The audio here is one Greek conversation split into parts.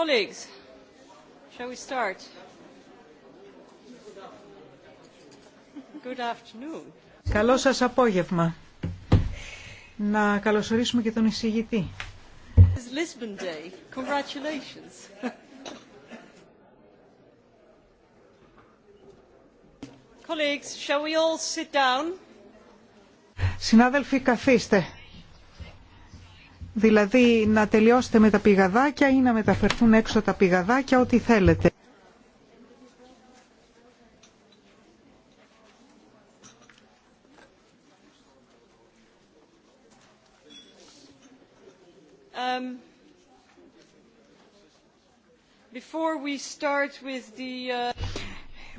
Colleagues, shall we start? Good afternoon. Καλό σας απόγευμα. Να καλωσορίσουμε και τον εισηγητή. It's Lisbon Day. Congratulations. Colleagues, shall we all sit down? Συνάδελφοι, καθίστε δηλαδή να τελειώσετε με τα πηγαδάκια ή να μεταφερθούν έξω τα πηγαδάκια, ό,τι θέλετε. Um, uh,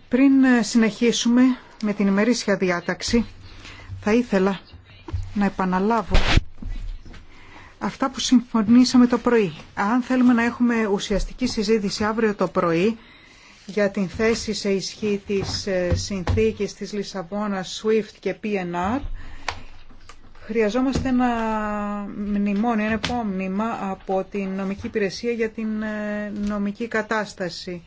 Πριν συνεχίσουμε με την ημερήσια διάταξη, θα ήθελα να επαναλάβω αυτά που συμφωνήσαμε το πρωί. Αν θέλουμε να έχουμε ουσιαστική συζήτηση αύριο το πρωί για την θέση σε ισχύ της ε, συνθήκης της Λισαβόνα, SWIFT και PNR, χρειαζόμαστε ένα μνημόνιο, ένα επόμνημα από την νομική υπηρεσία για την ε, νομική κατάσταση,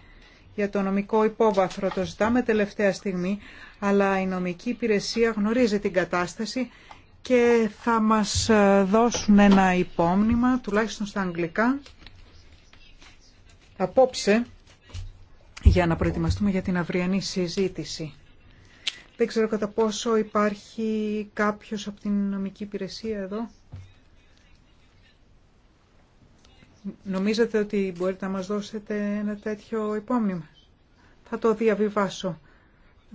για το νομικό υπόβαθρο. Το ζητάμε τελευταία στιγμή, αλλά η νομική υπηρεσία γνωρίζει την κατάσταση και θα μας ε, δώσουν ένα υπόμνημα, τουλάχιστον στα αγγλικά, απόψε, για να προετοιμαστούμε για την αυριανή συζήτηση. Δεν ξέρω κατά πόσο υπάρχει κάποιος από την νομική υπηρεσία εδώ. Νομίζετε ότι μπορείτε να μας δώσετε ένα τέτοιο υπόμνημα. Θα το διαβιβάσω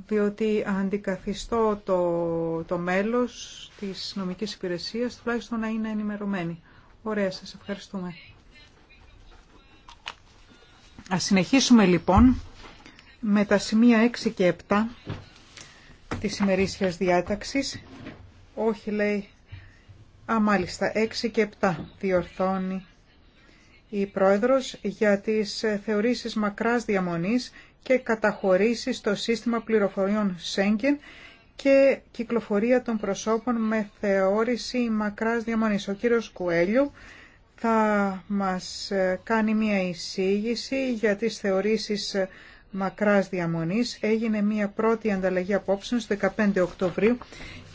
διότι αντικαθιστώ το, το μέλος της νομικής υπηρεσίας, τουλάχιστον να είναι ενημερωμένη. Ωραία, σας ευχαριστούμε. Ας συνεχίσουμε λοιπόν με τα σημεία 6 και 7 της ημερήσιας διάταξης. Όχι λέει, α μάλιστα 6 και 7 διορθώνει η Πρόεδρος για τις θεωρήσεις μακράς διαμονής και καταχωρήσει στο σύστημα πληροφοριών Σέγγεν και κυκλοφορία των προσώπων με θεώρηση μακράς διαμονής. Ο κύριος Κουέλιου θα μας ε, κάνει μία εισήγηση για τις θεωρήσεις ε, μακράς διαμονής. Έγινε μία πρώτη ανταλλαγή απόψεων στο 15 Οκτωβρίου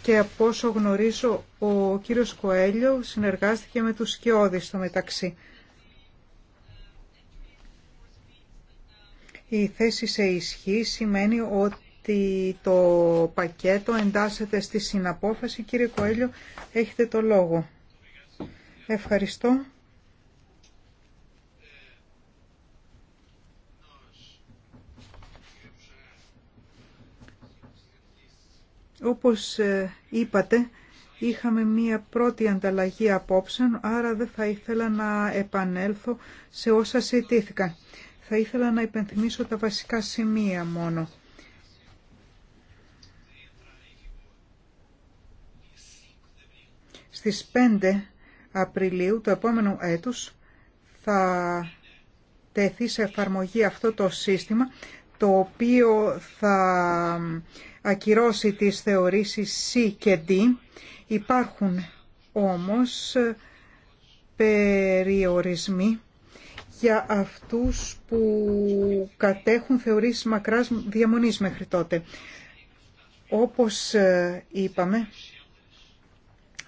και από όσο γνωρίζω ο κύριος Κοέλιο συνεργάστηκε με τους Σκιώδης στο μεταξύ. Η θέση σε ισχύ σημαίνει ότι το πακέτο εντάσσεται στη συναπόφαση. Κύριε Κοέλιο, έχετε το λόγο. Ευχαριστώ. Όπως ε, είπατε, είχαμε μία πρώτη ανταλλαγή απόψεων, άρα δεν θα ήθελα να επανέλθω σε όσα συζητήθηκαν. Θα ήθελα να υπενθυμίσω τα βασικά σημεία μόνο. Στις 5 Απριλίου του επόμενου έτους θα τεθεί σε εφαρμογή αυτό το σύστημα το οποίο θα ακυρώσει τις θεωρήσεις C και D. Υπάρχουν όμως περιορισμοί για αυτούς που κατέχουν θεωρήσει μακράς διαμονής μέχρι τότε. Όπως ε, είπαμε,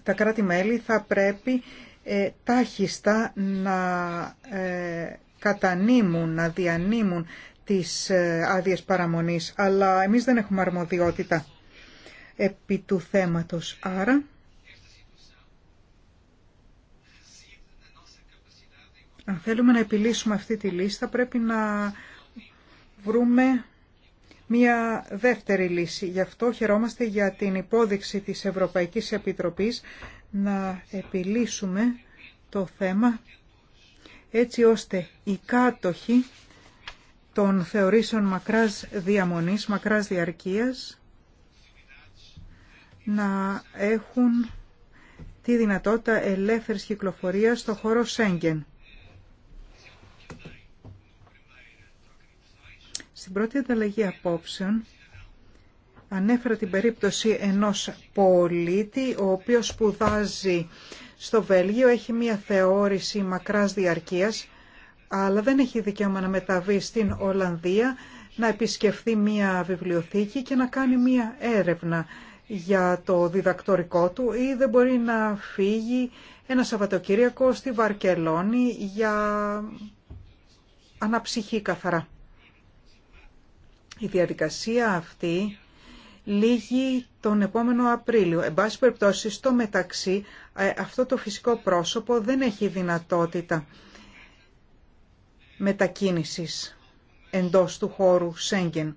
τα κράτη-μέλη θα πρέπει ε, τάχιστα να ε, κατανείμουν, να διανύμουν τις ε, άδειες παραμονής, αλλά εμείς δεν έχουμε αρμοδιότητα επί του θέματος. Άρα Αν θέλουμε να επιλύσουμε αυτή τη λίστα πρέπει να βρούμε μία δεύτερη λύση. Γι' αυτό χαιρόμαστε για την υπόδειξη της Ευρωπαϊκής Επιτροπής να επιλύσουμε το θέμα έτσι ώστε οι κάτοχοι των θεωρήσεων μακράς διαμονής, μακράς διαρκείας να έχουν τη δυνατότητα ελεύθερης κυκλοφορίας στο χώρο Σέγγεν. Στην πρώτη ανταλλαγή απόψεων ανέφερα την περίπτωση ενός πολίτη ο οποίος σπουδάζει στο Βέλγιο, έχει μία θεώρηση μακράς διαρκείας αλλά δεν έχει δικαίωμα να μεταβεί στην Ολλανδία να επισκεφθεί μία βιβλιοθήκη και να κάνει μία έρευνα για το διδακτορικό του ή δεν μπορεί να φύγει ένα Σαββατοκύριακο στη Βαρκελόνη για αναψυχή καθαρά. Η διαδικασία αυτή λύγει τον επόμενο Απρίλιο. Εν πάση περιπτώσει, στο μεταξύ, ε, αυτό το φυσικό πρόσωπο δεν έχει δυνατότητα μετακίνησης εντός του χώρου Σέγγεν.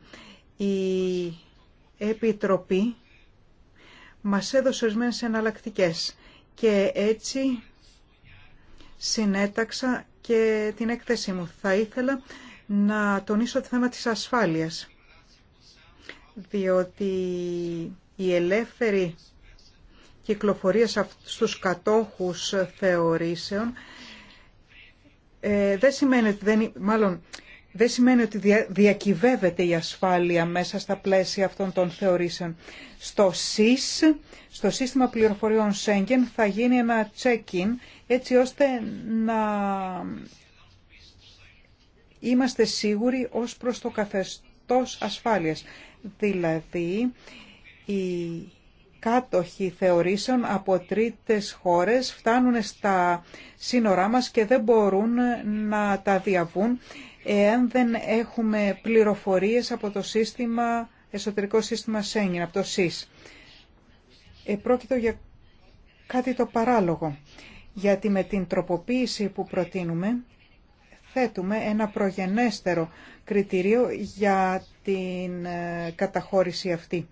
Η Επιτροπή μας έδωσε ορισμένε εναλλακτικέ και έτσι συνέταξα και την έκθεσή μου. Θα ήθελα να τονίσω το θέμα της ασφάλειας, διότι η ελεύθερη κυκλοφορία στους κατόχους θεωρήσεων ε, δεν σημαίνει ότι δεν, μάλλον, δεν σημαίνει ότι διακυβεύεται η ασφάλεια μέσα στα πλαίσια αυτών των θεωρήσεων. Στο ΣΥΣ, στο σύστημα πληροφοριών Σέγγεν, θα γίνει ένα check-in έτσι ώστε να είμαστε σίγουροι ως προς το καθεστώς ασφάλειας. Δηλαδή, οι κάτοχοι θεωρήσεων από τρίτες χώρες φτάνουν στα σύνορά μας και δεν μπορούν να τα διαβούν εάν δεν έχουμε πληροφορίες από το σύστημα, εσωτερικό σύστημα Σέγγιν, από το ΣΥΣ. Επρόκειτο για κάτι το παράλογο, γιατί με την τροποποίηση που προτείνουμε θέτουμε ένα προγενέστερο κριτήριο για την ε, καταχώρηση αυτή.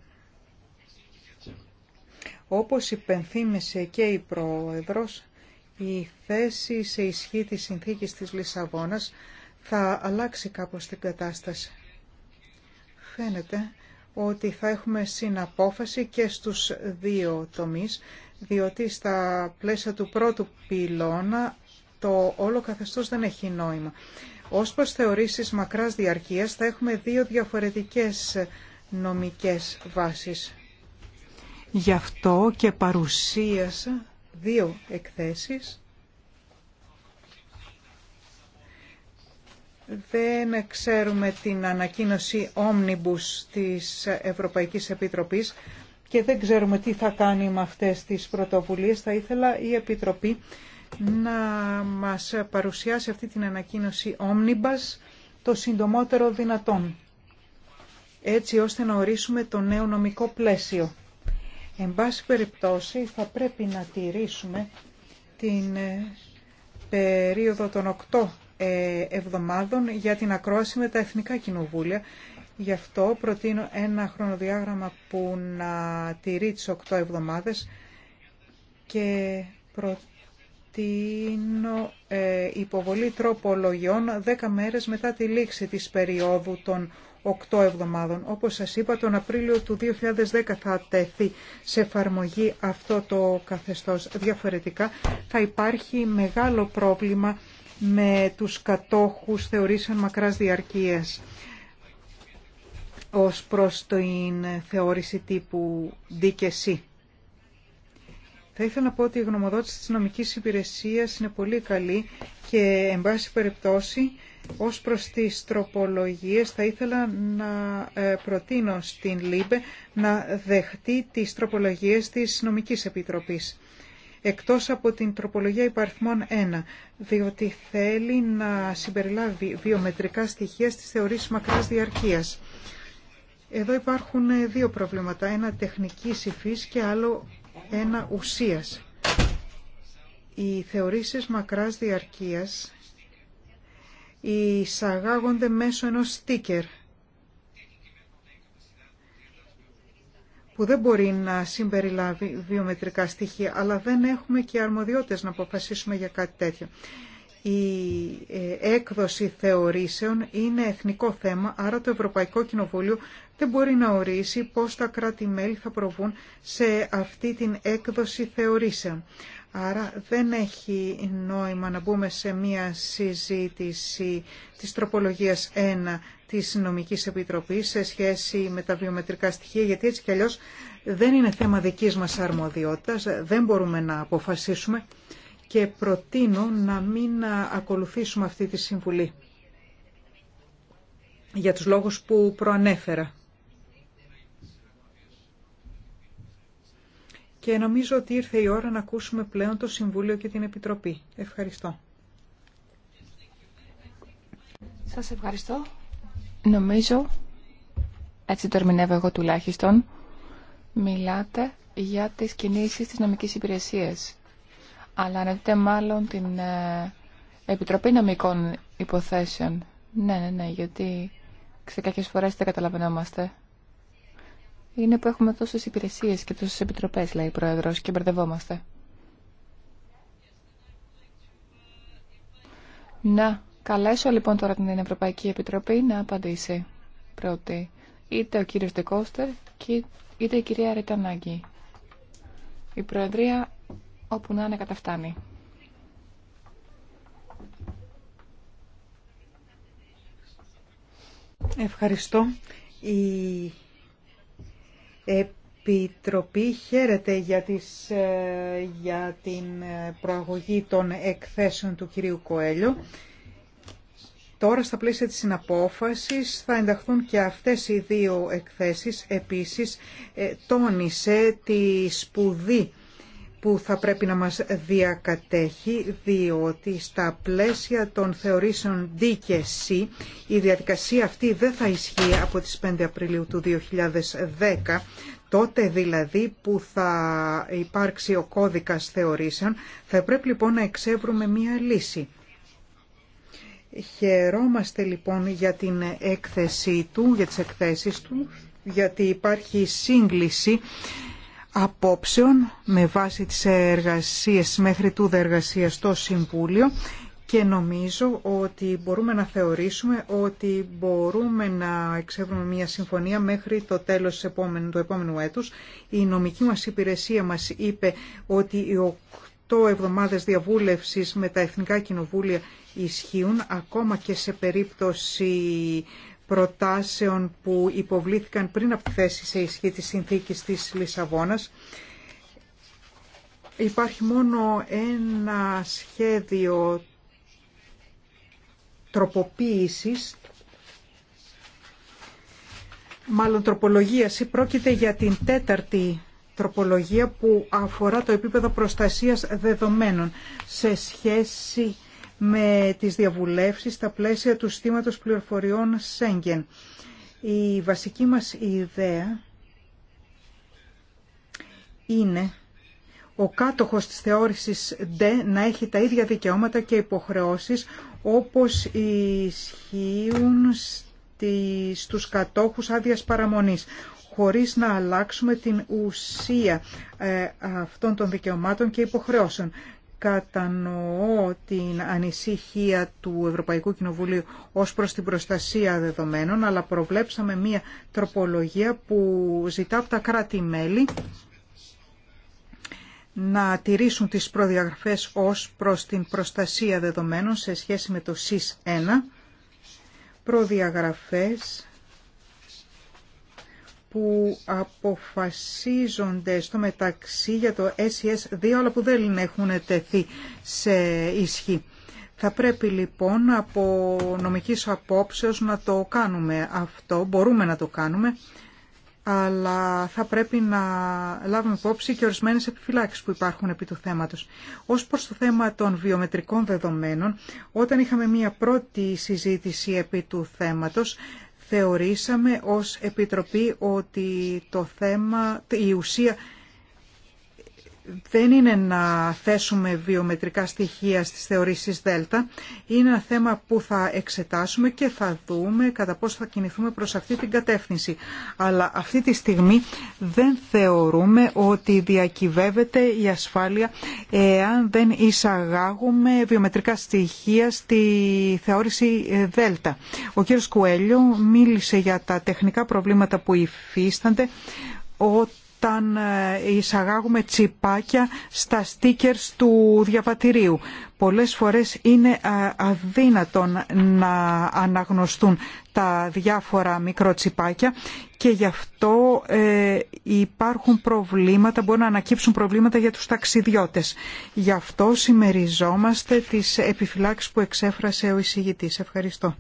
Όπως υπενθύμησε και η Πρόεδρος, η θέση σε ισχύ της συνθήκης της Λισαβόνας θα αλλάξει κάπως την κατάσταση. Φαίνεται ότι θα έχουμε συναπόφαση και στους δύο τομείς, διότι στα πλαίσια του πρώτου πυλώνα το όλο καθεστώς δεν έχει νόημα. Ως προς θεωρήσεις μακράς διαρκείας θα έχουμε δύο διαφορετικές νομικές βάσεις. Γι' αυτό και παρουσίασα δύο εκθέσεις. Δεν ξέρουμε την ανακοίνωση Omnibus της Ευρωπαϊκής Επιτροπής και δεν ξέρουμε τι θα κάνει με αυτές τις πρωτοβουλίες. Θα ήθελα η Επιτροπή να μας παρουσιάσει αυτή την ανακοίνωση Omnibus το συντομότερο δυνατόν, έτσι ώστε να ορίσουμε το νέο νομικό πλαίσιο. Εν πάση περιπτώσει θα πρέπει να τηρήσουμε την ε, περίοδο των 8 ε, εβδομάδων για την ακρόαση με τα Εθνικά Κοινοβούλια. Γι' αυτό προτείνω ένα χρονοδιάγραμμα που να τηρεί τις 8 εβδομάδες και προτείνω την ε, υποβολή τροπολογιών 10 μέρες μετά τη λήξη της περίοδου των 8 εβδομάδων. Όπως σας είπα, τον Απρίλιο του 2010 θα τεθεί σε εφαρμογή αυτό το καθεστώς. Διαφορετικά θα υπάρχει μεγάλο πρόβλημα με τους κατόχους θεωρήσεων μακράς διαρκείας ως προς την θεώρηση τύπου δίκεση. Θα ήθελα να πω ότι η γνωμοδότηση της νομικής υπηρεσίας είναι πολύ καλή και, εν πάση περιπτώσει, ως προς τις τροπολογίες θα ήθελα να ε, προτείνω στην ΛΥΜΠΕ να δεχτεί τις τροπολογίες της νομικής επιτροπής εκτός από την τροπολογία υπαριθμών 1, διότι θέλει να συμπεριλάβει βιομετρικά στοιχεία στις θεωρήσεις μακράς διαρκείας. Εδώ υπάρχουν ε, δύο προβλήματα, ένα τεχνικής υφής και άλλο ένα ουσίας. Οι θεωρήσεις μακράς διαρκείας εισαγάγονται μέσω ενός στίκερ που δεν μπορεί να συμπεριλάβει βιομετρικά στοιχεία, αλλά δεν έχουμε και αρμοδιότητες να αποφασίσουμε για κάτι τέτοιο η ε, έκδοση θεωρήσεων είναι εθνικό θέμα, άρα το Ευρωπαϊκό Κοινοβούλιο δεν μπορεί να ορίσει πώς τα κράτη-μέλη θα προβούν σε αυτή την έκδοση θεωρήσεων. Άρα δεν έχει νόημα να μπούμε σε μία συζήτηση της τροπολογίας 1 της Νομικής Επιτροπής σε σχέση με τα βιομετρικά στοιχεία, γιατί έτσι κι αλλιώς δεν είναι θέμα δικής μας αρμοδιότητας, δεν μπορούμε να αποφασίσουμε και προτείνω να μην ακολουθήσουμε αυτή τη συμβουλή για τους λόγους που προανέφερα. Και νομίζω ότι ήρθε η ώρα να ακούσουμε πλέον το Συμβούλιο και την Επιτροπή. Ευχαριστώ. Σας ευχαριστώ. Νομίζω, έτσι το ερμηνεύω εγώ τουλάχιστον, μιλάτε για τις κινήσεις της νομικής υπηρεσίας αλλά δείτε μάλλον την ε, Επιτροπή Νομικών Υποθέσεων. Ναι, ναι, ναι, γιατί σε κάποιε φορέ δεν καταλαβαίνόμαστε. Είναι που έχουμε τόσε υπηρεσίες και τόσε επιτροπές, λέει η Πρόεδρος, και μπερδευόμαστε. Να, καλέσω λοιπόν τώρα την Ευρωπαϊκή Επιτροπή να απαντήσει πρώτη. Είτε ο κύριος Ντεκόστερ, είτε η κυρία Ρετανάγκη. Η Προεδρία όπου να είναι καταφτάνει. Ευχαριστώ. Η Επιτροπή χαίρεται για, τις, ε, για την ε, προαγωγή των εκθέσεων του κυρίου Κοέλιο. Τώρα στα πλαίσια της συναπόφασης θα ενταχθούν και αυτές οι δύο εκθέσεις. Επίσης ε, τόνισε τη σπουδή που θα πρέπει να μας διακατέχει, διότι στα πλαίσια των θεωρήσεων D και C, η διαδικασία αυτή δεν θα ισχύει από τις 5 Απριλίου του 2010, τότε δηλαδή που θα υπάρξει ο κώδικας θεωρήσεων, θα πρέπει λοιπόν να εξεύρουμε μία λύση. Χαιρόμαστε λοιπόν για την έκθεση του, για τις εκθέσεις του, γιατί υπάρχει σύγκληση απόψεων με βάση τις εργασίες μέχρι τούδε εργασία στο Συμβούλιο και νομίζω ότι μπορούμε να θεωρήσουμε ότι μπορούμε να εξεύρουμε μια συμφωνία μέχρι το τέλος του επόμενου έτους. Η νομική μας υπηρεσία μας είπε ότι οι οκτώ εβδομάδες διαβούλευσης με τα Εθνικά Κοινοβούλια ισχύουν ακόμα και σε περίπτωση προτάσεων που υποβλήθηκαν πριν από τη θέση σε ισχύ της συνθήκης της Λισαβόνας. Υπάρχει μόνο ένα σχέδιο τροποποίησης μάλλον τροπολογίαση πρόκειται για την τέταρτη τροπολογία που αφορά το επίπεδο προστασίας δεδομένων σε σχέση με τις διαβουλεύσεις στα πλαίσια του στήματος πληροφοριών Σέγγεν. Η βασική μας ιδέα είναι ο κάτοχος της θεώρησης D να έχει τα ίδια δικαιώματα και υποχρεώσεις όπως ισχύουν στους κατόχους άδεια παραμονής χωρίς να αλλάξουμε την ουσία ε, αυτών των δικαιωμάτων και υποχρεώσεων κατανοώ την ανησυχία του Ευρωπαϊκού Κοινοβουλίου ως προς την προστασία δεδομένων, αλλά προβλέψαμε μία τροπολογία που ζητά από τα κράτη-μέλη να τηρήσουν τις προδιαγραφές ως προς την προστασία δεδομένων σε σχέση με το ΣΥΣ 1, προδιαγραφές που αποφασίζονται στο μεταξύ για το SES2 αλλά που δεν έχουν τεθεί σε ισχύ. Θα πρέπει λοιπόν από νομικής απόψεως να το κάνουμε αυτό, μπορούμε να το κάνουμε, αλλά θα πρέπει να λάβουμε υπόψη και ορισμένες επιφυλάξεις που υπάρχουν επί του θέματος. Ως προς το θέμα των βιομετρικών δεδομένων, όταν είχαμε μία πρώτη συζήτηση επί του θέματος, θεωρήσαμε ως Επιτροπή ότι το θέμα, η ουσία δεν είναι να θέσουμε βιομετρικά στοιχεία στις θεωρήσεις ΔΕΛΤΑ. Είναι ένα θέμα που θα εξετάσουμε και θα δούμε κατά πώς θα κινηθούμε προς αυτή την κατεύθυνση. Αλλά αυτή τη στιγμή δεν θεωρούμε ότι διακυβεύεται η ασφάλεια εάν δεν εισαγάγουμε βιομετρικά στοιχεία στη θεώρηση ΔΕΛΤΑ. Ο κ. Κουέλιο μίλησε για τα τεχνικά προβλήματα που υφίστανται όταν ε, εισαγάγουμε τσιπάκια στα στίκερς του διαβατηρίου. Πολλές φορές είναι ε, αδύνατον να αναγνωστούν τα διάφορα μικροτσιπάκια και γι' αυτό ε, υπάρχουν προβλήματα, μπορούν να ανακύψουν προβλήματα για τους ταξιδιώτες. Γι' αυτό συμμεριζόμαστε τις επιφυλάξεις που εξέφρασε ο εισηγητής. Ευχαριστώ.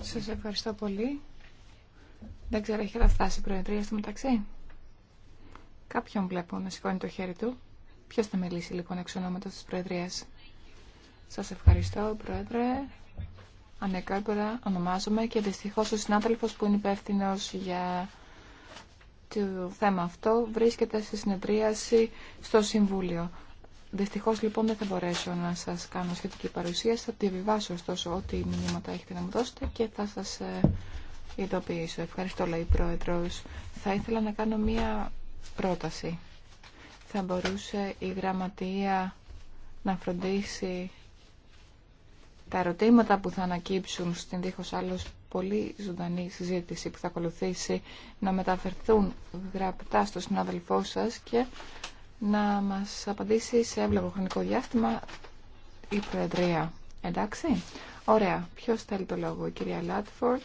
Σας ευχαριστώ πολύ. Δεν ξέρω, έχει καταφτάσει η Προεδρία στο μεταξύ. Κάποιον βλέπω να σηκώνει το χέρι του. Ποιο θα μιλήσει λοιπόν εξ ονόματο τη Προεδρία. Σα ευχαριστώ, Πρόεδρε. Ανεκάρπορα ονομάζομαι και δυστυχώ, ο συνάδελφο που είναι υπεύθυνο για το θέμα αυτό βρίσκεται στη συνεδρίαση στο Συμβούλιο. Δυστυχώ, λοιπόν δεν θα μπορέσω να σα κάνω σχετική παρουσίαση. Θα τη ωστόσο ό,τι μηνύματα έχετε να μου δώσετε και θα σα. Ε, Ευχαριστώ, λέει η Θα ήθελα να κάνω μία πρόταση. Θα μπορούσε η Γραμματεία να φροντίσει τα ερωτήματα που θα ανακύψουν στην δίχως άλλος πολύ ζωντανή συζήτηση που θα ακολουθήσει να μεταφερθούν γραπτά στο συνάδελφό σας και να μας απαντήσει σε εύλογο χρονικό διάστημα η Προεδρία. Εντάξει. Ωραία. Ποιος θέλει το λόγο, η κυρία Λάτφορντ,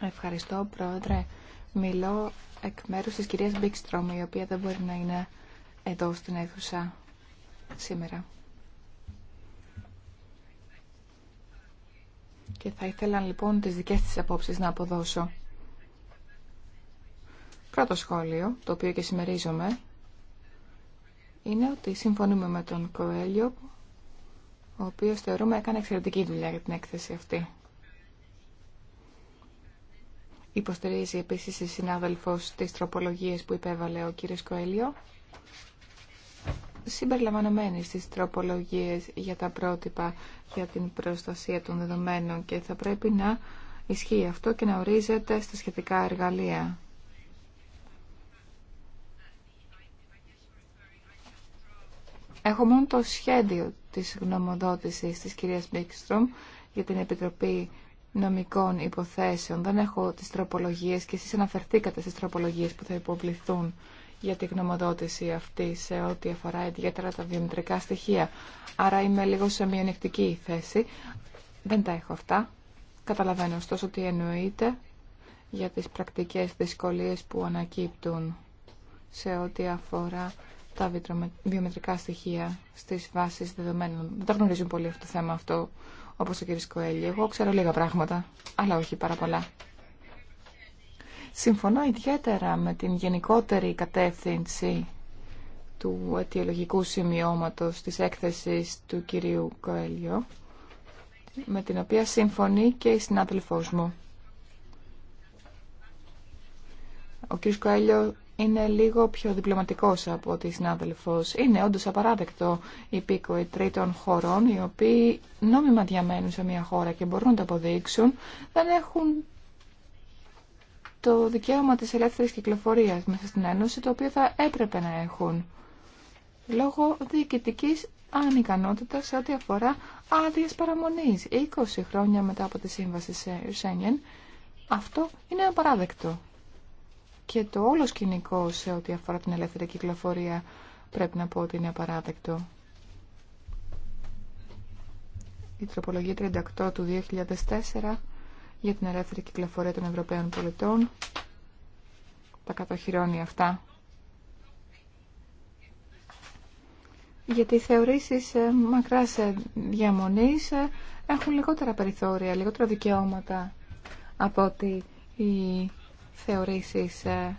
Ευχαριστώ, Πρόεδρε. Μιλώ εκ μέρους της κυρίας Μπίκστρομ, η οποία δεν μπορεί να είναι εδώ στην αίθουσα σήμερα. Και θα ήθελα λοιπόν τις δικές της απόψεις να αποδώσω. Πρώτο σχόλιο, το οποίο και συμμερίζομαι, είναι ότι συμφωνούμε με τον Κοέλιο, ο οποίος θεωρούμε έκανε εξαιρετική δουλειά για την έκθεση αυτή. Υποστηρίζει επίση η συνάδελφο τι τροπολογίε που υπέβαλε ο κ. Κοέλιο, Συμπεριλαμβανομένη στις τροπολογίε για τα πρότυπα για την προστασία των δεδομένων και θα πρέπει να ισχύει αυτό και να ορίζεται στα σχετικά εργαλεία. Έχω μόνο το σχέδιο της γνωμοδότησης της κυρίας Μπίκστρομ για την Επιτροπή νομικών υποθέσεων. Δεν έχω τις τροπολογίες και εσείς αναφερθήκατε στις τροπολογίες που θα υποβληθούν για τη γνωμοδότηση αυτή σε ό,τι αφορά ιδιαίτερα τα βιομετρικά στοιχεία. Άρα είμαι λίγο σε μειονεκτική θέση. Δεν τα έχω αυτά. Καταλαβαίνω ωστόσο τι εννοείται για τις πρακτικές δυσκολίες που ανακύπτουν σε ό,τι αφορά τα βιομετρικά στοιχεία στις βάσεις δεδομένων. Δεν τα γνωρίζουν πολύ αυτό το θέμα αυτό όπω ο κ. Κοέλιο. Εγώ ξέρω λίγα πράγματα, αλλά όχι πάρα πολλά. Συμφωνώ ιδιαίτερα με την γενικότερη κατεύθυνση του αιτιολογικού σημειώματος της έκθεσης του κυρίου Κοέλιο, με την οποία συμφωνεί και η συνάδελφός μου. Ο κ. Κοέλιο είναι λίγο πιο διπλωματικός από ότι συνάδελφος. Είναι όντως απαράδεκτο οι πίκοοι τρίτων χωρών, οι οποίοι νόμιμα διαμένουν σε μια χώρα και μπορούν να το αποδείξουν, δεν έχουν το δικαίωμα της ελεύθερης κυκλοφορίας μέσα στην Ένωση, το οποίο θα έπρεπε να έχουν λόγω διοικητικής ανικανότητα σε ό,τι αφορά άδειε παραμονή. 20 χρόνια μετά από τη σύμβαση σε αυτό είναι απαράδεκτο και το όλο σκηνικό σε ό,τι αφορά την ελεύθερη κυκλοφορία πρέπει να πω ότι είναι απαράδεκτο. Η τροπολογία 38 του 2004 για την ελεύθερη κυκλοφορία των Ευρωπαίων πολιτών τα κατοχυρώνει αυτά. γιατί οι θεωρήσεις ε, μακράς ε, διαμονής ε, έχουν λιγότερα περιθώρια, λιγότερα δικαιώματα από ότι οι θεωρήσεις ε,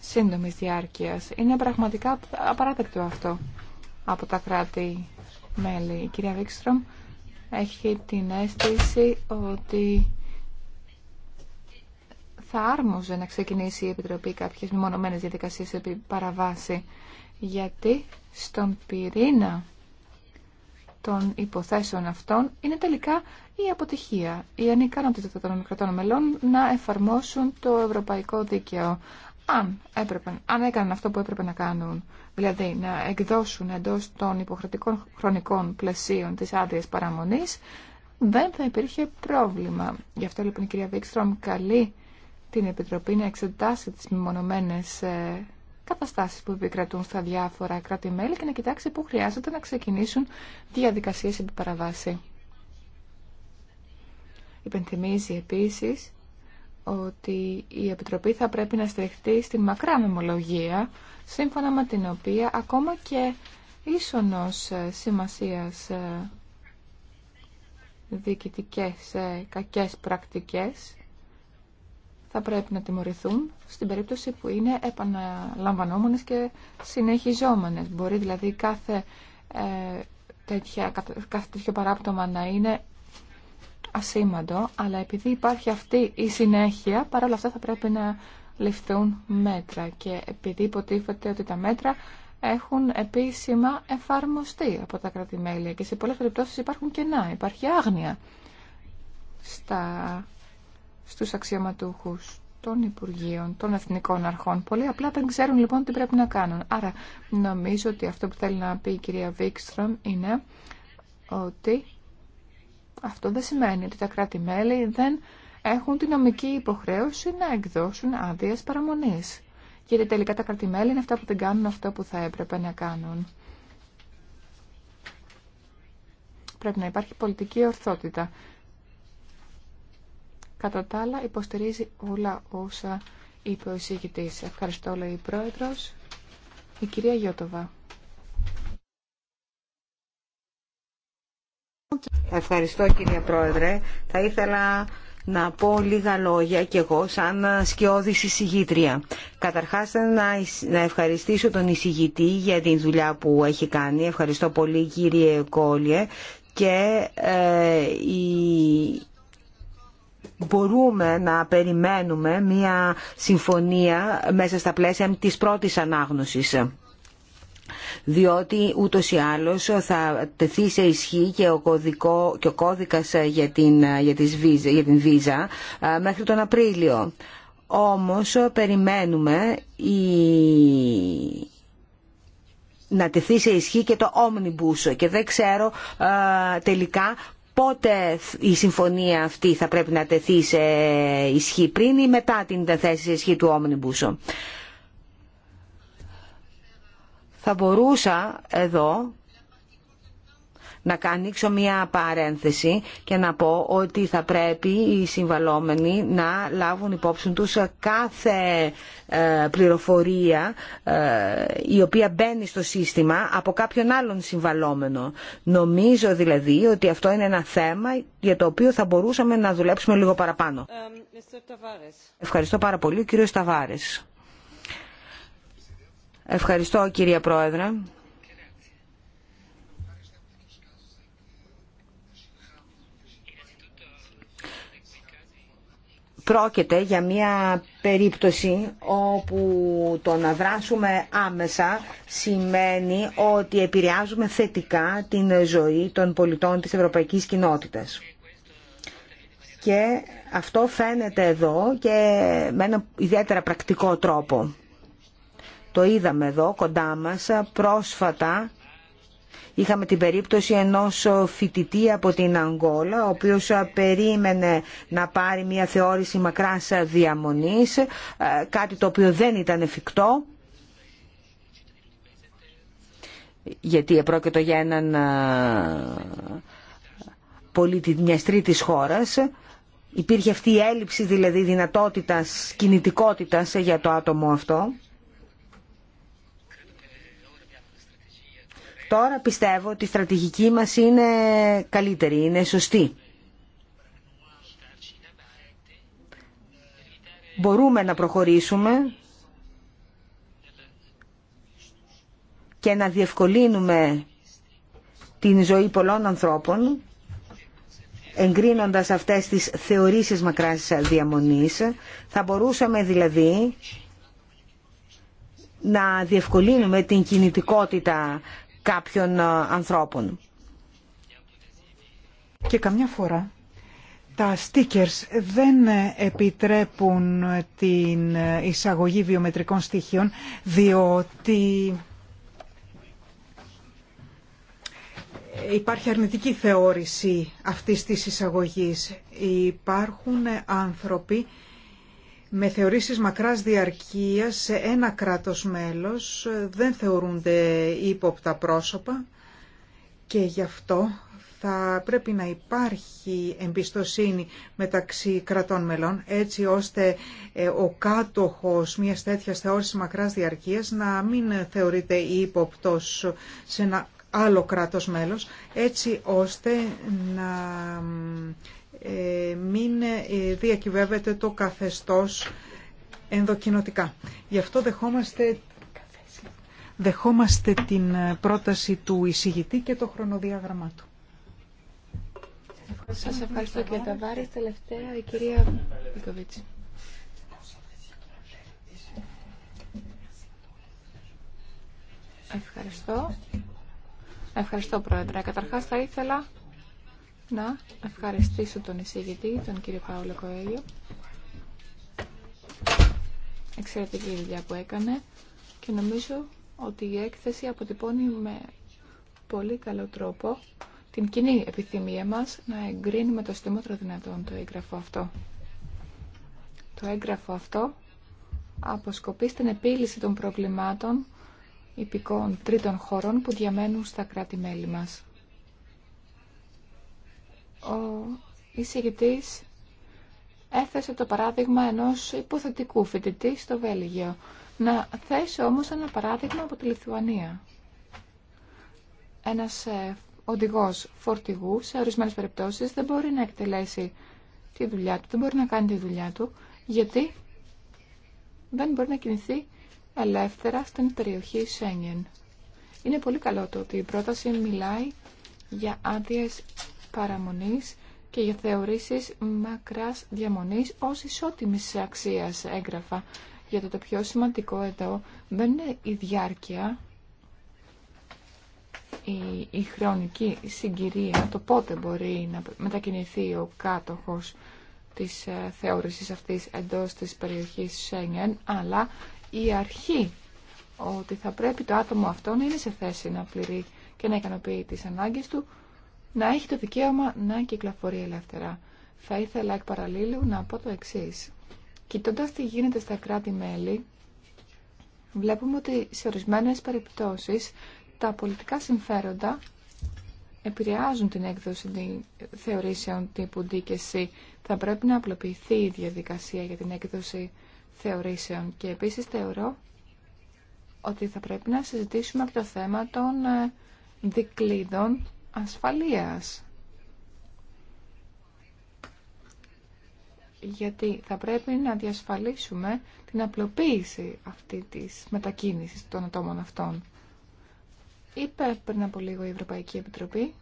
σύντομης διάρκειας. Είναι πραγματικά απαράδεκτο αυτό από τα κράτη-μέλη. Η κυρία Βίξτρομ έχει την αίσθηση ότι θα άρμοζε να ξεκινήσει η Επιτροπή κάποιες μεμονωμένες διαδικασίες επί παραβάση. Γιατί στον πυρήνα των υποθέσεων αυτών είναι τελικά η αποτυχία, η ανικανότητα των κρατών μελών να εφαρμόσουν το ευρωπαϊκό δίκαιο. Αν, έπρεπε, αν έκαναν αυτό που έπρεπε να κάνουν, δηλαδή να εκδώσουν εντός των υποχρεωτικών χρονικών πλαισίων της άδεια παραμονής, δεν θα υπήρχε πρόβλημα. Γι' αυτό λοιπόν η κυρία Βίξτρομ καλεί την Επιτροπή να εξετάσει τις μεμονωμένες ε, καταστάσεις που επικρατούν στα διάφορα κράτη-μέλη και να κοιτάξει πού χρειάζεται να ξεκινήσουν διαδικασίες επί παραβάση. Υπενθυμίζει επίσης ότι η Επιτροπή θα πρέπει να στριχτεί στην μακρά μεμολογία, σύμφωνα με την οποία ακόμα και ίσονος ε, σημασίας ε, διοικητικές ε, κακές πρακτικές θα πρέπει να τιμωρηθούν στην περίπτωση που είναι επαναλαμβανόμενες και συνεχιζόμενες. Μπορεί δηλαδή κάθε, ε, τέτοια, κάθε τέτοιο παράπτωμα να είναι ασήμαντο, αλλά επειδή υπάρχει αυτή η συνέχεια, παρόλα αυτά θα πρέπει να ληφθούν μέτρα και επειδή υποτίθεται ότι τα μέτρα έχουν επίσημα εφαρμοστεί από τα κρατημέλια και σε πολλές περιπτώσεις υπάρχουν κενά, υπάρχει άγνοια στα στους αξιωματούχους των Υπουργείων, των Εθνικών Αρχών. Πολύ απλά δεν ξέρουν λοιπόν τι πρέπει να κάνουν. Άρα νομίζω ότι αυτό που θέλει να πει η κυρία Βίξτρομ είναι ότι αυτό δεν σημαίνει ότι τα κράτη-μέλη δεν έχουν τη νομική υποχρέωση να εκδώσουν άδειες παραμονής. Γιατί τελικά τα κράτη-μέλη είναι αυτά που δεν κάνουν αυτό που θα έπρεπε να κάνουν. Πρέπει να υπάρχει πολιτική ορθότητα Κατά τα άλλα, υποστηρίζει όλα όσα είπε ο εισηγητής. Ευχαριστώ, λέει η Πρόεδρος. Η κυρία Γιώτοβα. Ευχαριστώ, κυρία Πρόεδρε. Θα ήθελα να πω λίγα λόγια κι εγώ σαν σκιώδης εισηγήτρια. Καταρχάς να ευχαριστήσω τον εισηγητή για την δουλειά που έχει κάνει. Ευχαριστώ πολύ κύριε Κόλλιε και ε, μπορούμε να περιμένουμε μια συμφωνία μέσα στα πλαίσια της πρώτης ανάγνωσης διότι ούτως ή άλλως θα τεθεί σε ισχύ και ο, κωδικό, και ο κώδικας για την, για, τις βίζα, την βίζα μέχρι τον Απρίλιο. Όμως περιμένουμε η... να τεθεί σε ισχύ και το Omnibus και δεν ξέρω τελικά πότε η συμφωνία αυτή θα πρέπει να τεθεί σε ισχύ πριν ή μετά την θέση σε ισχύ του Όμνιμπουσο. Θα μπορούσα εδώ να ανοίξω μια παρένθεση και να πω ότι θα πρέπει οι συμβαλόμενοι να λάβουν υπόψη τους κάθε ε, πληροφορία ε, η οποία μπαίνει στο σύστημα από κάποιον άλλον συμβαλόμενο. Νομίζω δηλαδή ότι αυτό είναι ένα θέμα για το οποίο θα μπορούσαμε να δουλέψουμε λίγο παραπάνω. Ε, Ευχαριστώ πάρα πολύ, κύριο Σταβάρες. Ευχαριστώ, κυρία Πρόεδρε. πρόκειται για μια περίπτωση όπου το να δράσουμε άμεσα σημαίνει ότι επηρεάζουμε θετικά την ζωή των πολιτών της ευρωπαϊκής κοινότητας. Και αυτό φαίνεται εδώ και με ένα ιδιαίτερα πρακτικό τρόπο. Το είδαμε εδώ κοντά μας πρόσφατα Είχαμε την περίπτωση ενός φοιτητή από την Αγγόλα, ο οποίος περίμενε να πάρει μια θεώρηση μακράς διαμονής, κάτι το οποίο δεν ήταν εφικτό, γιατί επρόκειτο για έναν πολίτη μιας τρίτης χώρας. Υπήρχε αυτή η έλλειψη δηλαδή δυνατότητας, κινητικότητας για το άτομο αυτό. τώρα πιστεύω ότι η στρατηγική μας είναι καλύτερη, είναι σωστή. Μπορούμε να προχωρήσουμε και να διευκολύνουμε την ζωή πολλών ανθρώπων εγκρίνοντας αυτές τις θεωρήσεις μακράς διαμονής θα μπορούσαμε δηλαδή να διευκολύνουμε την κινητικότητα κάποιων ε, ανθρώπων. Και καμιά φορά τα stickers δεν επιτρέπουν την εισαγωγή βιομετρικών στοιχείων διότι υπάρχει αρνητική θεώρηση αυτής της εισαγωγής. Υπάρχουν άνθρωποι με θεωρήσεις μακράς διαρκείας σε ένα κράτος μέλος δεν θεωρούνται ύποπτα πρόσωπα και γι' αυτό θα πρέπει να υπάρχει εμπιστοσύνη μεταξύ κρατών μελών έτσι ώστε ε, ο κάτοχος μιας τέτοιας θεώρησης μακράς διαρκείας να μην θεωρείται ύποπτος σε ένα άλλο κράτος μέλος έτσι ώστε να ε, μην ε, διακυβεύεται το καθεστώς ενδοκινοτικά. Γι' αυτό δεχόμαστε, δεχόμαστε την ε, πρόταση του εισηγητή και το χρονοδιάγραμμά του. Σας ευχαριστώ τα Ταβάρη. Τελευταία η κυρία Βικοβίτση. Ευχαριστώ. Ευχαριστώ, Πρόεδρε. Καταρχάς θα ήθελα να ευχαριστήσω τον εισηγητή, τον κύριο Παύλο Κοέλιο. Εξαιρετική δουλειά που έκανε και νομίζω ότι η έκθεση αποτυπώνει με πολύ καλό τρόπο την κοινή επιθυμία μας να εγκρίνουμε το στιμότερο δυνατόν το έγγραφο αυτό. Το έγγραφο αυτό αποσκοπεί στην επίλυση των προβλημάτων υπηκών τρίτων χωρών που διαμένουν στα κράτη-μέλη μας ο εισηγητής έθεσε το παράδειγμα ενός υποθετικού φοιτητή στο Βέλγιο. Να θέσει όμως ένα παράδειγμα από τη Λιθουανία. Ένας ε, οδηγός φορτηγού σε ορισμένες περιπτώσεις δεν μπορεί να εκτελέσει τη δουλειά του, δεν μπορεί να κάνει τη δουλειά του, γιατί δεν μπορεί να κινηθεί ελεύθερα στην περιοχή Σένιεν. Είναι πολύ καλό το ότι η πρόταση μιλάει για άδειε παραμονής και για θεωρήσεις μακράς διαμονής ως ισότιμης αξίας έγγραφα. Για το πιο σημαντικό εδώ δεν είναι η διάρκεια, η, η χρονική συγκυρία, το πότε μπορεί να μετακινηθεί ο κάτοχος της ε, θεώρησης αυτής εντός της περιοχής Σέγγεν, αλλά η αρχή ότι θα πρέπει το άτομο αυτό να είναι σε θέση να πληρεί και να ικανοποιεί τις ανάγκες του να έχει το δικαίωμα να κυκλοφορεί ελεύθερα. Θα ήθελα εκ παραλίλου να πω το εξή. Κοιτώντα τι γίνεται στα κράτη-μέλη, βλέπουμε ότι σε ορισμένε περιπτώσει τα πολιτικά συμφέροντα επηρεάζουν την έκδοση θεωρήσεων τύπου D και C. Θα πρέπει να απλοποιηθεί η διαδικασία για την έκδοση θεωρήσεων. Και επίσης θεωρώ ότι θα πρέπει να συζητήσουμε από το θέμα των ε, δικλείδων ασφαλείας. Γιατί θα πρέπει να διασφαλίσουμε την απλοποίηση αυτή της μετακίνησης των ατόμων αυτών. Είπε πριν από λίγο η Ευρωπαϊκή Επιτροπή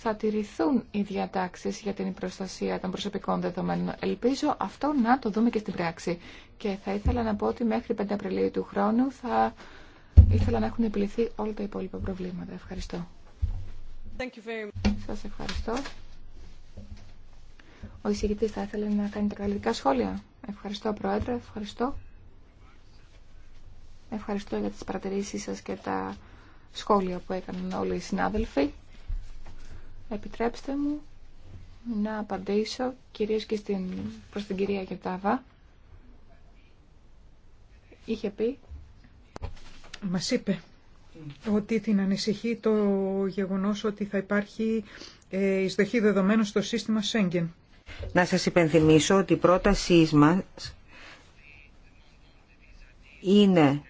θα τηρηθούν οι διατάξεις για την προστασία των προσωπικών δεδομένων. Ελπίζω αυτό να το δούμε και στην πράξη. Και θα ήθελα να πω ότι μέχρι 5 Απριλίου του χρόνου θα ήθελα να έχουν επιληθεί όλα τα υπόλοιπα προβλήματα. Ευχαριστώ. Thank you very much. Σας ευχαριστώ. Ο εισηγητής θα ήθελε να κάνει τα καλλιτικά σχόλια. Ευχαριστώ, Πρόεδρε. Ευχαριστώ. Ευχαριστώ για τις παρατηρήσεις σας και τα σχόλια που έκαναν όλοι οι συνάδελφοι. Επιτρέψτε μου να απαντήσω κυρίως και στην, προς την κυρία Κετάβα Είχε πει. Μας είπε ότι την ανησυχεί το γεγονός ότι θα υπάρχει ε, εισδοχή δεδομένων στο σύστημα Σέγγεν. Να σας υπενθυμίσω ότι η πρότασή μας είναι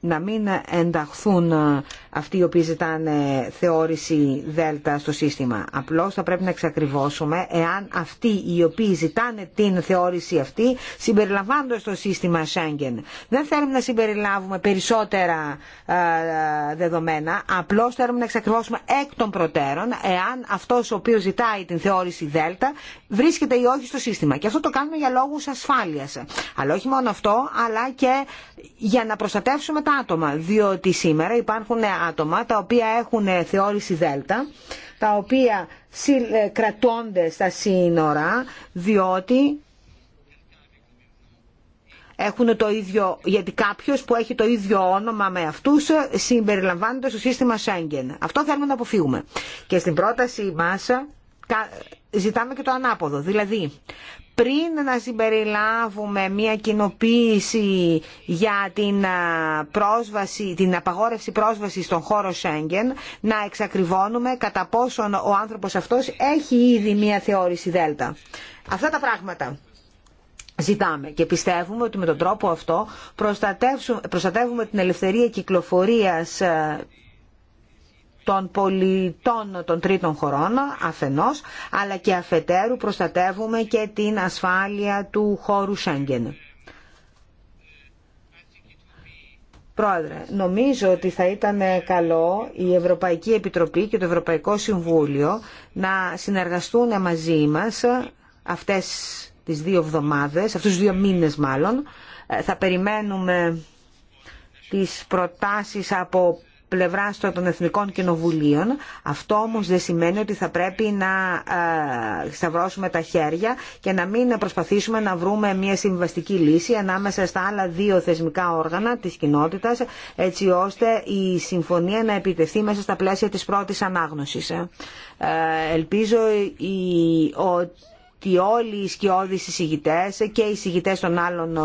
να μην ενταχθούν ε, αυτοί οι οποίοι ζητάνε θεώρηση ΔΕΛΤΑ στο σύστημα. Απλώς θα πρέπει να εξακριβώσουμε εάν αυτοί οι οποίοι ζητάνε την θεώρηση αυτή συμπεριλαμβάνονται στο σύστημα Σέγγεν. Δεν θέλουμε να συμπεριλάβουμε περισσότερα ε, δεδομένα, απλώς θέλουμε να εξακριβώσουμε εκ των προτέρων εάν αυτός ο οποίος ζητάει την θεώρηση ΔΕΛΤΑ βρίσκεται ή όχι στο σύστημα. Και αυτό το κάνουμε για λόγους ασφάλειας. Αλλά όχι μόνο αυτό, αλλά και για να προστατεύσουμε τα άτομα, διότι σήμερα υπάρχουν άτομα τα οποία έχουν θεώρηση ΔΕΛΤΑ, τα οποία ε, κρατώνται στα σύνορα, διότι έχουν το ίδιο, γιατί κάποιο που έχει το ίδιο όνομα με αυτούς συμπεριλαμβάνεται στο σύστημα Σέγγεν. Αυτό θέλουμε να αποφύγουμε. Και στην πρόταση μα ζητάμε και το ανάποδο. Δηλαδή, πριν να συμπεριλάβουμε μια κοινοποίηση για την πρόσβαση, την απαγόρευση πρόσβασης στον χώρο Σέγγεν, να εξακριβώνουμε κατά πόσον ο άνθρωπος αυτός έχει ήδη μια θεώρηση Δέλτα. Αυτά τα πράγματα ζητάμε και πιστεύουμε ότι με τον τρόπο αυτό προστατεύουμε την ελευθερία κυκλοφορίας των πολιτών των τρίτων χωρών αφενός, αλλά και αφετέρου προστατεύουμε και την ασφάλεια του χώρου Σέγγεν. Πρόεδρε, νομίζω ότι θα ήταν καλό η Ευρωπαϊκή Επιτροπή και το Ευρωπαϊκό Συμβούλιο να συνεργαστούν μαζί μας αυτές τις δύο εβδομάδες, αυτούς τους δύο μήνες μάλλον. Ε, θα περιμένουμε τις προτάσεις από Πλευρά των Εθνικών Κοινοβουλίων. Αυτό όμως δεν σημαίνει ότι θα πρέπει να ε, σταυρώσουμε τα χέρια και να μην προσπαθήσουμε να βρούμε μια συμβαστική λύση ανάμεσα στα άλλα δύο θεσμικά όργανα της κοινότητας έτσι ώστε η συμφωνία να επιτεθεί μέσα στα πλαίσια της πρώτης ανάγνωσης. Ε, ελπίζω ότι ότι όλοι οι σκιώδεις εισηγητές και οι εισηγητές των άλλων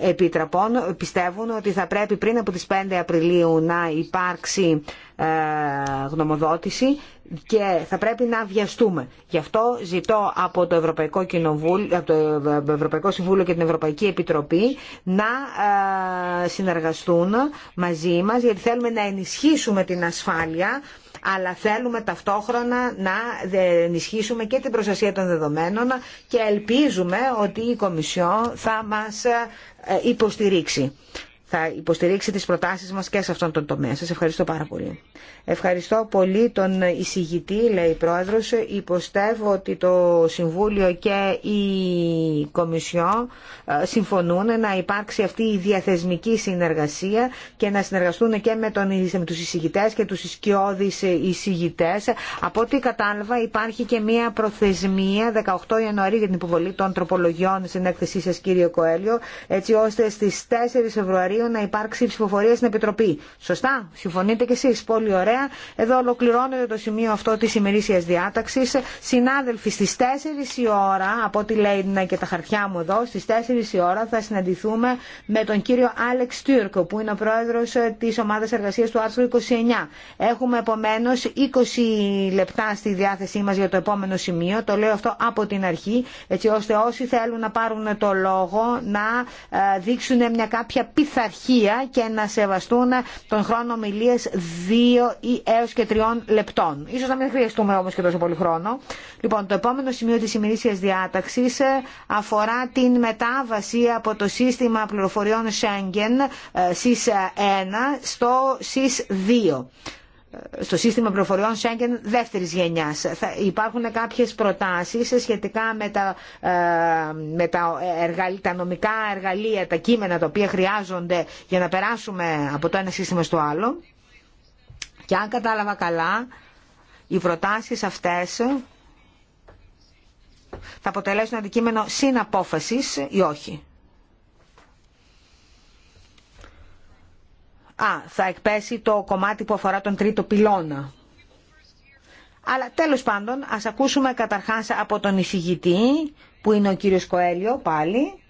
ε, ε, επιτραπών πιστεύουν ότι θα πρέπει πριν από τις 5 Απριλίου να υπάρξει ε, γνωμοδότηση και θα πρέπει να βιαστούμε. Γι' αυτό ζητώ από το Ευρωπαϊκό, Κοινοβούλιο, από το Ευρωπαϊκό Συμβούλιο και την Ευρωπαϊκή Επιτροπή να συνεργαστούν μαζί μας γιατί θέλουμε να ενισχύσουμε την ασφάλεια αλλά θέλουμε ταυτόχρονα να ενισχύσουμε και την προστασία των δεδομένων και ελπίζουμε ότι η Κομισιό θα μας ε, υποστηρίξει θα υποστηρίξει τις προτάσεις μας και σε αυτόν τον τομέα. Σας ευχαριστώ πάρα πολύ. Ευχαριστώ πολύ τον εισηγητή, λέει η Πρόεδρος. Υποστεύω ότι το Συμβούλιο και η Κομισιό ε, συμφωνούν να υπάρξει αυτή η διαθεσμική συνεργασία και να συνεργαστούν και με, τον, με τους εισηγητές και τους ισκιώδεις εισηγητές. Από ό,τι κατάλαβα υπάρχει και μια προθεσμία 18 Ιανουαρίου για την υποβολή των τροπολογιών στην έκθεσή σας κύριε Κοέλιο, έτσι ώστε στις 4 Φεβρουαρίου Ιανουαρίου να υπάρξει ψηφοφορία στην Επιτροπή. Σωστά, συμφωνείτε κι εσείς, πολύ ωραία. Εδώ ολοκληρώνεται το σημείο αυτό τη ημερήσία διάταξη. Συνάδελφοι, στις 4 η ώρα, από ό,τι λέει και τα χαρτιά μου εδώ, στις 4 η ώρα θα συναντηθούμε με τον κύριο Άλεξ Τούρκο, που είναι ο πρόεδρος ε, της ομάδας εργασίας του άρθρου 29. Έχουμε επομένω 20 λεπτά στη διάθεσή μας για το επόμενο σημείο. Το λέω αυτό από την αρχή, έτσι ώστε όσοι θέλουν να πάρουν το λόγο να ε, δείξουν μια κάποια πειθαρχία αρχεία και να σεβαστούν τον χρόνο ομιλίε 2 ή έω και 3 λεπτών. σω να μην χρειαστούμε όμω και τόσο πολύ χρόνο. Λοιπόν, το επόμενο σημείο τη ημερήσία διάταξη ε, αφορά την μετάβαση από το σύστημα πληροφοριών Schengen SIS ε, 1 στο SIS 2 στο σύστημα προφοριών Σέγγεν δεύτερης γενιάς. Θα υπάρχουν κάποιες προτάσεις σχετικά με, τα, ε, με τα, εργαλεία, τα νομικά εργαλεία, τα κείμενα τα οποία χρειάζονται για να περάσουμε από το ένα σύστημα στο άλλο. Και αν κατάλαβα καλά, οι προτάσεις αυτές θα αποτελέσουν αντικείμενο συναπόφασης ή όχι. α, θα εκπέσει το κομμάτι που αφορά τον τρίτο πυλώνα. Αλλά τέλος πάντων ας ακούσουμε καταρχάς από τον εισηγητή που είναι ο κύριος Κοέλιο πάλι.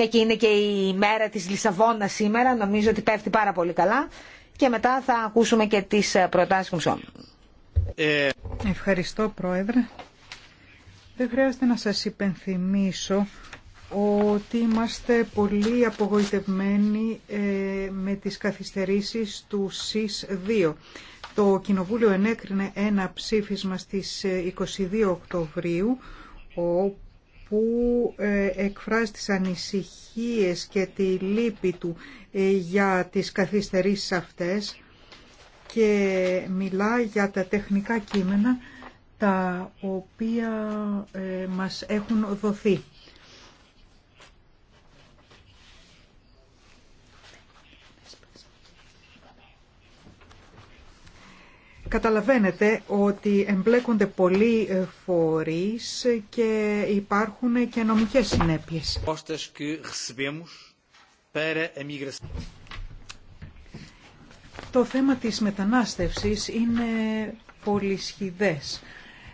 Ε, και είναι και η μέρα της Λισαβόνας σήμερα, νομίζω ότι πέφτει πάρα πολύ καλά. Και μετά θα ακούσουμε και τις προτάσεις μου ε, Ευχαριστώ Πρόεδρε. Δεν χρειάζεται να σας υπενθυμίσω ότι είμαστε πολύ απογοητευμένοι ε, με τις καθυστερήσεις του ΣΥΣ 2. Το Κοινοβούλιο ενέκρινε ένα ψήφισμα στις 22 ε, Οκτωβρίου όπου ε, εκφράζει τις ανησυχίες και τη λύπη του για τις καθυστερήσεις αυτές και μιλά για τα τεχνικά κείμενα τα οποία μας έχουν δοθεί. Καταλαβαίνετε ότι εμπλέκονται πολλοί ε, φορείς και υπάρχουν και νομικές συνέπειες. Το θέμα της μετανάστευσης είναι πολυσχηδές.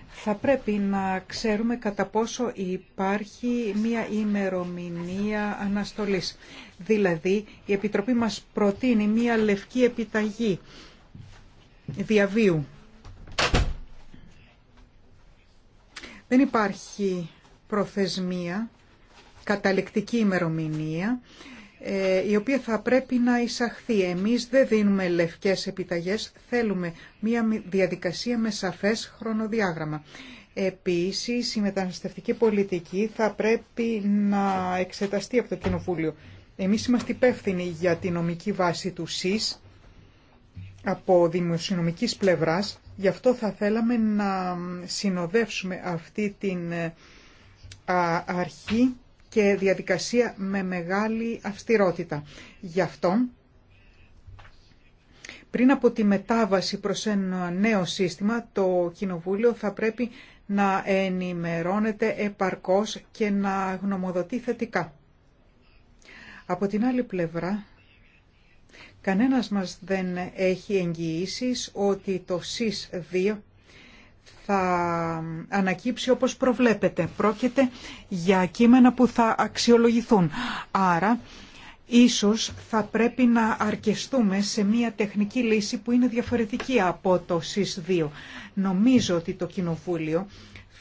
Θα πρέπει να ξέρουμε κατά πόσο υπάρχει μία ημερομηνία αναστολής. Δηλαδή, η Επιτροπή μας προτείνει μία λευκή επιταγή διαβίου. Δεν υπάρχει προθεσμία, καταληκτική ημερομηνία, ε, η οποία θα πρέπει να εισαχθεί. Εμείς δεν δίνουμε λευκές επιταγές, θέλουμε μια διαδικασία με σαφές χρονοδιάγραμμα. Επίσης, η μεταναστευτική πολιτική θα πρέπει να εξεταστεί από το Κοινοβούλιο. Εμείς είμαστε υπεύθυνοι για τη νομική βάση του ΣΥΣ από δημοσιονομικής πλευράς, γι' αυτό θα θέλαμε να συνοδεύσουμε αυτή την αρχή και διαδικασία με μεγάλη αυστηρότητα. Γι' αυτό, πριν από τη μετάβαση προς ένα νέο σύστημα, το Κοινοβούλιο θα πρέπει να ενημερώνεται επαρκώς και να γνωμοδοτεί θετικά. Από την άλλη πλευρά, Κανένας μας δεν έχει εγγυήσεις ότι το ΣΥΣ 2 θα ανακύψει όπως προβλέπεται. Πρόκειται για κείμενα που θα αξιολογηθούν. Άρα, ίσως θα πρέπει να αρκεστούμε σε μια τεχνική λύση που είναι διαφορετική από το ΣΥΣ2. Νομίζω ότι το Κοινοβούλιο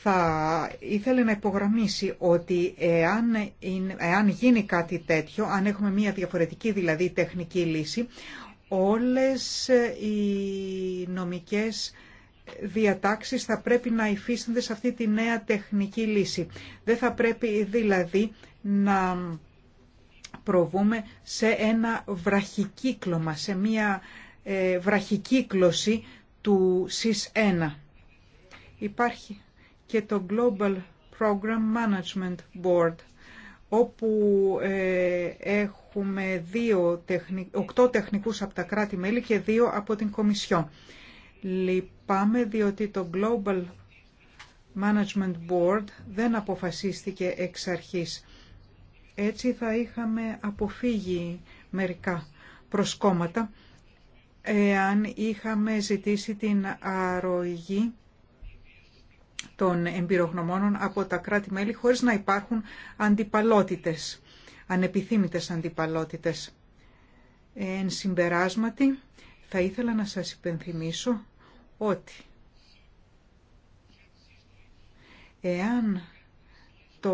θα ήθελε να υπογραμμίσει ότι εάν, εάν γίνει κάτι τέτοιο, αν έχουμε μια διαφορετική δηλαδή τεχνική λύση, όλες οι νομικές διατάξεις θα πρέπει να υφίστανται σε αυτή τη νέα τεχνική λύση. Δεν θα πρέπει δηλαδή να προβούμε σε ένα βραχικύκλωμα, σε μια ε, βραχικύκλωση του ΣΥΣ 1. Υπάρχει και το Global Program Management Board όπου ε, έχουμε δύο οκτώ τεχνικούς από τα κράτη-μέλη και δύο από την Κομισιό. Λυπάμαι διότι το Global Management Board δεν αποφασίστηκε εξ αρχής. Έτσι θα είχαμε αποφύγει μερικά προσκόμματα εάν είχαμε ζητήσει την αρρωγή των εμπειρογνωμόνων από τα κράτη-μέλη χωρίς να υπάρχουν αντιπαλότητες, ανεπιθύμητες αντιπαλότητες. Εν συμπεράσματι, θα ήθελα να σας υπενθυμίσω ότι εάν το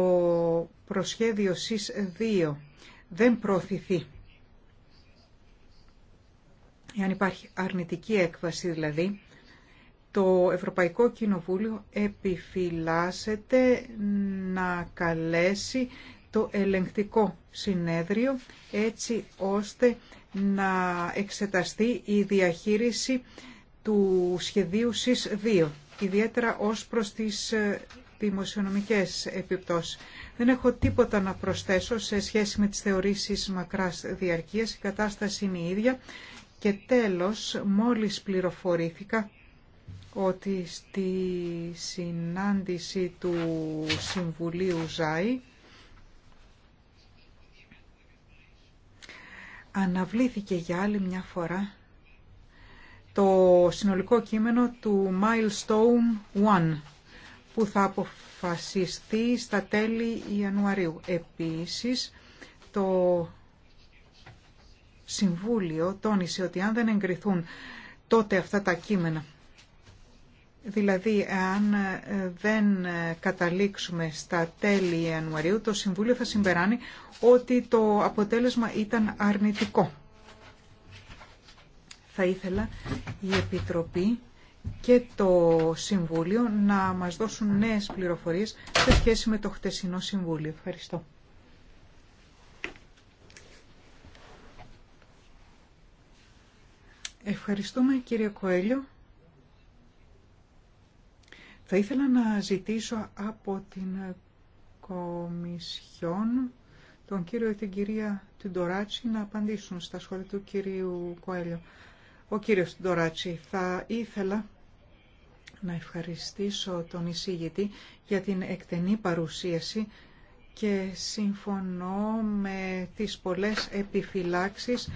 προσχέδιο ΣΥΣ 2 δεν προωθηθεί, εάν υπάρχει αρνητική έκβαση δηλαδή, το Ευρωπαϊκό Κοινοβούλιο επιφυλάσσεται να καλέσει το ελεγκτικό συνέδριο έτσι ώστε να εξεταστεί η διαχείριση του σχεδίου ΣΥΣ 2, ιδιαίτερα ως προς τις ε, δημοσιονομικές επιπτώσεις. Δεν έχω τίποτα να προσθέσω σε σχέση με τις θεωρήσεις μακράς διαρκείας, η κατάσταση είναι η ίδια και τέλος μόλις πληροφορήθηκα ότι στη συνάντηση του Συμβουλίου ΖΑΗ αναβλήθηκε για άλλη μια φορά το συνολικό κείμενο του Milestone 1 που θα αποφασιστεί στα τέλη Ιανουαρίου. Επίσης, το Συμβούλιο τόνισε ότι αν δεν εγκριθούν τότε αυτά τα κείμενα Δηλαδή, αν ε, δεν ε, καταλήξουμε στα τέλη Ιανουαρίου, το Συμβούλιο θα συμπεράνει ότι το αποτέλεσμα ήταν αρνητικό. Θα ήθελα η Επιτροπή και το Συμβούλιο να μας δώσουν νέες πληροφορίες σε σχέση με το χτεσινό Συμβούλιο. Ευχαριστώ. Ευχαριστούμε κύριε Κοέλιο. Θα ήθελα να ζητήσω από την Κομισιόν τον κύριο ή την κυρία Τιντοράτσι να απαντήσουν στα σχόλια του κυρίου Κοέλιο. Ο κύριος Τιντοράτσι, θα ήθελα να ευχαριστήσω τον εισήγητη για την εκτενή παρουσίαση και συμφωνώ με τις πολλές επιφυλάξεις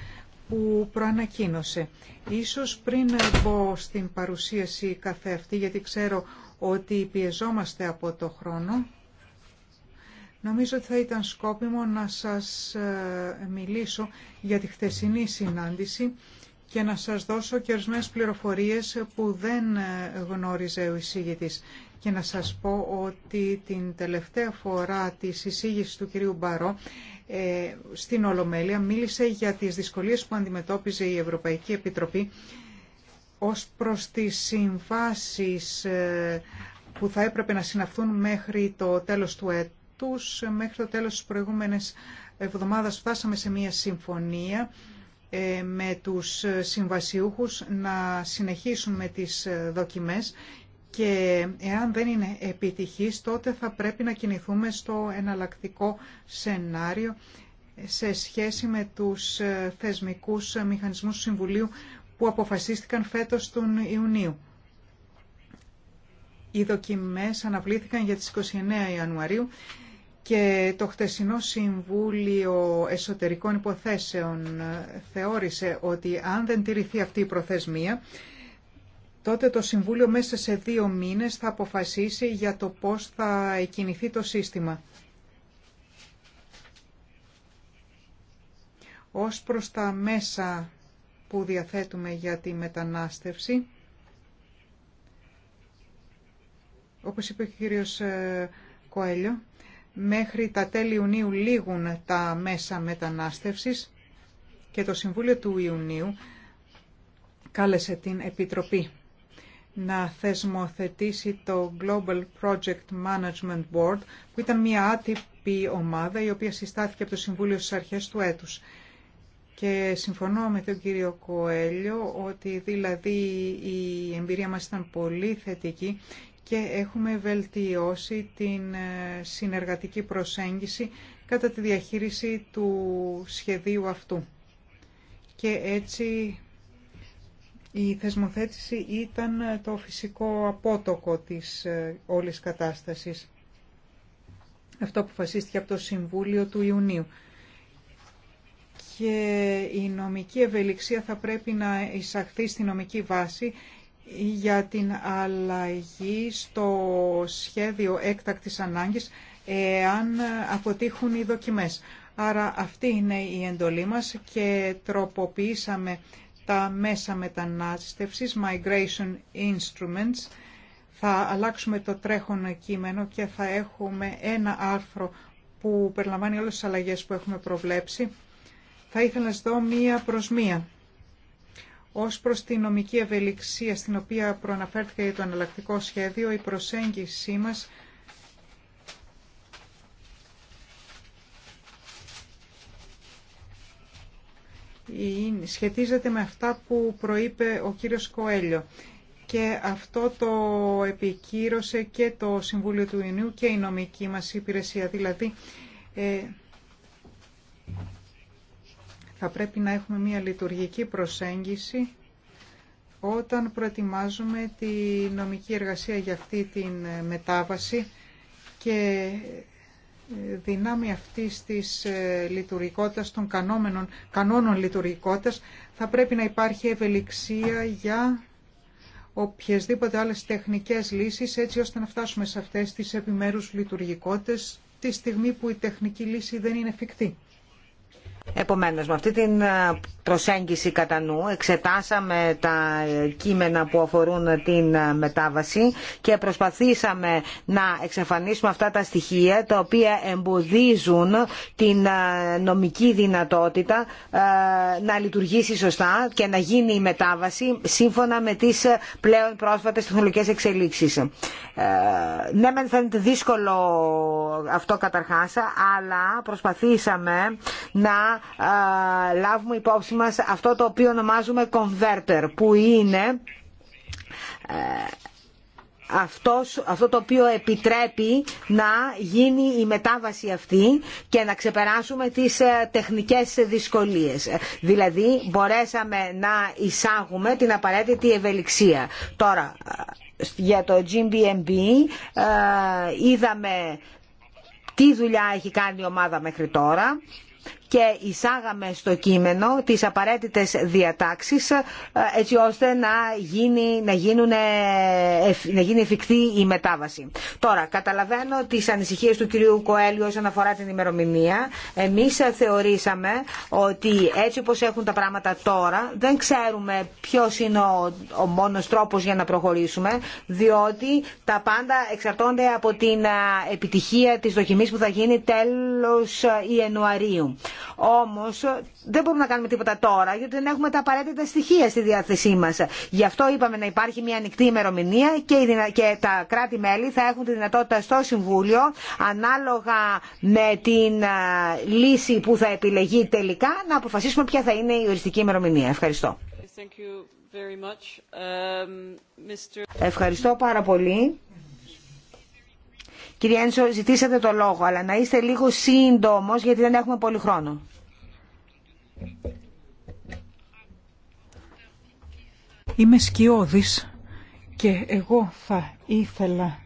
που προανακοίνωσε. Ίσως πριν μπω στην παρουσίαση καθεαυτή, γιατί ξέρω ότι πιεζόμαστε από το χρόνο. Νομίζω ότι θα ήταν σκόπιμο να σας ε, μιλήσω για τη χθεσινή συνάντηση και να σας δώσω και ορισμένες πληροφορίες που δεν ε, γνώριζε ο εισήγητης. Και να σας πω ότι την τελευταία φορά τη εισήγησης του κυρίου Μπαρό ε, στην Ολομέλεια μίλησε για τις δυσκολίες που αντιμετώπιζε η Ευρωπαϊκή Επιτροπή ως προς τις συμβάσεις ε, που θα έπρεπε να συναφθούν μέχρι το τέλος του έτους, μέχρι το τέλος της προηγούμενης εβδομάδας φτάσαμε σε μια συμφωνία ε, με τους συμβασιούχους να συνεχίσουν με τις δοκιμές και εάν δεν είναι επιτυχής τότε θα πρέπει να κινηθούμε στο εναλλακτικό σενάριο σε σχέση με τους ε, θεσμικούς μηχανισμούς του Συμβουλίου που αποφασίστηκαν φέτος τον Ιουνίου. Οι δοκιμές αναβλήθηκαν για τις 29 Ιανουαρίου και το χτεσινό Συμβούλιο Εσωτερικών Υποθέσεων θεώρησε ότι αν δεν τηρηθεί αυτή η προθεσμία, τότε το Συμβούλιο μέσα σε δύο μήνες θα αποφασίσει για το πώς θα εκκινηθεί το σύστημα. Ως προς τα μέσα που διαθέτουμε για τη μετανάστευση. Όπως είπε ο κύριος ε, Κοέλιο, μέχρι τα τέλη Ιουνίου λήγουν τα μέσα μετανάστευσης και το Συμβούλιο του Ιουνίου κάλεσε την Επιτροπή να θεσμοθετήσει το Global Project Management Board, που ήταν μια άτυπη ομάδα η οποία συστάθηκε από το Συμβούλιο στις αρχές του έτους. Και συμφωνώ με τον κύριο Κοέλιο ότι δηλαδή η εμπειρία μας ήταν πολύ θετική και έχουμε βελτιώσει την ε, συνεργατική προσέγγιση κατά τη διαχείριση του σχεδίου αυτού. Και έτσι η θεσμοθέτηση ήταν ε, το φυσικό απότοκο της ε, όλης κατάστασης. Αυτό αποφασίστηκε από το Συμβούλιο του Ιουνίου και η νομική ευελιξία θα πρέπει να εισαχθεί στη νομική βάση για την αλλαγή στο σχέδιο έκτακτης ανάγκης εάν αποτύχουν οι δοκιμές. Άρα αυτή είναι η εντολή μας και τροποποιήσαμε τα μέσα μετανάστευσης, Migration Instruments. Θα αλλάξουμε το τρέχον κείμενο και θα έχουμε ένα άρθρο που περιλαμβάνει όλες τις αλλαγές που έχουμε προβλέψει θα ήθελα να δω μία προς μία. Ως προς τη νομική ευελιξία στην οποία προαναφέρθηκε το αναλλακτικό σχέδιο, η προσέγγιση μας σχετίζεται με αυτά που προείπε ο κύριος Κοέλιο και αυτό το επικύρωσε και το Συμβούλιο του Ινιού και η νομική μας υπηρεσία. Δηλαδή, ε, θα πρέπει να έχουμε μια λειτουργική προσέγγιση όταν προετοιμάζουμε τη νομική εργασία για αυτή την ε, μετάβαση και ε, δυνάμει αυτή της ε, λειτουργικότητας, των κανόμενων, κανόνων λειτουργικότητας, θα πρέπει να υπάρχει ευελιξία για οποιασδήποτε άλλες τεχνικές λύσεις, έτσι ώστε να φτάσουμε σε αυτές τις επιμέρους λειτουργικότητες, τη στιγμή που η τεχνική λύση δεν είναι εφικτή. Επομένως, με αυτή την ε, προσέγγιση κατά νου εξετάσαμε τα ε, κείμενα που αφορούν την ε, μετάβαση και προσπαθήσαμε να εξαφανίσουμε αυτά τα στοιχεία τα οποία εμποδίζουν την νομική δυνατότητα να λειτουργήσει σωστά και να γίνει η μετάβαση σύμφωνα με τις πλέον πρόσφατες τεχνολογικές εξελίξεις. Ναι, μεν είναι δύσκολο αυτό καταρχάς, αλλά προσπαθήσαμε να λάβουμε υπόψη μας αυτό το οποίο ονομάζουμε converter που είναι ε, αυτός, αυτό το οποίο επιτρέπει να γίνει η μετάβαση αυτή και να ξεπεράσουμε τις ε, τεχνικές δυσκολίες. Δηλαδή μπορέσαμε να εισάγουμε την απαραίτητη ευελιξία. Τώρα ε, για το GBMB είδαμε τι δουλειά έχει κάνει η ομάδα μέχρι τώρα και εισάγαμε στο κείμενο τις απαραίτητες διατάξεις ε, έτσι ώστε να, γίνει, να, να γίνει εφικτή η μετάβαση. Τώρα, καταλαβαίνω τις ανησυχίες του κυρίου Κοέλιου όσον αφορά την ημερομηνία. Εμείς θεωρήσαμε ότι έτσι όπως έχουν τα πράγματα τώρα δεν ξέρουμε ποιος είναι ο, ο μόνος τρόπος για να προχωρήσουμε διότι τα πάντα εξαρτώνται από την ε, επιτυχία της δοκιμής που θα γίνει τέλος ε, Ιανουαρίου. Όμως δεν μπορούμε να κάνουμε τίποτα τώρα γιατί δεν έχουμε τα απαραίτητα στοιχεία στη διάθεσή μα. Γι' αυτό είπαμε να υπάρχει μια ανοιχτή ημερομηνία και τα κράτη-μέλη θα έχουν τη δυνατότητα στο Συμβούλιο ανάλογα με την λύση που θα επιλεγεί τελικά να αποφασίσουμε ποια θα είναι η οριστική ημερομηνία. Ευχαριστώ. Um, Ευχαριστώ πάρα πολύ. Κυρία Ένσο, ζητήσατε το λόγο, αλλά να είστε λίγο σύντομος, γιατί δεν έχουμε πολύ χρόνο. Είμαι σκιώδης και εγώ θα ήθελα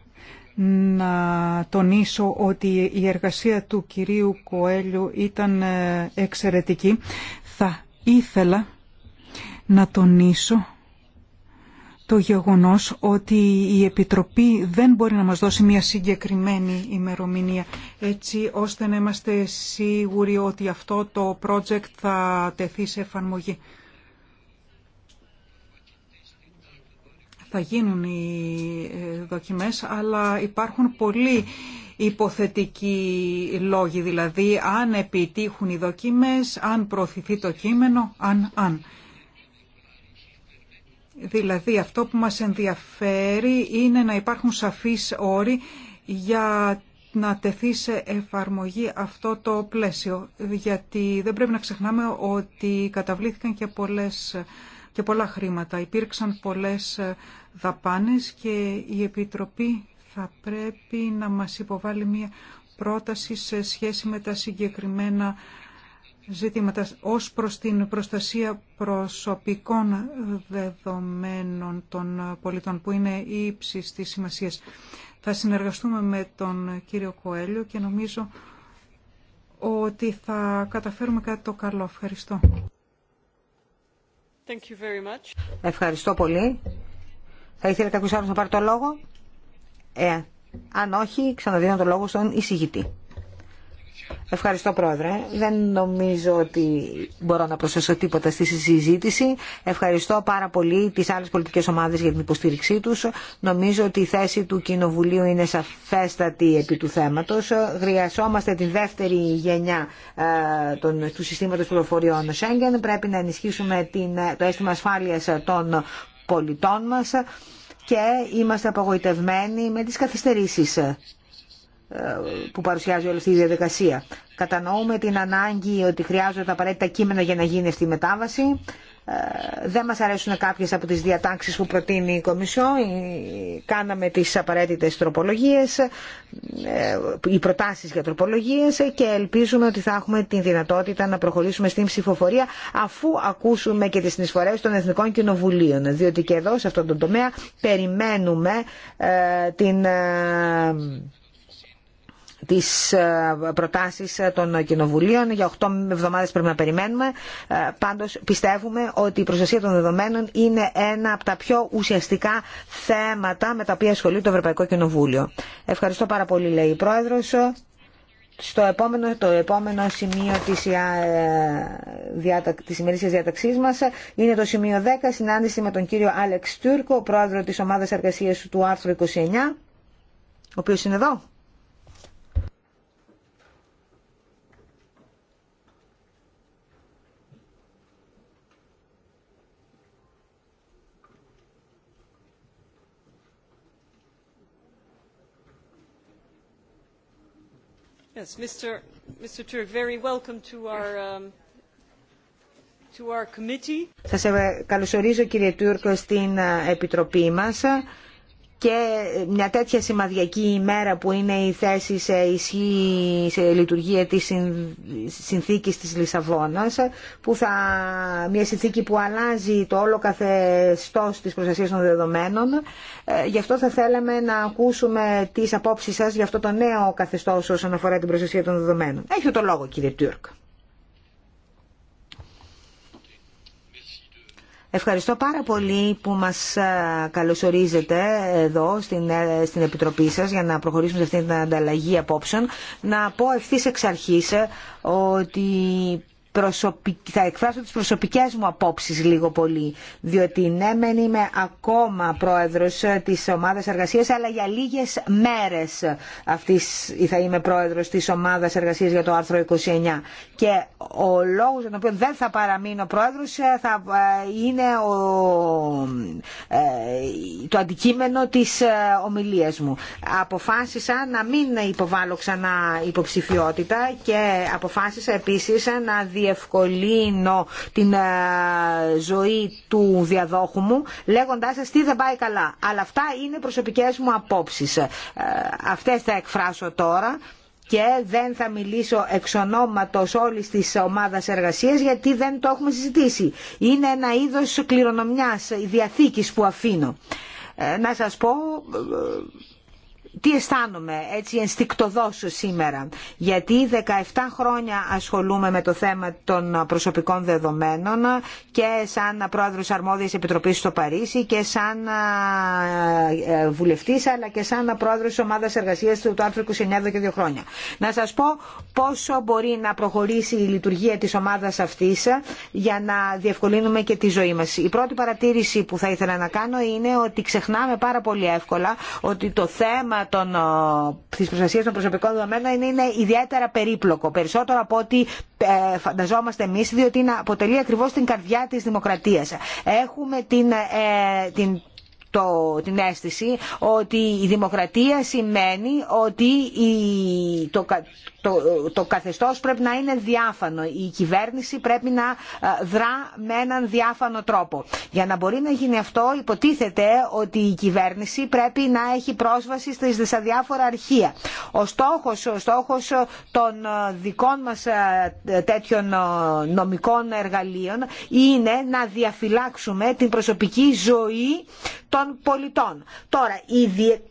να τονίσω ότι η εργασία του κυρίου Κοέλιου ήταν ε, εξαιρετική. Θα ήθελα να τονίσω το γεγονός ότι η Επιτροπή δεν μπορεί να μας δώσει μια συγκεκριμένη ημερομηνία έτσι ώστε να είμαστε σίγουροι ότι αυτό το project θα τεθεί σε εφαρμογή. Θα γίνουν οι ε, δοκιμές, αλλά υπάρχουν πολλοί υποθετικοί λόγοι, δηλαδή αν επιτύχουν οι δοκιμές, αν προωθηθεί το κείμενο, αν, αν. Δηλαδή αυτό που μας ενδιαφέρει είναι να υπάρχουν σαφείς όροι για να τεθεί σε εφαρμογή αυτό το πλαίσιο. Γιατί δεν πρέπει να ξεχνάμε ότι καταβλήθηκαν και, πολλές, και πολλά χρήματα. Υπήρξαν πολλές δαπάνες και η Επιτροπή θα πρέπει να μας υποβάλει μια πρόταση σε σχέση με τα συγκεκριμένα ζητήματα ως προς την προστασία προσωπικών δεδομένων των πολιτών που είναι ύψης της σημασίας. Θα συνεργαστούμε με τον κύριο Κοέλιο και νομίζω ότι θα καταφέρουμε κάτι το καλό. Ευχαριστώ. Thank you very much. Ευχαριστώ πολύ. Θα ήθελε κάποιος άλλος να πάρει το λόγο. Ε, αν όχι, ξαναδίνω το λόγο στον εισηγητή. Ευχαριστώ Πρόεδρε. Δεν νομίζω ότι μπορώ να προσθέσω τίποτα στη συζήτηση. Ευχαριστώ πάρα πολύ τις άλλες πολιτικές ομάδες για την υποστήριξή τους. Νομίζω ότι η θέση του Κοινοβουλίου είναι σαφέστατη επί του θέματος. Χρειαζόμαστε τη δεύτερη γενιά ε, του συστήματος πληροφοριών Σέγγεν. Πρέπει να ενισχύσουμε την, το αίσθημα ασφάλειας των πολιτών μας και είμαστε απογοητευμένοι με τις καθυστερήσεις ε, που παρουσιάζει όλη αυτή η διαδικασία. Κατανοούμε την ανάγκη ότι χρειάζονται τα απαραίτητα κείμενα για να γίνει αυτή η μετάβαση. Ε, δεν μας αρέσουν κάποιες από τις διατάξεις που προτείνει η Κομισιό. Ε, κάναμε τις απαραίτητες τροπολογίες, οι προτάσεις για τροπολογίες και ελπίζουμε ότι θα έχουμε την δυνατότητα να προχωρήσουμε στην ψηφοφορία αφού ακούσουμε και τις συνεισφορές των Εθνικών Κοινοβουλίων. Διότι και εδώ, σε αυτόν τον τομέα, περιμένουμε την τις ε, προτάσεις ε, των κοινοβουλίων. Για 8 εβδομάδες πρέπει να περιμένουμε. Ε, πάντως πιστεύουμε ότι η προστασία των δεδομένων είναι ένα από τα πιο ουσιαστικά θέματα με τα οποία ασχολεί το Ευρωπαϊκό Κοινοβούλιο. Ευχαριστώ πάρα πολύ λέει η Πρόεδρος. Στο επόμενο, το επόμενο σημείο της, της ημερήσιας διαταξής μας είναι το σημείο 10, συνάντηση με τον κύριο Άλεξ Τούρκο, πρόεδρο της ομάδας εργασίας του άρθρου 29, ο οποίος είναι εδώ. Yes, Mr. Mr. Turk, very welcome to our, to our committee. Σας καλωσορίζω κύριε Τούρκο στην Επιτροπή μας και μια τέτοια σημαδιακή ημέρα που είναι η θέση σε ισχύ, σε λειτουργία της συνθήκης της Λισαβόνας, που θα, μια συνθήκη που αλλάζει το όλο καθεστώς της προστασίας των δεδομένων. Ε, γι' αυτό θα θέλαμε να ακούσουμε τις απόψεις σας για αυτό το νέο καθεστώς όσον αφορά την προστασία των δεδομένων. Έχει το λόγο κύριε Τούρκ. Ευχαριστώ πάρα πολύ που μας ε, καλωσορίζετε εδώ στην, ε, στην Επιτροπή σας για να προχωρήσουμε σε αυτή την ανταλλαγή απόψεων. Να πω ευθύς εξ αρχής ε, ότι θα εκφράσω τις προσωπικές μου απόψεις λίγο πολύ, διότι ναι μεν είμαι ακόμα πρόεδρος της ομάδας εργασίας, αλλά για λίγες μέρες αυτής θα είμαι πρόεδρος της ομάδας εργασίας για το άρθρο 29. Και ο λόγος για τον οποίο δεν θα παραμείνω πρόεδρος ε, θα ε, είναι ε, το αντικείμενο της ομιλίας μου. Αποφάσισα να μην υποβάλλω ξανά υποψηφιότητα και αποφάσισα επίσης να διευκολύνω την ε, ζωή του διαδόχου μου λέγοντάς σας τι δεν πάει καλά. Αλλά αυτά είναι προσωπικές μου απόψεις. Ε, αυτές θα εκφράσω τώρα και δεν θα μιλήσω εξ ονόματος όλης της ομάδας εργασίας γιατί δεν το έχουμε συζητήσει. Είναι ένα είδος κληρονομιάς διαθήκης που αφήνω. Ε, να σας πω τι αισθάνομαι έτσι ενστικτοδός σήμερα. Γιατί 17 χρόνια ασχολούμαι με το θέμα των προσωπικών δεδομένων και σαν πρόεδρος αρμόδιας επιτροπής στο Παρίσι και σαν ε, βουλευτής αλλά και σαν πρόεδρος ομάδας εργασίας του άρθρου 29 εδώ και δύο χρόνια. Να σας πω πόσο μπορεί να προχωρήσει η λειτουργία της ομάδας αυτής για να διευκολύνουμε και τη ζωή μας. Η πρώτη παρατήρηση που θα ήθελα να κάνω είναι ότι ξεχνάμε πάρα πολύ εύκολα ότι το θέμα Τη προστασία ε, της των προσωπικών δεδομένων είναι, είναι ιδιαίτερα περίπλοκο, περισσότερο από ό,τι ε, φανταζόμαστε εμείς, διότι είναι, αποτελεί ακριβώς την καρδιά της δημοκρατίας. Έχουμε την, ε, την το, την αίσθηση ότι η δημοκρατία σημαίνει ότι η, το, το, το καθεστώς πρέπει να είναι διάφανο. Η κυβέρνηση πρέπει να ε, δρά με έναν διάφανο τρόπο. Για να μπορεί να γίνει αυτό υποτίθεται ότι η κυβέρνηση πρέπει να έχει πρόσβαση στις διάφορα αρχεία. Ο στόχος, ο στόχος των ε, δικών μας ε, τέτοιων νομικών εργαλείων είναι να διαφυλάξουμε την προσωπική ζωή των πολιτών. Τώρα, η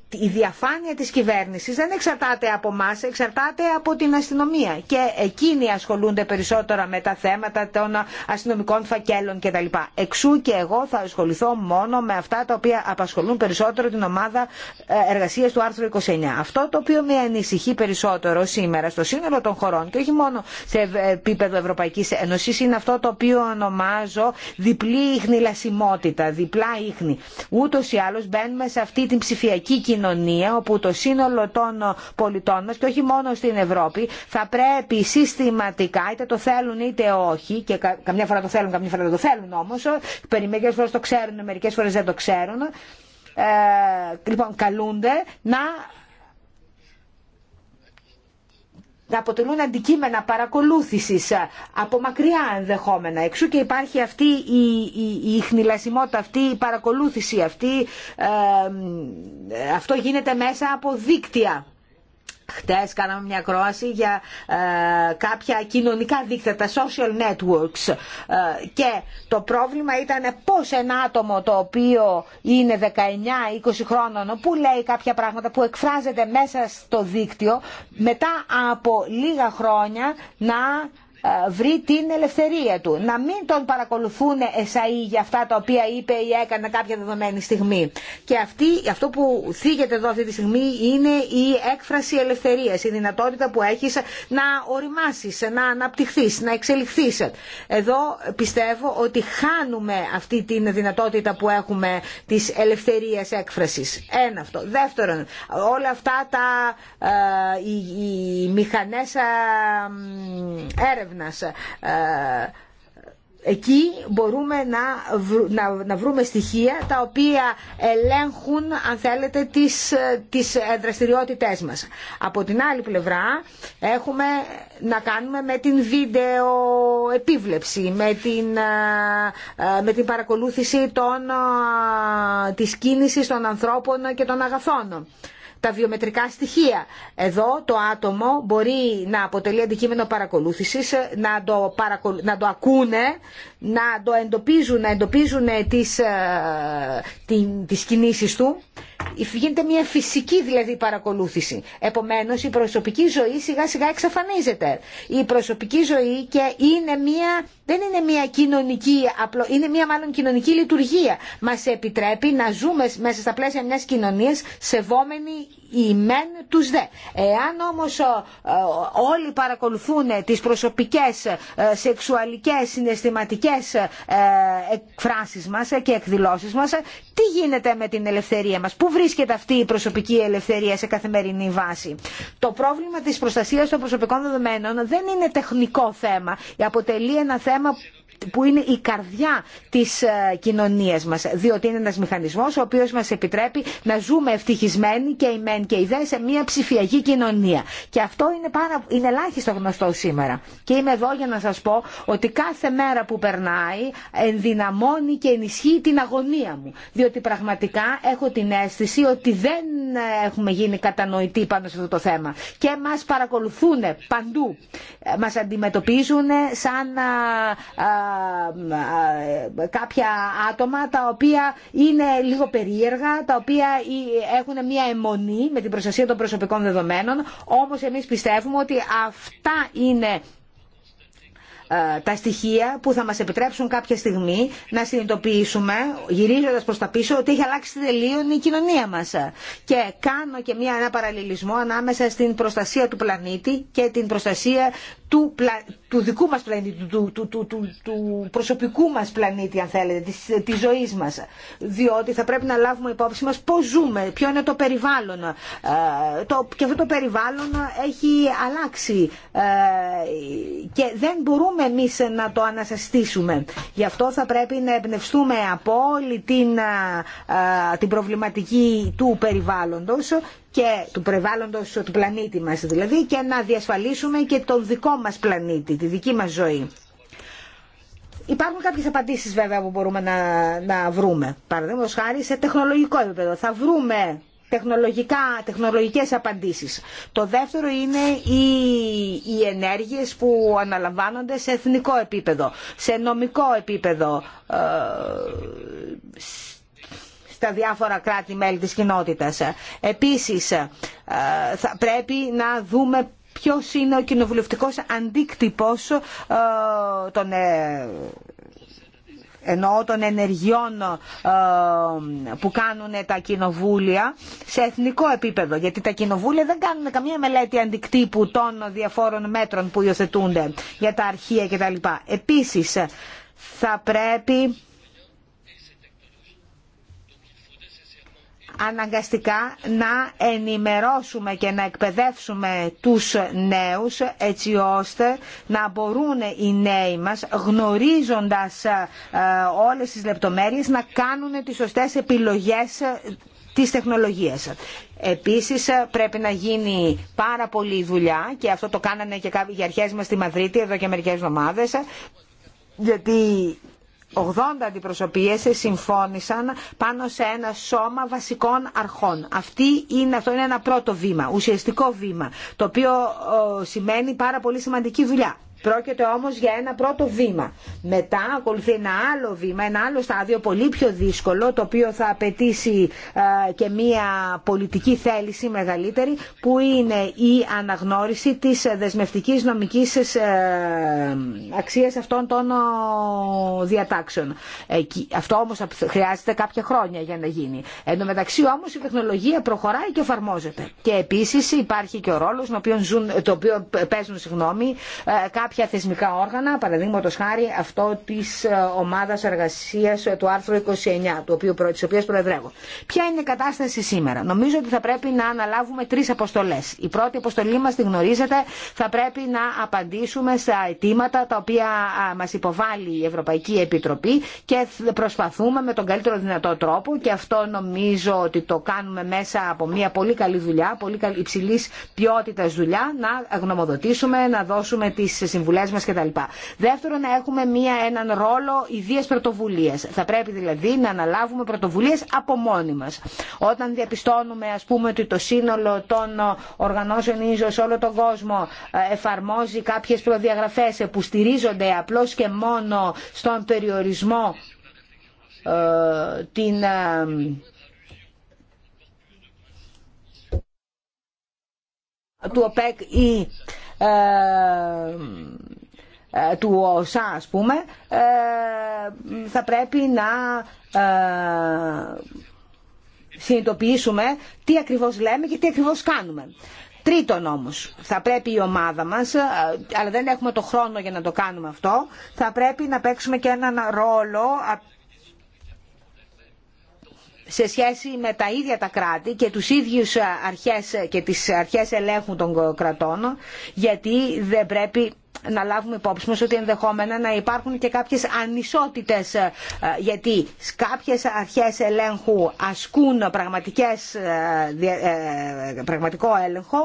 η διαφάνεια της κυβέρνησης δεν εξαρτάται από μας, εξαρτάται από την αστυνομία και εκείνοι ασχολούνται περισσότερα με τα θέματα των αστυνομικών φακέλων κτλ. Εξού και εγώ θα ασχοληθώ μόνο με αυτά τα οποία απασχολούν περισσότερο την ομάδα ε, εργασίας του άρθρου 29. Αυτό το οποίο με ανησυχεί περισσότερο σήμερα στο σύνολο των χωρών και όχι μόνο σε επίπεδο Ευρωπαϊκής Ένωσης είναι αυτό το οποίο ονομάζω διπλή ίχνη λασιμότητα, διπλά ίχνη. Ούτως ή άλλως μπαίνουμε σε αυτή την ψηφιακή κοινωνία κοινωνία όπου το σύνολο των πολιτών μας και όχι μόνο στην Ευρώπη θα πρέπει συστηματικά είτε το θέλουν είτε όχι και καμιά φορά το θέλουν, καμιά φορά δεν το θέλουν όμως μερικές φορές το ξέρουν, μερικές φορές δεν το ξέρουν ε, λοιπόν καλούνται να να αποτελούν αντικείμενα παρακολούθησης από μακριά ενδεχόμενα. Εξού και υπάρχει αυτή η, η, χνηλασιμότητα, αυτή η παρακολούθηση, αυτή, ε, ε, αυτό γίνεται μέσα από δίκτυα. Χτες κάναμε μια κρόαση για ε, κάποια κοινωνικά δίκτυα, τα social networks ε, και το πρόβλημα ήταν πώς ένα άτομο το οποίο είναι 19-20 χρόνων που λέει κάποια πράγματα που εκφράζεται μέσα στο δίκτυο μετά από λίγα χρόνια να ε, βρει την ελευθερία του. Να μην τον παρακολουθούν εσαΐ για αυτά τα οποία είπε ή έκανε κάποια δεδομένη στιγμή. Και αυτή, αυτό που θίγεται εδώ αυτή τη στιγμή είναι η έκφραση ελευθερίας, η δυνατότητα που έχεις να οριμάσεις, να αναπτυχθείς, να εξελιχθείς. Εδώ πιστεύω ότι χάνουμε αυτή την δυνατότητα που έχουμε της ελευθερίας έκφρασης. Ένα αυτό. Δεύτερον, όλα αυτά τα ε, οι, μηχανές ε, έρευνα ε, εκεί μπορούμε να, βρούμε στοιχεία τα οποία ελέγχουν, αν θέλετε, τις, ε, τις ε, δραστηριότητές μας. Από την άλλη πλευρά έχουμε να κάνουμε με την βίντεο επίβλεψη, με την, με την παρακολούθηση των, της κίνησης των ανθρώπων και των αγαθών τα βιομετρικά στοιχεία. Εδώ το άτομο μπορεί να αποτελεί αντικείμενο παρακολούθησης, να το, να το ακούνε, να το εντοπίζουν, να εντοπίζουν τις, ε, τις κινήσεις του γίνεται μια φυσική δηλαδή παρακολούθηση. Επομένως η προσωπική ζωή σιγά σιγά εξαφανίζεται. Η προσωπική ζωή και είναι μια, δεν είναι μια κοινωνική, είναι μια μάλλον κοινωνική λειτουργία. Μας επιτρέπει να ζούμε μέσα στα πλαίσια μιας κοινωνίας σεβόμενοι η μεν τους δε. Εάν όμως όλοι παρακολουθούν τις προσωπικές ε, σεξουαλικές συναισθηματικές ε, εκφράσεις μας και εκδηλώσεις μας, τι γίνεται με την ελευθερία μας, πού βρίσκεται αυτή η προσωπική ελευθερία σε καθημερινή βάση. Το πρόβλημα της προστασίας των προσωπικών δεδομένων δεν είναι τεχνικό θέμα, αποτελεί ένα θέμα που είναι η καρδιά της ε, κοινωνίας μας, διότι είναι ένας μηχανισμός ο οποίος μας επιτρέπει να ζούμε ευτυχισμένοι και οι μεν και οι δε σε μια ψηφιακή κοινωνία. Και αυτό είναι, πάρα, είναι ελάχιστο γνωστό σήμερα. Και είμαι εδώ για να σας πω ότι κάθε μέρα που περνάει ενδυναμώνει και ενισχύει την αγωνία μου. Διότι πραγματικά έχω την αίσθηση ότι δεν έχουμε γίνει κατανοητοί πάνω σε αυτό το θέμα. Και μας παρακολουθούν παντού. Ε, μας αντιμετωπίζουν σαν ε, κάποια άτομα τα οποία είναι λίγο περίεργα, τα οποία ε, έχουν μια αιμονή με την προστασία των προσωπικών δεδομένων, όμως εμείς πιστεύουμε ότι αυτά είναι ε, τα στοιχεία που θα μας επιτρέψουν κάποια στιγμή να συνειδητοποιήσουμε γυρίζοντας προς τα πίσω ότι έχει αλλάξει τελείω η κοινωνία μας και κάνω και μια, ένα παραλληλισμό ανάμεσα στην προστασία του πλανήτη και την προστασία του, δικού μας πλανήτη, του, του, του, του, προσωπικού μας πλανήτη αν θέλετε, της, της ζωής μας. Διότι θα πρέπει να λάβουμε υπόψη μας πώς ζούμε, ποιο είναι το περιβάλλον. Ε, το, και αυτό το περιβάλλον έχει αλλάξει ε, και δεν μπορούμε εμείς να το ανασαστήσουμε. Γι' αυτό θα πρέπει να εμπνευστούμε από όλη την, ε, την προβληματική του περιβάλλοντος και του περιβάλλοντο του πλανήτη μας δηλαδή και να διασφαλίσουμε και τον δικό μας πλανήτη, τη δική μας ζωή. Υπάρχουν κάποιες απαντήσεις βέβαια που μπορούμε να, βρούμε. παραδείγματο χάρη σε τεχνολογικό επίπεδο. Θα βρούμε τεχνολογικά, τεχνολογικές απαντήσεις. Το δεύτερο είναι οι, οι ενέργειες που αναλαμβάνονται σε εθνικό επίπεδο, σε νομικό επίπεδο, ε, στα διάφορα κράτη-μέλη της κοινότητας. Επίσης, ε, θα πρέπει να δούμε ποιος είναι ο κοινοβουλευτικός αντίκτυπος ε, των ε, των ενεργειών που κάνουν τα κοινοβούλια σε εθνικό επίπεδο. Γιατί τα κοινοβούλια δεν κάνουν καμία μελέτη αντικτύπου των διαφόρων μέτρων που υιοθετούνται για τα αρχεία κτλ. Επίσης, θα πρέπει αναγκαστικά να ενημερώσουμε και να εκπαιδεύσουμε τους νέους έτσι ώστε να μπορούν οι νέοι μας γνωρίζοντας ε, όλες τις λεπτομέρειες να κάνουν τις σωστές επιλογές ε, της τεχνολογίας. Επίσης ε, πρέπει να γίνει πάρα πολύ δουλειά και αυτό το κάνανε και κάποιοι αρχές μας στη Μαδρίτη εδώ και μερικές εβδομάδες γιατί 80 αντιπροσωπείε συμφώνησαν πάνω σε ένα σώμα βασικών αρχών. Αυτή είναι, αυτό είναι ένα πρώτο βήμα, ουσιαστικό βήμα, το οποίο ε, σημαίνει πάρα πολύ σημαντική δουλειά. Πρόκειται όμως για ένα πρώτο βήμα. Μετά ακολουθεί ένα άλλο βήμα, ένα άλλο στάδιο πολύ πιο δύσκολο, το οποίο θα απαιτήσει ε, και μία πολιτική θέληση μεγαλύτερη, που είναι η αναγνώριση της δεσμευτικής νομικής ε, αξίας αυτών των διατάξεων. Αυτό όμως χρειάζεται κάποια χρόνια για να γίνει. Εν τω μεταξύ όμως η τεχνολογία προχωράει και εφαρμόζεται. Και επίσης υπάρχει και ο ρόλος, τον οποίο παίζουν συγγνώμη, ε, κάποια θεσμικά όργανα, παραδείγματο χάρη αυτό της ε, ομάδας εργασίας ε, του άρθρου 29, του οποίου, της οποίας προεδρεύω. Ποια είναι η κατάσταση σήμερα. Νομίζω ότι θα πρέπει να αναλάβουμε τρει αποστολέ. Η πρώτη αποστολή μα τη γνωρίζετε, θα πρέπει να απαντήσουμε στα αιτήματα τα οποία μα υποβάλλει η Ευρωπαϊκή Επιτροπή και προσπαθούμε με τον καλύτερο δυνατό τρόπο και αυτό νομίζω ότι το κάνουμε μέσα από μια πολύ καλή δουλειά, πολύ υψηλή ποιότητα δουλειά, να γνωμοδοτήσουμε, να δώσουμε τι τις συμβουλέ μας κτλ. Δεύτερον, να έχουμε μία, έναν ρόλο ιδίε πρωτοβουλίες. Θα πρέπει δηλαδή να αναλάβουμε πρωτοβουλίες από μόνοι μα. Όταν διαπιστώνουμε ας πούμε ότι το σύνολο των οργανώσεων ίσω σε όλο τον κόσμο ε, εφαρμόζει κάποιες προδιαγραφές που στηρίζονται απλώς και μόνο στον περιορισμό ε, την, ε, του ΟΠΕΚ ή ε, ε, του ΟΣΑ ας πούμε ε, θα πρέπει να συνειδητοποιήσουμε τι ακριβώς λέμε και τι ακριβώς κάνουμε. Τρίτον όμως, θα πρέπει η ομάδα μας, αλλά δεν έχουμε το χρόνο για να το κάνουμε αυτό, θα πρέπει να παίξουμε και έναν ρόλο σε σχέση με τα ίδια τα κράτη και τους ίδιους αρχές και τις αρχές ελέγχου των κρατών γιατί δεν πρέπει να λάβουμε υπόψη μας ότι ενδεχόμενα να υπάρχουν και κάποιες ανισότητες ε, γιατί κάποιες αρχές ελέγχου ασκούν πραγματικές, ε, ε, πραγματικό έλεγχο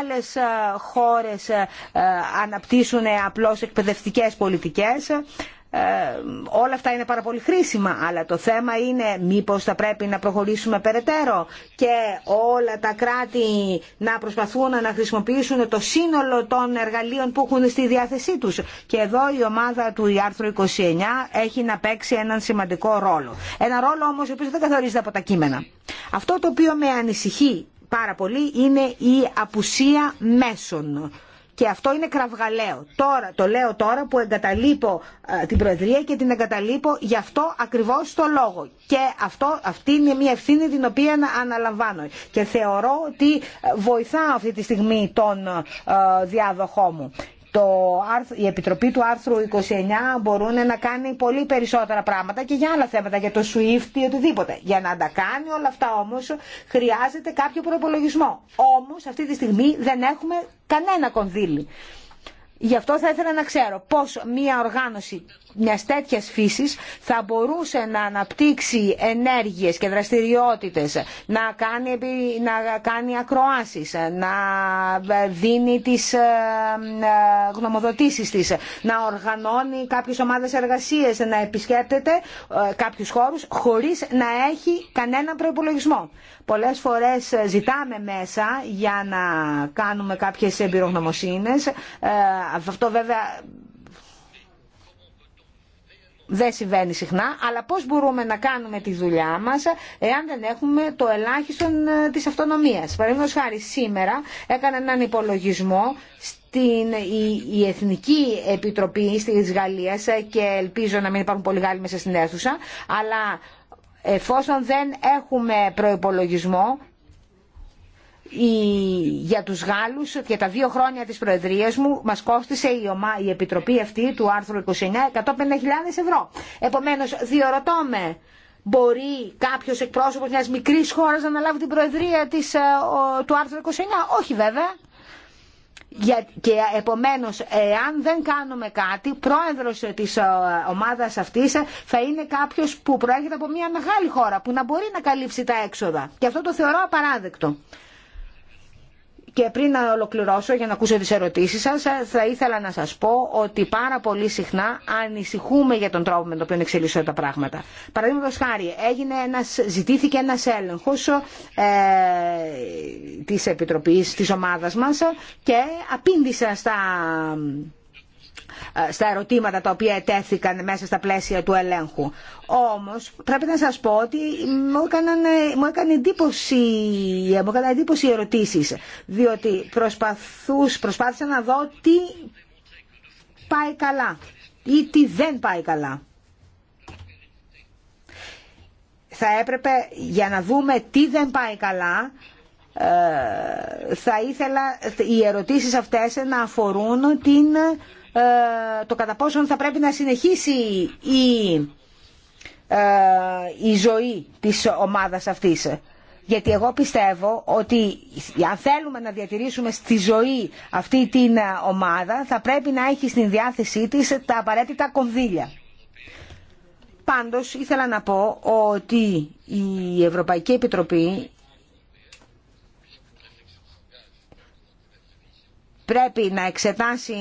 άλλες χώρες αναπτύσσουν απλώς εκπαιδευτικές πολιτικές ε, όλα αυτά είναι πάρα πολύ χρήσιμα αλλά το θέμα είναι μήπως θα πρέπει να προχωρήσουμε περαιτέρω και όλα τα κράτη να προσπαθούν να χρησιμοποιήσουν το σύνολο των εργαλείων που έχουν στη διάθεσή τους και εδώ η ομάδα του Ιάρθρου 29 έχει να παίξει έναν σημαντικό ρόλο ένα ρόλο όμως ο οποίος δεν καθορίζεται από τα κείμενα αυτό το οποίο με ανησυχεί πάρα πολύ είναι η απουσία μέσων και αυτό είναι κραυγαλαίο. Τώρα, το λέω τώρα που εγκαταλείπω ε, την Προεδρία και την εγκαταλείπω γι' αυτό ακριβώς το λόγο. Και αυτό, αυτή είναι μια ευθύνη την οποία αναλαμβάνω. Και θεωρώ ότι ε, βοηθάω αυτή τη στιγμή τον ε, διάδοχό μου το, η Επιτροπή του άρθρου 29 μπορούν να κάνει πολύ περισσότερα πράγματα και για άλλα θέματα, για το SWIFT ή οτιδήποτε. Για να τα κάνει όλα αυτά όμως χρειάζεται κάποιο προπολογισμό. Όμως αυτή τη στιγμή δεν έχουμε κανένα κονδύλι. Γι' αυτό θα ήθελα να ξέρω πώς μια οργάνωση μια τέτοια φύσης θα μπορούσε να αναπτύξει ενέργειες και δραστηριότητες, να κάνει, να κάνει ακροάσεις, να δίνει τις ε, ε, γνωμοδοτήσεις της, να οργανώνει κάποιες ομάδες εργασίες, να επισκέπτεται ε, κάποιους χώρους χωρίς να έχει κανένα προπολογισμό. Πολλές φορές ζητάμε μέσα για να κάνουμε κάποιες εμπειρογνωμοσύνες, αυτό βέβαια δεν συμβαίνει συχνά, αλλά πώς μπορούμε να κάνουμε τη δουλειά μας εάν δεν έχουμε το ελάχιστον ε, της αυτονομίας. Παραδείγματος χάρη σήμερα έκανα έναν υπολογισμό στην η, Εθνική Επιτροπή τη Γαλλία ε, και ελπίζω να μην υπάρχουν πολλοί Γάλλοι μέσα στην αίθουσα, αλλά εφόσον δεν έχουμε προϋπολογισμό για τους Γάλλους και τα δύο χρόνια της Προεδρίας μου μας κόστησε η, η Επιτροπή αυτή του άρθρου 29 150.000 ευρώ. Επομένως διορωτώ με, μπορεί κάποιος εκπρόσωπος μιας μικρής χώρας να αναλάβει την Προεδρία της, ε, του άρθρου 29. Όχι βέβαια. Και επομένως, αν δεν κάνουμε κάτι, πρόεδρος της ε, ομάδας αυτής θα είναι κάποιος που προέρχεται από μια μεγάλη χώρα, που να μπορεί να καλύψει τα έξοδα. Και αυτό το θεωρώ απαράδεκτο και πριν να ολοκληρώσω για να ακούσω τις ερωτήσεις σας, θα ήθελα να σας πω ότι πάρα πολύ συχνά ανησυχούμε για τον τρόπο με τον οποίο εξελίσσονται τα πράγματα. Παραδείγματος χάρη, έγινε ένας, ζητήθηκε ένας έλεγχος ε, της Επιτροπής, της ομάδας μας και απήντησα στα στα ερωτήματα τα οποία ετέθηκαν μέσα στα πλαίσια του ελέγχου. Όμως πρέπει να σας πω ότι μου, έκαναν, μου, έκανε εντύπωση, μου ερωτήσεις διότι προσπαθούς, προσπάθησα να δω τι πάει καλά ή τι δεν πάει καλά. Θα έπρεπε για να δούμε τι δεν πάει καλά ε, θα ήθελα οι ερωτήσεις αυτές να αφορούν την ε, το κατά πόσον θα πρέπει να συνεχίσει η, ε, η ζωή της ομάδας αυτής. Γιατί εγώ πιστεύω ότι αν θέλουμε να διατηρήσουμε στη ζωή αυτή την ε, ομάδα θα πρέπει να έχει στην διάθεσή της τα απαραίτητα κονδύλια. Πάντως ήθελα να πω ότι η Ευρωπαϊκή Επιτροπή πρέπει να εξετάσει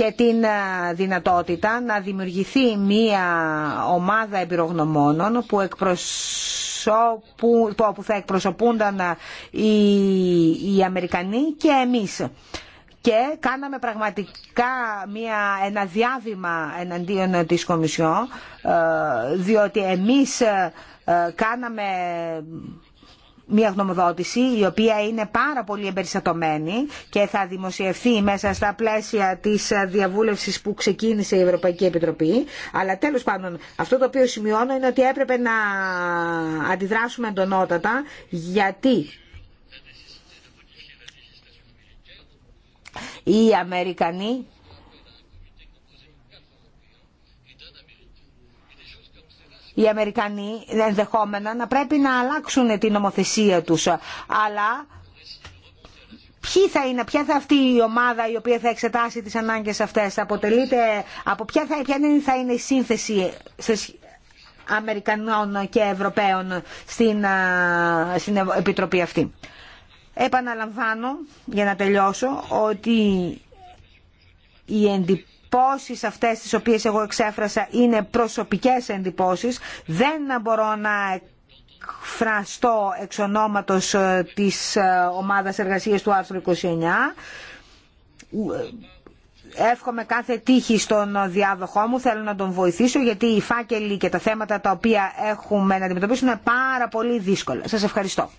και την ε, δυνατότητα να δημιουργηθεί μία ομάδα εμπειρογνωμόνων που, θα εκπροσωπούνταν ε, οι, Αμερικανοί και εμείς και κάναμε πραγματικά μια, ένα διάβημα εναντίον της Κομισιόν ε, διότι εμείς κάναμε μια γνωμοδότηση η οποία είναι πάρα πολύ εμπεριστατωμένη και θα δημοσιευθεί μέσα στα πλαίσια της διαβούλευσης που ξεκίνησε η Ευρωπαϊκή Επιτροπή. Αλλά τέλος πάντων αυτό το οποίο σημειώνω είναι ότι έπρεπε να αντιδράσουμε εντονότατα γιατί οι Αμερικανοί οι Αμερικανοί ενδεχόμενα να πρέπει να αλλάξουν την νομοθεσία τους. Αλλά ποιοι θα είναι, ποια θα αυτή η ομάδα η οποία θα εξετάσει τις ανάγκες αυτές. Αποτελείται από ποια θα, ποια θα είναι η σύνθεση σε Αμερικανών και Ευρωπαίων στην, στην Επιτροπή αυτή. Επαναλαμβάνω, για να τελειώσω, ότι η εντυπωσία εντυπώσεις αυτές τις οποίες εγώ εξέφρασα είναι προσωπικές εντυπώσεις. Δεν μπορώ να φραστώ εξ ονόματος ε, της ε, ομάδας εργασίας του άρθρου 29. Ε, εύχομαι κάθε τύχη στον διάδοχό μου, θέλω να τον βοηθήσω γιατί οι φάκελοι και τα θέματα τα οποία έχουμε να αντιμετωπίσουμε είναι πάρα πολύ δύσκολα. Σας ευχαριστώ.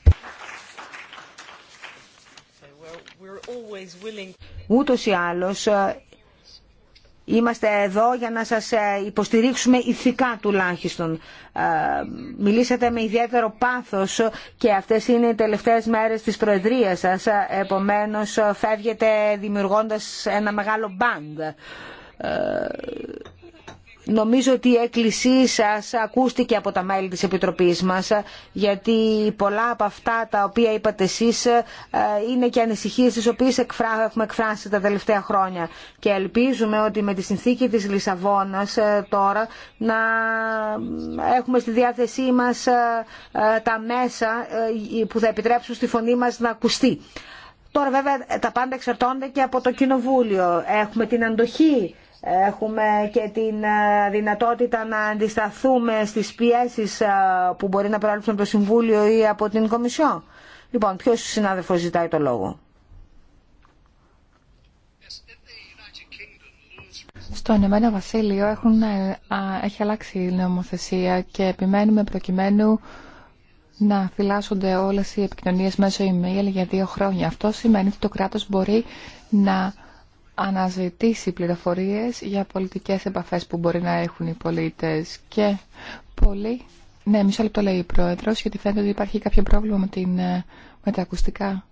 Ούτως ή άλλως Είμαστε εδώ για να σας ε, υποστηρίξουμε ηθικά τουλάχιστον. Ε, μιλήσατε με ιδιαίτερο πάθος και αυτές είναι οι τελευταίες μέρες της Προεδρίας σας. Ε, επομένως φεύγετε δημιουργώντας ένα μεγάλο μπαντ Νομίζω ότι η έκκλησή σας ακούστηκε από τα μέλη της Επιτροπής μας, γιατί πολλά από αυτά τα οποία είπατε εσείς ε, είναι και ανησυχίες τις οποίες έχουμε εκφράσει τα τελευταία χρόνια. Και ελπίζουμε ότι με τη συνθήκη της Λισαβόνας ε, τώρα να έχουμε στη διάθεσή μας ε, τα μέσα που θα επιτρέψουν στη φωνή μας να ακουστεί. Τώρα βέβαια τα πάντα εξαρτώνται και από το Κοινοβούλιο. Έχουμε την αντοχή Έχουμε και την ε, δυνατότητα να αντισταθούμε στις πιέσεις ε, που μπορεί να περάσουν από το Συμβούλιο ή από την Κομισιό. Λοιπόν, ποιος συνάδελφος ζητάει το λόγο. Στο Ενωμένο Βασίλειο έχουν, ε, έχει αλλάξει η νομοθεσία και επιμένουμε προκειμένου να φυλάσσονται όλες οι επικοινωνίες μέσω email για δύο χρόνια. Αυτό σημαίνει ότι το κράτος μπορεί να αναζητήσει πληροφορίες για πολιτικές επαφές που μπορεί να έχουν οι πολίτες και πολύ. Ναι, μισό λεπτό λέει η Πρόεδρος, γιατί φαίνεται ότι υπάρχει κάποιο πρόβλημα με, την, ε, με τα ακουστικά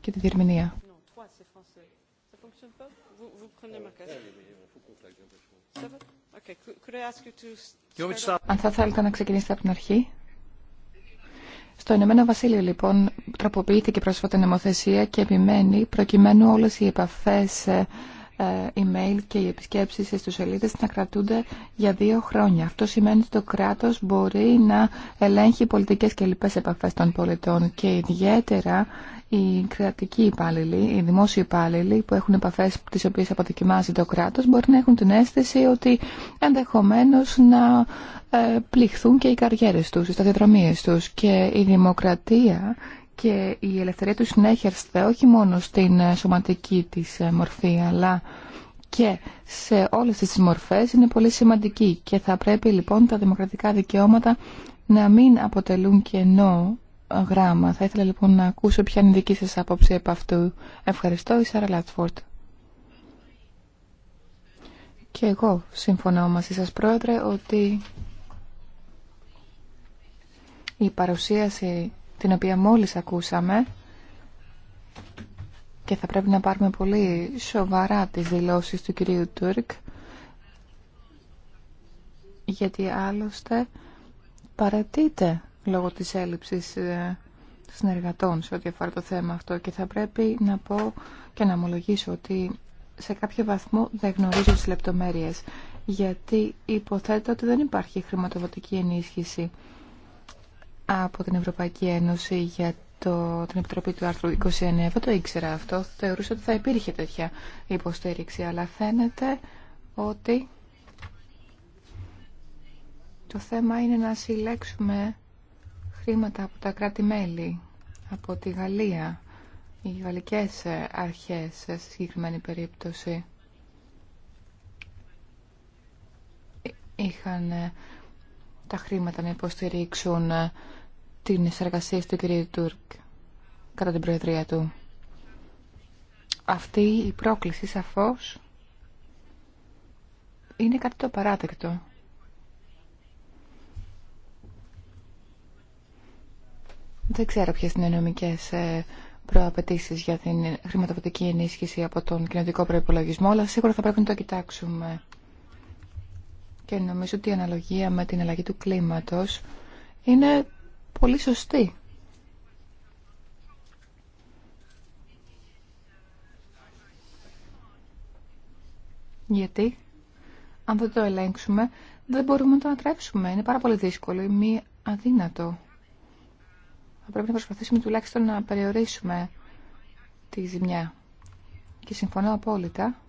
και τη διερμηνία. Αν θα θέλετε να ξεκινήσετε από την αρχή. Στο Ηνωμένο Βασίλειο λοιπόν τροποποιήθηκε πρόσφατα νομοθεσία και επιμένει προκειμένου όλες οι επαφές ε, ε, email και οι επισκέψεις στους σελίδες να κρατούνται για δύο χρόνια. Αυτό σημαίνει ότι το κράτος μπορεί να ελέγχει πολιτικές και λοιπές επαφές των πολιτών και ιδιαίτερα οι κρατικοί υπάλληλοι, οι δημόσιοι υπάλληλοι που έχουν επαφές τις οποίες αποδοκιμάζει το κράτος μπορεί να έχουν την αίσθηση ότι ενδεχομένως να ε, πληχθούν και οι καριέρες τους, οι σταδιοδρομίες τους και η δημοκρατία και η ελευθερία του συνέχερστε όχι μόνο στην ε, σωματική της ε, μορφή αλλά και σε όλες τις μορφές είναι πολύ σημαντική και θα πρέπει λοιπόν τα δημοκρατικά δικαιώματα να μην αποτελούν κενό γράμμα. Θα ήθελα λοιπόν να ακούσω ποια είναι η δική σας άποψη από αυτού. Ευχαριστώ, η Σάρα Λάτφορτ. Και εγώ συμφωνώ μαζί σας πρόεδρε ότι η παρουσίαση την οποία μόλις ακούσαμε και θα πρέπει να πάρουμε πολύ σοβαρά τις δηλώσεις του κυρίου Τούρκ γιατί άλλωστε παρατείται λόγω της έλλειψης ε, συνεργατών σε ό,τι αφορά το θέμα αυτό και θα πρέπει να πω και να ομολογήσω ότι σε κάποιο βαθμό δεν γνωρίζω τις λεπτομέρειες γιατί υποθέτω ότι δεν υπάρχει χρηματοδοτική ενίσχυση από την Ευρωπαϊκή Ένωση για το, την Επιτροπή του άρθρου 29. Δεν το ήξερα αυτό. Θεωρούσα ότι θα υπήρχε τέτοια υποστήριξη, αλλά φαίνεται ότι το θέμα είναι να συλλέξουμε χρήματα από τα κράτη-μέλη, από τη Γαλλία, οι γαλλικές αρχές σε συγκεκριμένη περίπτωση. Είχαν τα χρήματα να υποστηρίξουν την εργασία του κυρίου Τούρκ κατά την προεδρία του. Αυτή η πρόκληση σαφώς είναι κάτι το παράδεκτο. Δεν ξέρω ποιες είναι οι νομικές ε, προαπαιτήσεις για την χρηματοδοτική ενίσχυση από τον κοινωτικό προϋπολογισμό, αλλά σίγουρα θα πρέπει να το κοιτάξουμε. Και νομίζω ότι η αναλογία με την αλλαγή του κλίματος είναι πολύ σωστή. Γιατί, αν δεν το ελέγξουμε, δεν μπορούμε να το ανατρέψουμε. Είναι πάρα πολύ δύσκολο ή μη αδύνατο. Θα πρέπει να προσπαθήσουμε τουλάχιστον να περιορίσουμε τη ζημιά. Και συμφωνώ απόλυτα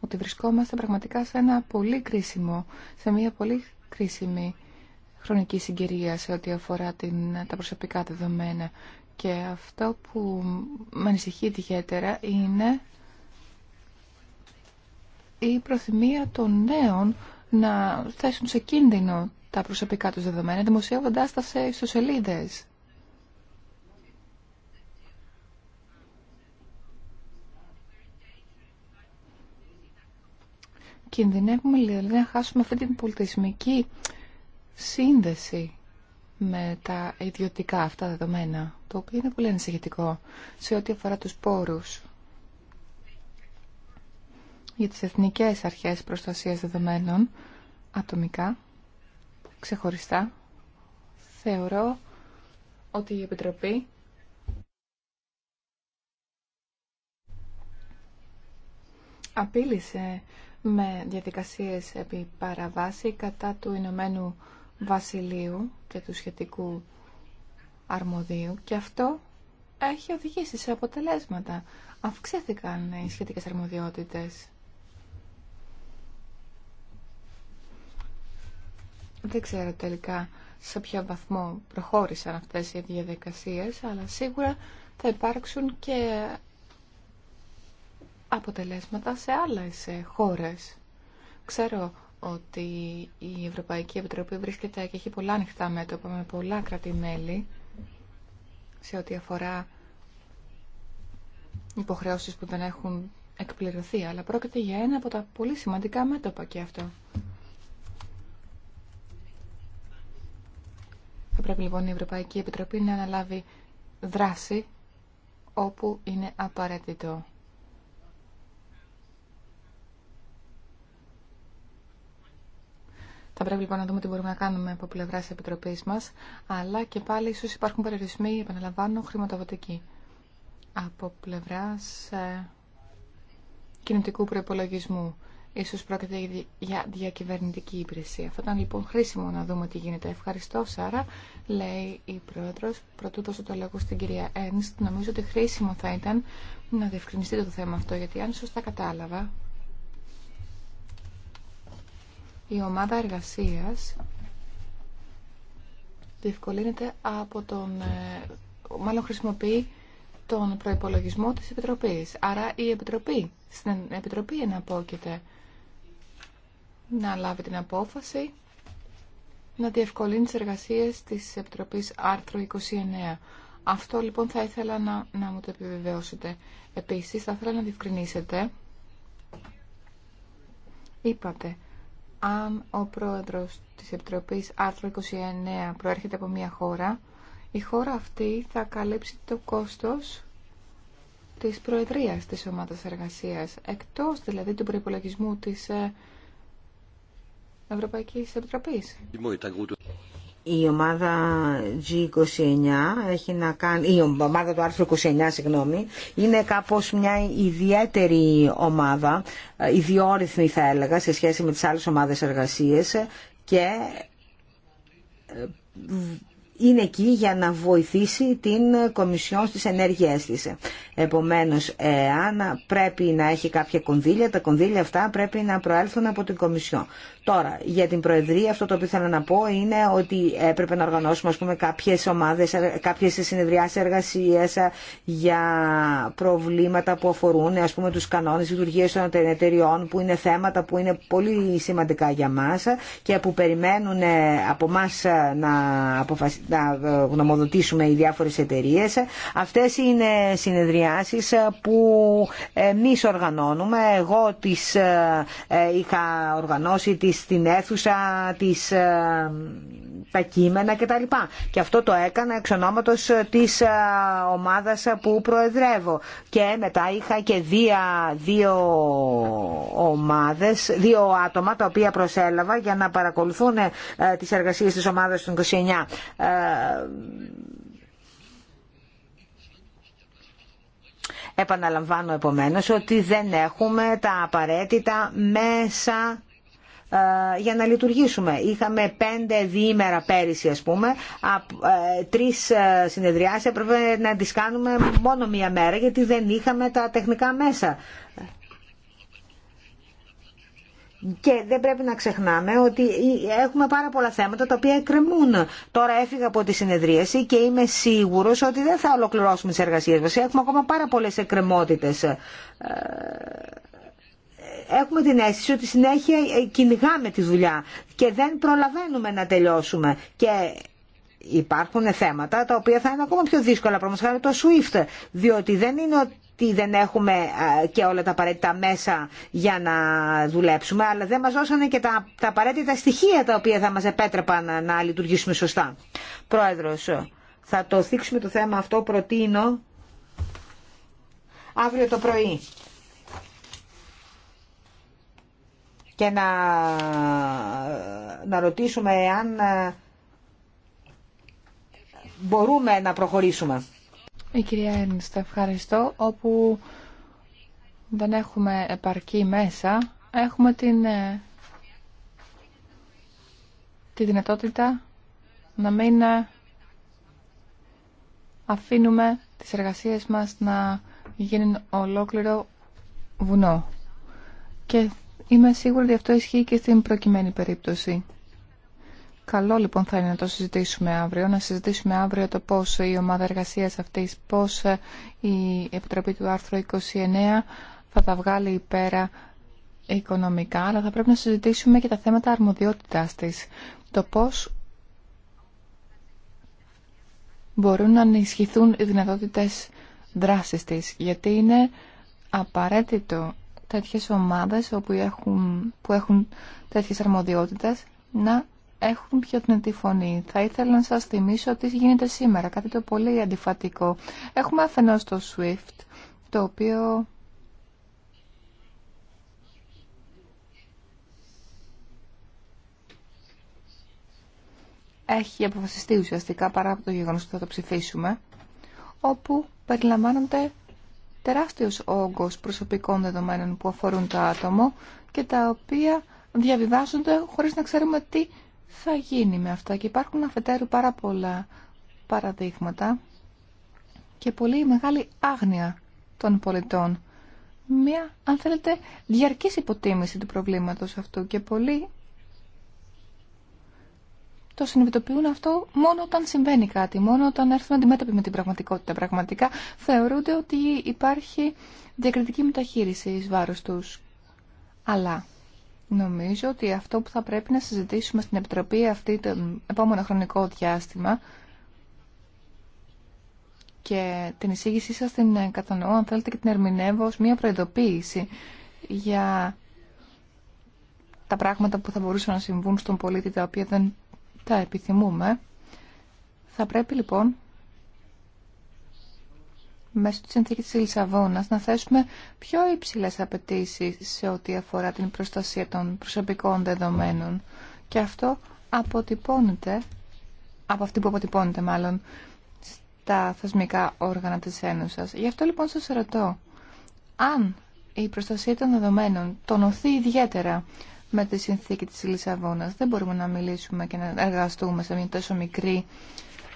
ότι βρισκόμαστε πραγματικά σε ένα πολύ κρίσιμο, σε μια πολύ κρίσιμη χρονική συγκυρία σε ό,τι αφορά την, τα προσωπικά δεδομένα. Και αυτό που με ανησυχεί ιδιαίτερα είναι η προθυμία των νέων να θέσουν σε κίνδυνο τα προσωπικά τους δεδομένα, δημοσιεύοντάς τα σε ιστοσελίδες. Κινδυνεύουμε δηλαδή να χάσουμε αυτή την πολιτισμική σύνδεση με τα ιδιωτικά αυτά δεδομένα, το οποίο είναι πολύ ανησυχητικό σε ό,τι αφορά τους πόρους για τις εθνικές αρχές προστασίας δεδομένων ατομικά, ξεχωριστά, θεωρώ ότι η Επιτροπή απείλησε με διαδικασίες επί παραβάση κατά του Ηνωμένου Βασιλείου και του σχετικού αρμοδίου και αυτό έχει οδηγήσει σε αποτελέσματα. Αυξήθηκαν οι σχετικές αρμοδιότητες. Δεν ξέρω τελικά σε ποιο βαθμό προχώρησαν αυτές οι διαδικασίες, αλλά σίγουρα θα υπάρξουν και αποτελέσματα σε άλλες ε, χώρες. Ξέρω ότι η Ευρωπαϊκή Επιτροπή βρίσκεται και έχει πολλά ανοιχτά μέτωπα με πολλά κράτη-μέλη σε ό,τι αφορά υποχρεώσεις που δεν έχουν εκπληρωθεί, αλλά πρόκειται για ένα από τα πολύ σημαντικά μέτωπα και αυτό. Θα πρέπει λοιπόν η Ευρωπαϊκή Επιτροπή να αναλάβει δράση όπου είναι απαραίτητο. Θα πρέπει λοιπόν να δούμε τι μπορούμε να κάνουμε από πλευρά τη Επιτροπή μα, αλλά και πάλι ίσω υπάρχουν περιορισμοί, επαναλαμβάνω, χρηματοδοτικοί. Από πλευρά ε, κινητικού προπολογισμού. Ίσως πρόκειται για διακυβερνητική υπηρεσία. Θα ήταν λοιπόν χρήσιμο να δούμε τι γίνεται. Ευχαριστώ, Σάρα, λέει η πρόεδρο Πρωτού δώσω το λόγο στην κυρία Ένστ. Νομίζω ότι χρήσιμο θα ήταν να διευκρινιστεί το θέμα αυτό, γιατί αν σωστά κατάλαβα, η ομάδα εργασίας διευκολύνεται από τον... Ε, μάλλον χρησιμοποιεί τον προϋπολογισμό της Επιτροπής. Άρα η Επιτροπή, στην Επιτροπή εναπόκειται να λάβει την απόφαση να διευκολύνει τις εργασίες της Επιτροπής άρθρο 29. Αυτό λοιπόν θα ήθελα να, να μου το επιβεβαιώσετε. Επίσης θα ήθελα να διευκρινίσετε. Είπατε αν ο πρόεδρος της Επιτροπής άρθρο 29 προέρχεται από μια χώρα, η χώρα αυτή θα καλύψει το κόστος της προεδρίας της ομάδας εργασίας, εκτός δηλαδή του προϋπολογισμού της ε, Ευρωπαϊκής Επιτροπής η ομάδα G29 έχει να κάνει, η ομάδα του άρθρου 29 συγγνώμη, είναι κάπως μια ιδιαίτερη ομάδα, ιδιόρυθμη θα έλεγα σε σχέση με τις άλλες ομάδες εργασίες και ε, είναι εκεί για να βοηθήσει την Κομισιόν στις ενέργειές της. Επομένως, εάν πρέπει να έχει κάποια κονδύλια, τα κονδύλια αυτά πρέπει να προέλθουν από την Κομισιόν. Τώρα, για την Προεδρία, αυτό το οποίο θέλω να πω είναι ότι έπρεπε να οργανώσουμε πούμε, κάποιες ομάδες, ε, κάποιες συνεδριάσεις εργασίας ε, για προβλήματα που αφορούν ε, ας πούμε, τους κανόνες λειτουργίας των εταιριών, που είναι θέματα που είναι πολύ σημαντικά για μας και που περιμένουν από εμά να, να γνωμοδοτήσουμε οι διάφορες εταιρείε. Αυτές είναι συνεδριάσεις που εμείς οργανώνουμε. Εγώ τις είχα οργανώσει τις στην αίθουσα της ε, τα κείμενα κτλ. Και αυτό το έκανα εξ ονόματος της ε, ομάδας που προεδρεύω. Και μετά είχα και δύο, ομάδες, δύο άτομα τα οποία προσέλαβα για να παρακολουθούν ε, τις εργασίες της ομάδας του 29. Επαναλαμβάνω επομένως ότι δεν έχουμε τα απαραίτητα μέσα ε, για να λειτουργήσουμε. Είχαμε πέντε διήμερα πέρυσι ας πούμε, ε, τρεις ε, συνεδριάσεις έπρεπε να τις κάνουμε μόνο μία μέρα γιατί δεν είχαμε τα τεχνικά μέσα. Και δεν πρέπει να ξεχνάμε ότι έχουμε πάρα πολλά θέματα τα οποία εκκρεμούν. Τώρα έφυγα από τη συνεδρίαση και είμαι σίγουρος ότι δεν θα ολοκληρώσουμε τις εργασίες μα. Έχουμε ακόμα πάρα πολλέ εκκρεμότητε έχουμε την αίσθηση ότι συνέχεια ε, κυνηγάμε τη δουλειά και δεν προλαβαίνουμε να τελειώσουμε. Και υπάρχουν θέματα τα οποία θα είναι ακόμα πιο δύσκολα, χάρη το SWIFT, διότι δεν είναι ότι δεν έχουμε ε, και όλα τα απαραίτητα μέσα για να δουλέψουμε, αλλά δεν μας δώσανε και τα, τα απαραίτητα στοιχεία τα οποία θα μας επέτρεπαν να, να λειτουργήσουμε σωστά. Πρόεδρος, θα το θίξουμε το θέμα αυτό, προτείνω, αύριο το πρωί. και να, ρωτήσουμε αν ε, μπορούμε να προχωρήσουμε. Η κυρία Ένιστα, ευχαριστώ. Όπου δεν έχουμε επαρκή μέσα, έχουμε την, ε, τη δυνατότητα να μην ε, αφήνουμε τις εργασίες μας να γίνουν ολόκληρο βουνό. Και Είμαι σίγουρη ότι αυτό ισχύει και στην προκειμένη περίπτωση. Καλό λοιπόν θα είναι να το συζητήσουμε αύριο, να συζητήσουμε αύριο το πώς η ομάδα εργασίας αυτής, πώς ε, η Επιτροπή του άρθρου 29 θα τα βγάλει πέρα οικονομικά, αλλά θα πρέπει να συζητήσουμε και τα θέματα αρμοδιότητάς της. Το πώς μπορούν να ενισχυθούν οι δυνατότητες δράσης της, γιατί είναι απαραίτητο τέτοιες ομάδες όπου έχουν, που έχουν τέτοιες αρμοδιότητες να έχουν πιο την φωνή. Θα ήθελα να σας θυμίσω ότι γίνεται σήμερα, κάτι το πολύ αντιφατικό. Έχουμε αφενός το SWIFT, το οποίο έχει αποφασιστεί ουσιαστικά παρά από το γεγονός ότι θα το ψηφίσουμε, όπου περιλαμβάνονται τεράστιος όγκος προσωπικών δεδομένων που αφορούν το άτομο και τα οποία διαβιβάζονται χωρίς να ξέρουμε τι θα γίνει με αυτά. Και υπάρχουν αφετέρου πάρα πολλά παραδείγματα και πολύ μεγάλη άγνοια των πολιτών. Μία, αν θέλετε, διαρκής υποτίμηση του προβλήματος αυτού και πολύ το συνειδητοποιούν αυτό μόνο όταν συμβαίνει κάτι, μόνο όταν έρθουν αντιμέτωποι με την πραγματικότητα. Πραγματικά θεωρούνται ότι υπάρχει διακριτική μεταχείριση εις βάρος τους. Αλλά νομίζω ότι αυτό που θα πρέπει να συζητήσουμε στην Επιτροπή αυτή το επόμενο χρονικό διάστημα και την εισήγησή σας την κατανοώ, αν θέλετε, και την ερμηνεύω ως μια προειδοποίηση για τα πράγματα που θα μπορούσαν να συμβούν στον πολίτη τα οποία δεν τα επιθυμούμε. Θα πρέπει λοιπόν μέσω της συνθήκης της Λισαβόνας να θέσουμε πιο υψηλές απαιτήσεις σε ό,τι αφορά την προστασία των προσωπικών δεδομένων. Και αυτό αποτυπώνεται, από αυτή που αποτυπώνεται μάλλον, στα θεσμικά όργανα της Ένωσας. Γι' αυτό λοιπόν σας ρωτώ, αν η προστασία των δεδομένων τονωθεί ιδιαίτερα με τη συνθήκη της Λισαβόνας. Δεν μπορούμε να μιλήσουμε και να εργαστούμε σε μια τόσο μικρή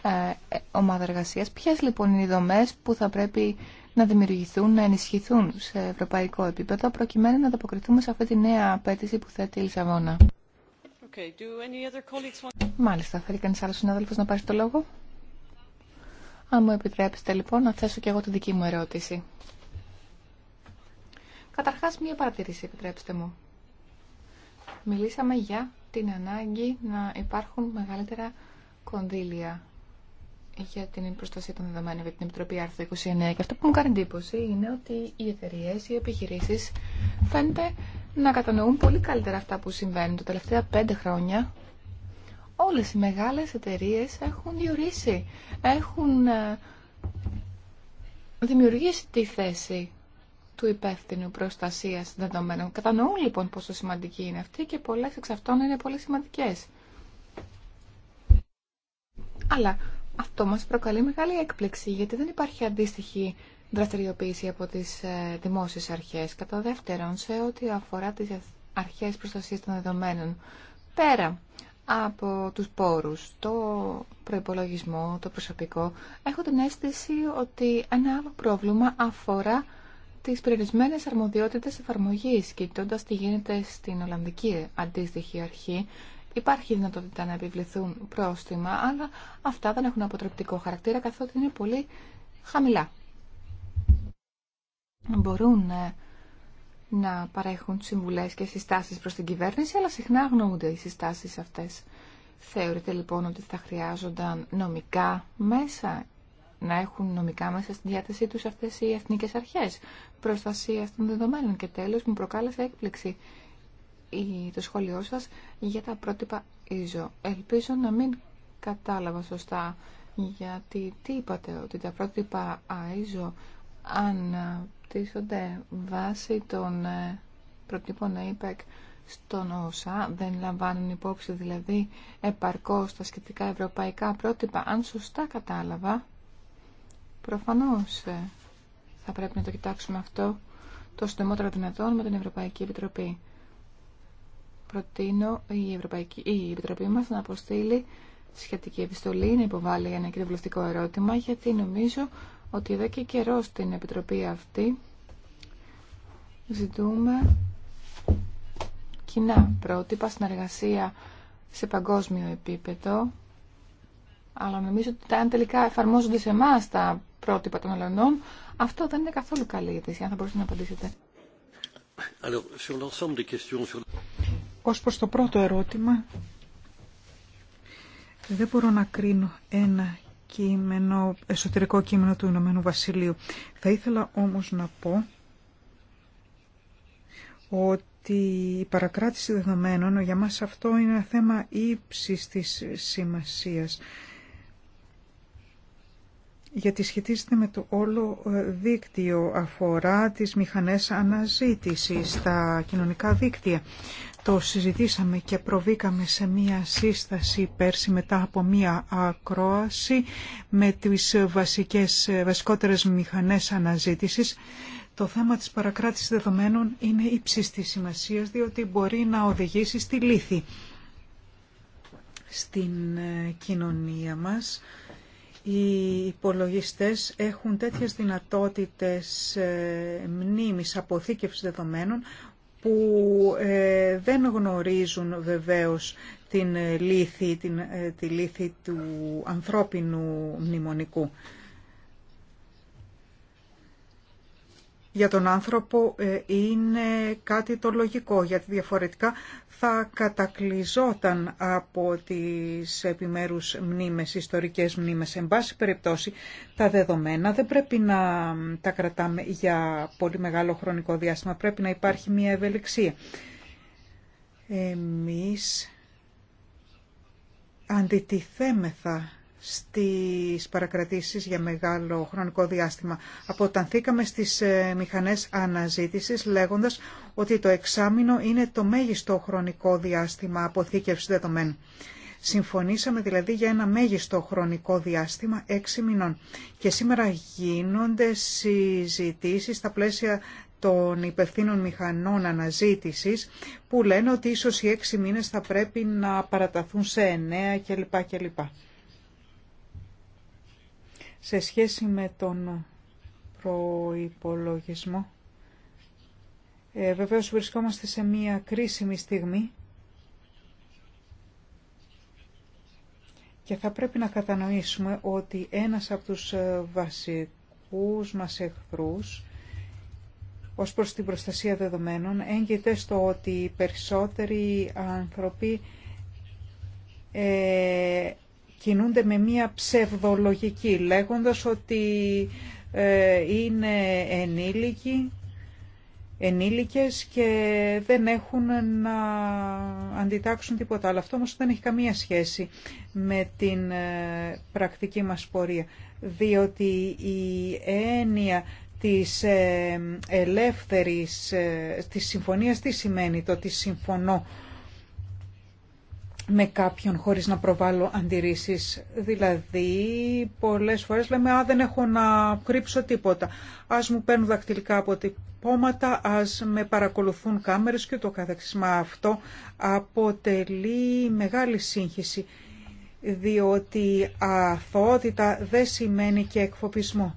ε, ομάδα εργασίας. Ποιες λοιπόν είναι οι δομές που θα πρέπει να δημιουργηθούν, να ενισχυθούν σε ευρωπαϊκό επίπεδο προκειμένου να ανταποκριθούμε σε αυτή τη νέα απέτηση που θέτει η Λισαβόνα. Okay. Do any other want... Μάλιστα, θέλει κανείς άλλος συνάδελφος να πάρει το λόγο. Αν μου επιτρέψετε λοιπόν να θέσω και εγώ τη δική μου ερώτηση. Καταρχάς μία παρατηρήση επιτρέψτε μου μιλήσαμε για την ανάγκη να υπάρχουν μεγαλύτερα κονδύλια για την προστασία των δεδομένων για την Επιτροπή Άρθρο 29. Και αυτό που μου κάνει εντύπωση είναι ότι οι εταιρείε, οι επιχειρήσει φαίνεται να κατανοούν πολύ καλύτερα αυτά που συμβαίνουν τα τελευταία πέντε χρόνια. Όλες οι μεγάλες εταιρείε έχουν διορίσει, έχουν ε, δημιουργήσει τη θέση του υπεύθυνου προστασία δεδομένων. Κατανοούν λοιπόν πόσο σημαντική είναι αυτή και πολλέ εξ αυτών είναι πολύ σημαντικέ. Αλλά αυτό μα προκαλεί μεγάλη έκπληξη γιατί δεν υπάρχει αντίστοιχη δραστηριοποίηση από τις ε, δημόσιες αρχές. Κατά δεύτερον, σε ό,τι αφορά τι αρχέ προστασία των δεδομένων, πέρα από τους πόρους, το προπολογισμό, το προσωπικό, έχω την αίσθηση ότι ένα άλλο πρόβλημα αφορά τις περιορισμένες αρμοδιότητες εφαρμογής, κοιτώντα τι γίνεται στην Ολλανδική αντίστοιχη αρχή, υπάρχει δυνατότητα να επιβληθούν πρόστιμα, αλλά αυτά δεν έχουν αποτρεπτικό χαρακτήρα, καθότι είναι πολύ χαμηλά. Μπορούν ε, να παρέχουν συμβουλές και συστάσεις προς την κυβέρνηση, αλλά συχνά αγνοούνται οι συστάσεις αυτές. Θεωρείτε λοιπόν ότι θα χρειάζονταν νομικά μέσα να έχουν νομικά μέσα στη διάθεσή τους αυτές οι εθνικές αρχές προστασία των δεδομένων. Και τέλος μου προκάλεσε έκπληξη το σχόλιο σας για τα πρότυπα ISO. Ελπίζω να μην κατάλαβα σωστά γιατί τι είπατε ότι τα πρότυπα ISO αναπτύσσονται βάσει των ε, προτύπων APEC στον ΩΣΑ, δεν λαμβάνουν υπόψη δηλαδή επαρκώς τα σχετικά ευρωπαϊκά πρότυπα. Αν σωστά κατάλαβα, Προφανώς ε, θα πρέπει να το κοιτάξουμε αυτό το συντομότερο δυνατόν με την Ευρωπαϊκή Επιτροπή. Προτείνω η, Ευρωπαϊκή, η Επιτροπή μας να αποστείλει σχετική επιστολή, να υποβάλει ένα κοινοβουλευτικό ερώτημα, γιατί νομίζω ότι εδώ και καιρό στην Επιτροπή αυτή ζητούμε κοινά πρότυπα, συνεργασία σε παγκόσμιο επίπεδο, αλλά νομίζω ότι αν τελικά εφαρμόζονται σε εμά τα πρότυπα των αλλωνών. Αυτό δεν είναι καθόλου καλή είδηση, αν θα μπορούσατε να απαντήσετε. Ως προς το πρώτο ερώτημα, δεν μπορώ να κρίνω ένα κείμενο, εσωτερικό κείμενο του Ηνωμένου Βασιλείου. Θα ήθελα όμως να πω ότι η παρακράτηση δεδομένων για μας αυτό είναι ένα θέμα ύψης της σημασίας γιατί σχετίζεται με το όλο ε, δίκτυο αφορά τις μηχανές αναζήτησης στα κοινωνικά δίκτυα. Το συζητήσαμε και προβήκαμε σε μία σύσταση πέρσι μετά από μία ακρόαση με τις βασικές, ε, βασικότερες μηχανές αναζήτησης. Το θέμα της παρακράτησης δεδομένων είναι υψίστης σημασίας διότι μπορεί να οδηγήσει στη λύθη στην ε, κοινωνία μας οι υπολογιστές έχουν τέτοιες δυνατότητες ε, μνήμης αποθήκευσης δεδομένων που ε, δεν γνωρίζουν βεβαίως την ε, λύθη, την, τη λύθη του ανθρώπινου μνημονικού. για τον άνθρωπο ε, είναι κάτι το λογικό, γιατί διαφορετικά θα κατακλυζόταν από τις επιμέρους μνήμες, ιστορικές μνήμες. Εν πάση περιπτώσει, τα δεδομένα δεν πρέπει να τα κρατάμε για πολύ μεγάλο χρονικό διάστημα, πρέπει να υπάρχει μια ευελιξία. Εμείς αντιτιθέμεθα στις παρακρατήσεις για μεγάλο χρονικό διάστημα. Αποτανθήκαμε στις ε, μηχανές αναζήτησης λέγοντας ότι το εξάμεινο είναι το μέγιστο χρονικό διάστημα αποθήκευσης δεδομένων. Συμφωνήσαμε δηλαδή για ένα μέγιστο χρονικό διάστημα έξι μηνών και σήμερα γίνονται συζητήσεις στα πλαίσια των υπευθύνων μηχανών αναζήτησης που λένε ότι ίσως οι έξι μήνες θα πρέπει να παραταθούν σε εννέα κλπ σε σχέση με τον προϋπολογισμό. Ε, βεβαίως βρισκόμαστε σε μία κρίσιμη στιγμή και θα πρέπει να κατανοήσουμε ότι ένας από τους ε, βασικούς μας εχθρούς ως προς την προστασία δεδομένων έγκυται στο ότι οι περισσότεροι άνθρωποι ε, κινούνται με μία ψευδολογική λέγοντας ότι ε, είναι ενήλικοι, ενήλικες και δεν έχουν να αντιτάξουν τίποτα. Αλλά αυτό όμως δεν έχει καμία σχέση με την ε, πρακτική μας πορεία. Διότι η έννοια της ε, ελεύθερης, της συμφωνίας τι σημαίνει το ότι συμφωνώ με κάποιον χωρίς να προβάλλω αντιρρήσεις. Δηλαδή, πολλές φορές λέμε, α, δεν έχω να κρύψω τίποτα. Ας μου παίρνουν δακτυλικά αποτυπώματα, ας με παρακολουθούν κάμερες και το καθεξής. Μα αυτό αποτελεί μεγάλη σύγχυση, διότι αθότητα δεν σημαίνει και εκφοπισμό.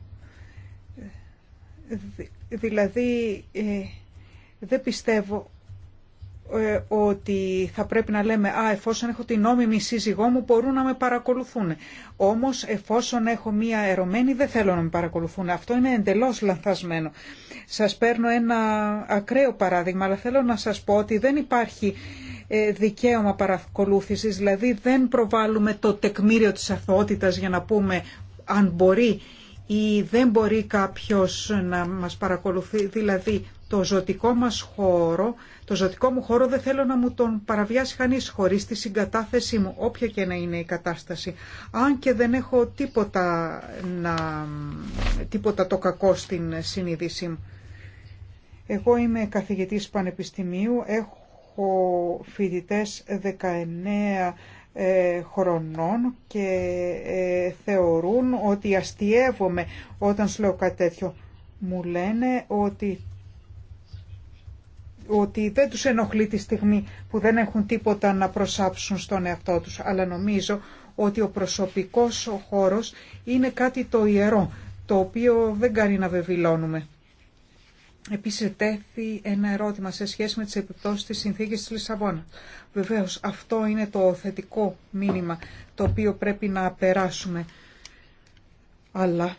Δηλαδή, ε, δεν πιστεύω ε, ότι θα πρέπει να λέμε «Α, εφόσον έχω την νόμιμη σύζυγό μου μπορούν να με παρακολουθούν». Όμως εφόσον έχω μία ερωμένη δεν θέλω να με παρακολουθούν. Αυτό είναι εντελώς λανθασμένο. Σας παίρνω ένα ακραίο παράδειγμα, αλλά θέλω να σας πω ότι δεν υπάρχει ε, δικαίωμα παρακολούθησης, δηλαδή δεν προβάλλουμε το τεκμήριο της αθωότητας για να πούμε αν μπορεί ή δεν μπορεί κάποιος να μας παρακολουθεί, δηλαδή το ζωτικό μας χώρο, το ζωτικό μου χώρο δεν θέλω να μου τον παραβιάσει κανείς χωρίς τη συγκατάθεσή μου, όποια και να είναι η κατάσταση. Αν και δεν έχω τίποτα, να, τίποτα το κακό στην συνείδησή μου. Εγώ είμαι καθηγητής πανεπιστημίου, έχω φοιτητές 19 ε, χρονών και ε, θεωρούν ότι αστειεύομαι όταν σου λέω κάτι τέτοιο. Μου λένε ότι ότι δεν τους ενοχλεί τη στιγμή που δεν έχουν τίποτα να προσάψουν στον εαυτό τους, αλλά νομίζω ότι ο προσωπικός χώρος είναι κάτι το ιερό, το οποίο δεν κάνει να βεβηλώνουμε. Επίσης τέθη ένα ερώτημα σε σχέση με τις επιπτώσεις της συνθήκης της Λισαβόνα. Βεβαίως αυτό είναι το θετικό μήνυμα το οποίο πρέπει να περάσουμε. Αλλά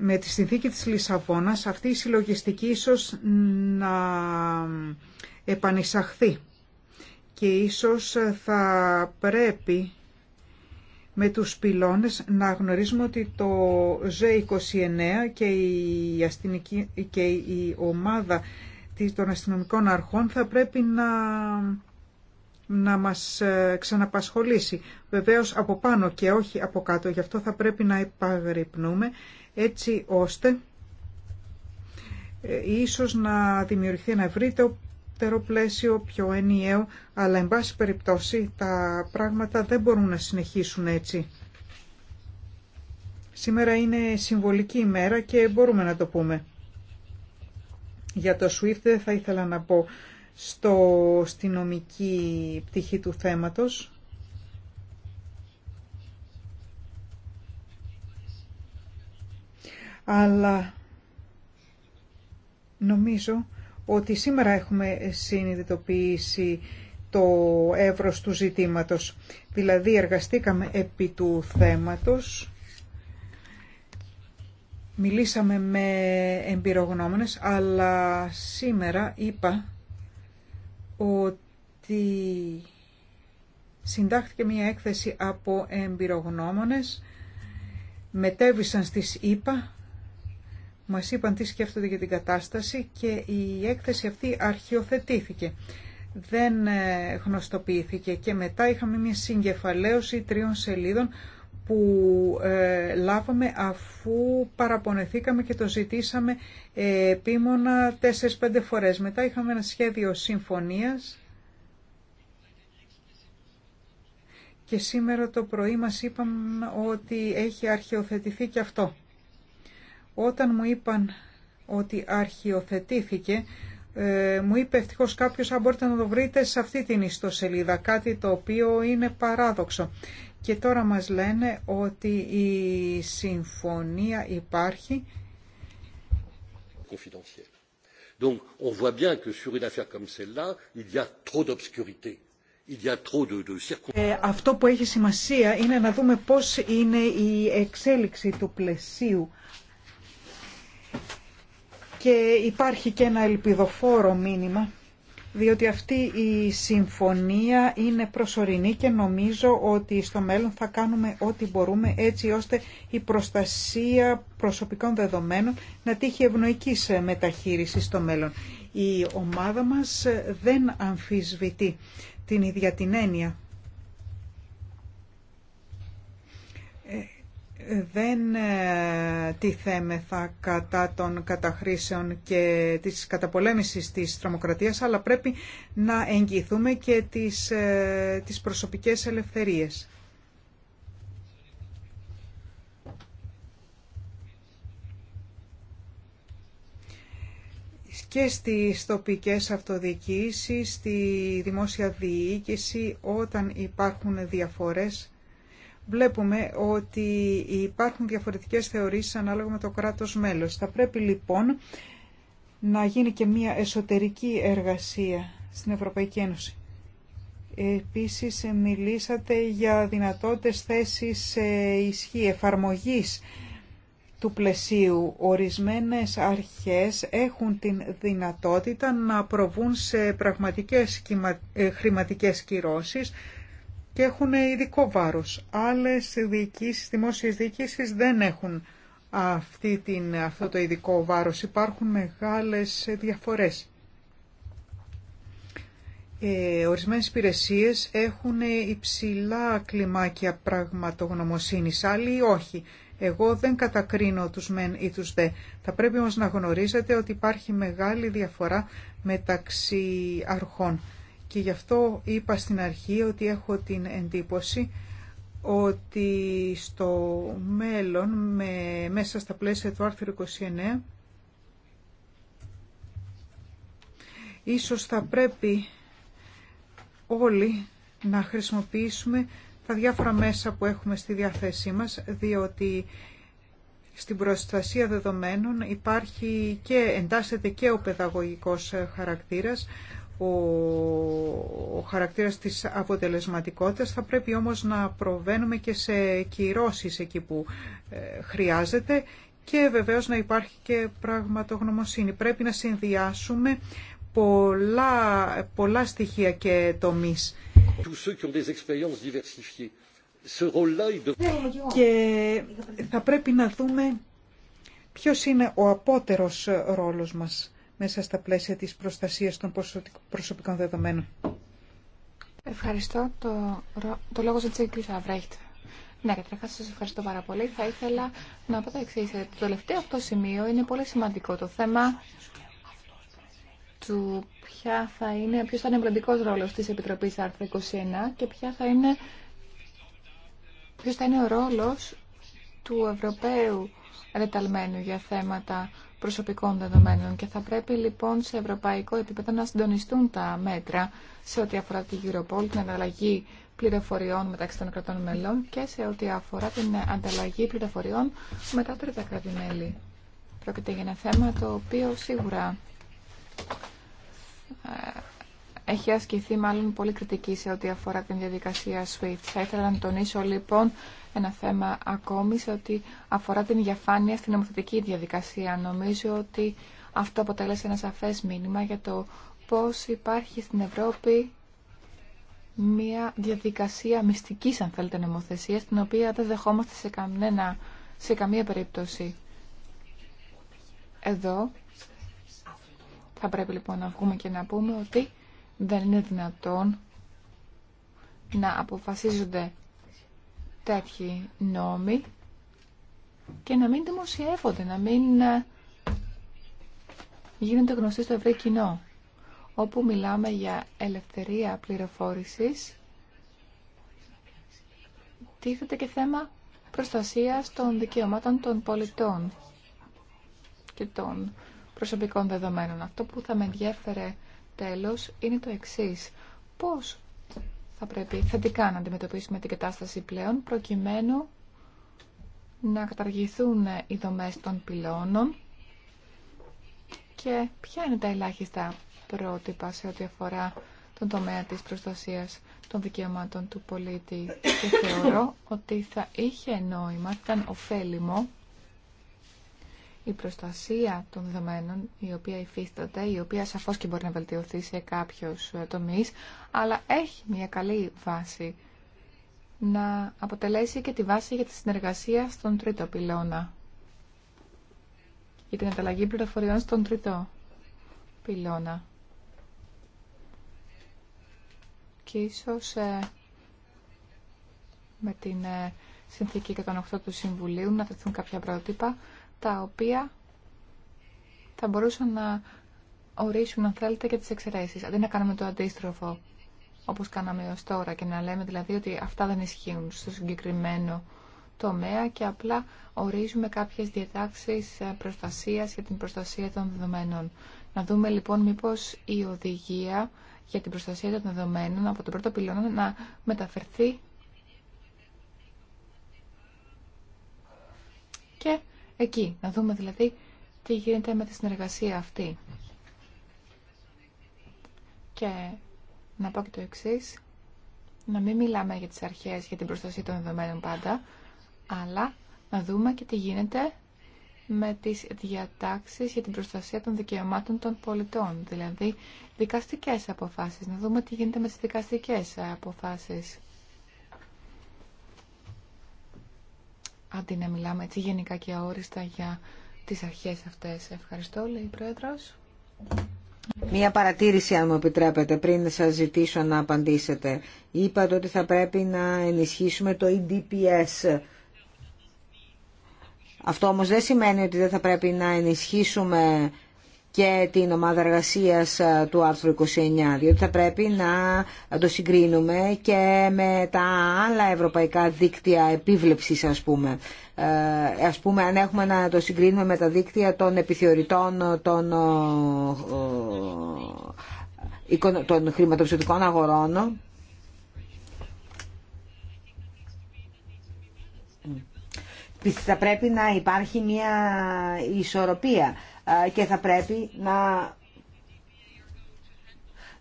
με τη συνθήκη της Λισαβόνας αυτή η συλλογιστική ίσως να επανεισαχθεί και ίσως θα πρέπει με τους πυλώνες να γνωρίζουμε ότι το z 29 και η, αστυνική, και η ομάδα των αστυνομικών αρχών θα πρέπει να, να μας ε, ξαναπασχολήσει. Βεβαίως από πάνω και όχι από κάτω, γι' αυτό θα πρέπει να επαγρυπνούμε έτσι ώστε ε, ίσως να δημιουργηθεί ένα ευρύτερο πλαίσιο, πιο ενιαίο, αλλά εν πάση περιπτώσει τα πράγματα δεν μπορούν να συνεχίσουν έτσι. Σήμερα είναι συμβολική ημέρα και μπορούμε να το πούμε. Για το SWIFT θα ήθελα να πω στο, στη νομική πτυχή του θέματος, αλλά νομίζω ότι σήμερα έχουμε συνειδητοποιήσει το εύρος του ζητήματος. Δηλαδή εργαστήκαμε επί του θέματος, μιλήσαμε με εμπειρογνώμονες, αλλά σήμερα είπα ότι συντάχθηκε μια έκθεση από εμπειρογνώμονες, μετέβησαν στις ΙΠΑ μας είπαν τι σκέφτονται για την κατάσταση και η έκθεση αυτή αρχιοθετήθηκε. Δεν ε, γνωστοποιήθηκε και μετά είχαμε μια συγκεφαλαίωση τριών σελίδων που ε, λάβαμε αφού παραπονεθήκαμε και το ζητήσαμε ε, επιμονα επίμονα τέσσερις-πέντε φορές. Μετά είχαμε ένα σχέδιο συμφωνίας και σήμερα το πρωί μας είπαν ότι έχει αρχαιοθετηθεί και αυτό. Όταν μου είπαν ότι αρχιοθετήθηκε, ε, μου είπε ευτυχώ κάποιο αν μπορείτε να το βρείτε σε αυτή την ιστοσελίδα, κάτι το οποίο είναι παράδοξο. Και τώρα μας λένε ότι η συμφωνία υπάρχει. αυτό που έχει σημασία είναι να δούμε πώς είναι η εξέλιξη του πλαισίου και υπάρχει και ένα ελπιδοφόρο μήνυμα, διότι αυτή η συμφωνία είναι προσωρινή και νομίζω ότι στο μέλλον θα κάνουμε ό,τι μπορούμε έτσι ώστε η προστασία προσωπικών δεδομένων να τύχει ευνοϊκή μεταχείρισης στο μέλλον. Η ομάδα μας δεν αμφισβητεί την ίδια την έννοια δεν ε, τι θέμεθα κατά των καταχρήσεων και της καταπολέμησης της τρομοκρατίας, αλλά πρέπει να εγγυηθούμε και τις, ε, τις προσωπικές ελευθερίες. και στις τοπικές αυτοδιοίκησεις, στη δημόσια διοίκηση, όταν υπάρχουν διαφορές βλέπουμε ότι υπάρχουν διαφορετικές θεωρήσεις ανάλογα με το κράτος μέλος. Θα πρέπει λοιπόν να γίνει και μια εσωτερική εργασία στην Ευρωπαϊκή Ένωση. Επίσης μιλήσατε για δυνατότητες θέσεις ισχύ, εφαρμογής του πλαισίου. Ορισμένες αρχές έχουν την δυνατότητα να προβούν σε πραγματικές ε, χρηματικές κυρώσεις και έχουν ειδικό βάρος. Άλλες διοικήσεις, δημόσιες διοικήσεις δεν έχουν αυτή την, αυτό το ειδικό βάρος. Υπάρχουν μεγάλες διαφορές. Ε, ορισμένες υπηρεσίε έχουν υψηλά κλιμάκια πραγματογνωμοσύνης, άλλοι όχι. Εγώ δεν κατακρίνω τους μεν ή τους δε. Θα πρέπει όμως να γνωρίζετε ότι υπάρχει μεγάλη διαφορά μεταξύ αρχών. Και γι' αυτό είπα στην αρχή ότι έχω την εντύπωση ότι στο μέλλον, με, μέσα στα πλαίσια του άρθρου 29, ίσως θα πρέπει όλοι να χρησιμοποιήσουμε τα διάφορα μέσα που έχουμε στη διάθεσή μας, διότι στην προστασία δεδομένων υπάρχει και εντάσσεται και ο παιδαγωγικός χαρακτήρας, ο χαρακτήρας της αποτελεσματικότητας θα πρέπει όμως να προβαίνουμε και σε κυρώσεις εκεί που ε, χρειάζεται και βεβαίως να υπάρχει και πραγματογνωμοσύνη. Πρέπει να συνδυάσουμε πολλά, πολλά στοιχεία και τομείς. Ναι, και θα πρέπει να δούμε ποιος είναι ο απότερος ρόλος μας μέσα στα πλαίσια της προστασίας των προσωπικών δεδομένων. Ευχαριστώ. Το, το λόγο ναι, σας κύριε Σαβρέχτ. Ναι, καταρχά σα ευχαριστώ πάρα πολύ. Θα ήθελα να πω το εξή. Ε, το τελευταίο αυτό σημείο είναι πολύ σημαντικό. Το θέμα του ποια θα είναι, ποιος θα είναι ο εμπλαντικό ρόλο τη Επιτροπή Άρθρα 21 και ποιο θα είναι, ποιος θα είναι ο ρόλο του Ευρωπαίου ρεταλμένου για θέματα προσωπικών δεδομένων και θα πρέπει λοιπόν σε ευρωπαϊκό επίπεδο να συντονιστούν τα μέτρα σε ό,τι αφορά την Europol, την ανταλλαγή πληροφοριών μεταξύ των κρατών μελών και σε ό,τι αφορά την ανταλλαγή πληροφοριών με τα τρίτα κράτη-μέλη. Πρόκειται για ένα θέμα το οποίο σίγουρα ε, έχει ασκηθεί μάλλον πολύ κριτική σε ό,τι αφορά την διαδικασία SWIFT. Θα ήθελα να τονίσω λοιπόν ένα θέμα ακόμη σε ό,τι αφορά την διαφάνεια στην νομοθετική διαδικασία. Νομίζω ότι αυτό αποτέλεσε ένα σαφές μήνυμα για το πώς υπάρχει στην Ευρώπη μια διαδικασία μυστικής, αν θέλετε, νομοθεσίας, την οποία δεν δεχόμαστε σε, σε καμία περίπτωση. Εδώ θα πρέπει λοιπόν να βγούμε και να πούμε ότι δεν είναι δυνατόν να αποφασίζονται τέτοιοι νόμοι και να μην δημοσιεύονται, να μην ε, γίνονται γνωστοί στο ευρύ κοινό, όπου μιλάμε για ελευθερία πληροφόρησης, τίθεται και θέμα προστασίας των δικαιωμάτων των πολιτών και των προσωπικών δεδομένων. Αυτό που θα με ενδιέφερε τέλος είναι το εξής. Πώς θα πρέπει θετικά να αντιμετωπίσουμε την κατάσταση πλέον προκειμένου να καταργηθούν οι δομές των πυλώνων και ποια είναι τα ελάχιστα πρότυπα σε ό,τι αφορά τον τομέα της προστασίας των δικαιωμάτων του πολίτη και θεωρώ ότι θα είχε νόημα, θα ήταν ωφέλιμο η προστασία των δεδομένων, η οποία υφίσταται, η οποία σαφώς και μπορεί να βελτιωθεί σε κάποιους ε, τομείς, αλλά έχει μια καλή βάση να αποτελέσει και τη βάση για τη συνεργασία στον τρίτο πυλώνα για την ανταλλαγή πληροφοριών στον τρίτο πυλώνα. Και ίσως ε, με την ε, συνθήκη 108 του Συμβουλίου να τεθούν κάποια πρότυπα τα οποία θα μπορούσαν να ορίσουν, αν θέλετε, και τις εξαιρέσεις, αντί να κάνουμε το αντίστροφο, όπως κάναμε ως τώρα, και να λέμε δηλαδή ότι αυτά δεν ισχύουν στο συγκεκριμένο τομέα και απλά ορίζουμε κάποιες διατάξεις ε, προστασίας για την προστασία των δεδομένων. Να δούμε λοιπόν μήπως η οδηγία για την προστασία των δεδομένων από τον πρώτο πυλώνα να μεταφερθεί και εκεί. Να δούμε δηλαδή τι γίνεται με τη συνεργασία αυτή. Και να πω και το εξή. Να μην μιλάμε για τις αρχές, για την προστασία των δεδομένων πάντα, αλλά να δούμε και τι γίνεται με τις διατάξεις για την προστασία των δικαιωμάτων των πολιτών, δηλαδή δικαστικές αποφάσεις. Να δούμε τι γίνεται με τις δικαστικές αποφάσεις. αντί να μιλάμε έτσι γενικά και αόριστα για τις αρχές αυτές. Ευχαριστώ, λέει η Πρόεδρος. Μία παρατήρηση, αν μου επιτρέπετε, πριν σας ζητήσω να απαντήσετε. Είπατε ότι θα πρέπει να ενισχύσουμε το EDPS. Αυτό όμως δεν σημαίνει ότι δεν θα πρέπει να ενισχύσουμε και την ομάδα εργασία ε, του άρθρου 29, διότι θα πρέπει να το συγκρίνουμε και με τα άλλα ευρωπαϊκά δίκτυα επίβλεψης, ας πούμε. Ε, ας πούμε, αν έχουμε να το συγκρίνουμε με τα δίκτυα των επιθεωρητών των, ε, ε, των αγορών, θα πρέπει να υπάρχει μια ισορροπία και θα πρέπει να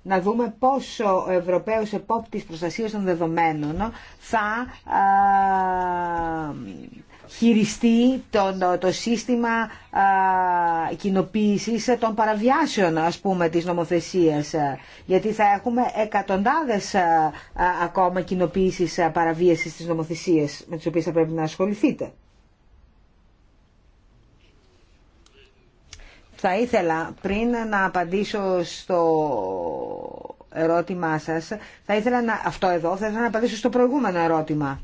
να δούμε πόσο ο Ευρωπαίος επόπτης προστασίας των δεδομένων θα χειριστεί το, το, σύστημα α, κοινοποίησης των παραβιάσεων ας πούμε της νομοθεσίας γιατί θα έχουμε εκατοντάδες ακόμα κοινοποίησεις παραβίασης της νομοθεσίας με τις οποίες θα πρέπει να ασχοληθείτε. Θα ήθελα πριν να απαντήσω στο ερώτημά σας, θα ήθελα να, αυτό εδώ, θα ήθελα να απαντήσω στο προηγούμενο ερώτημα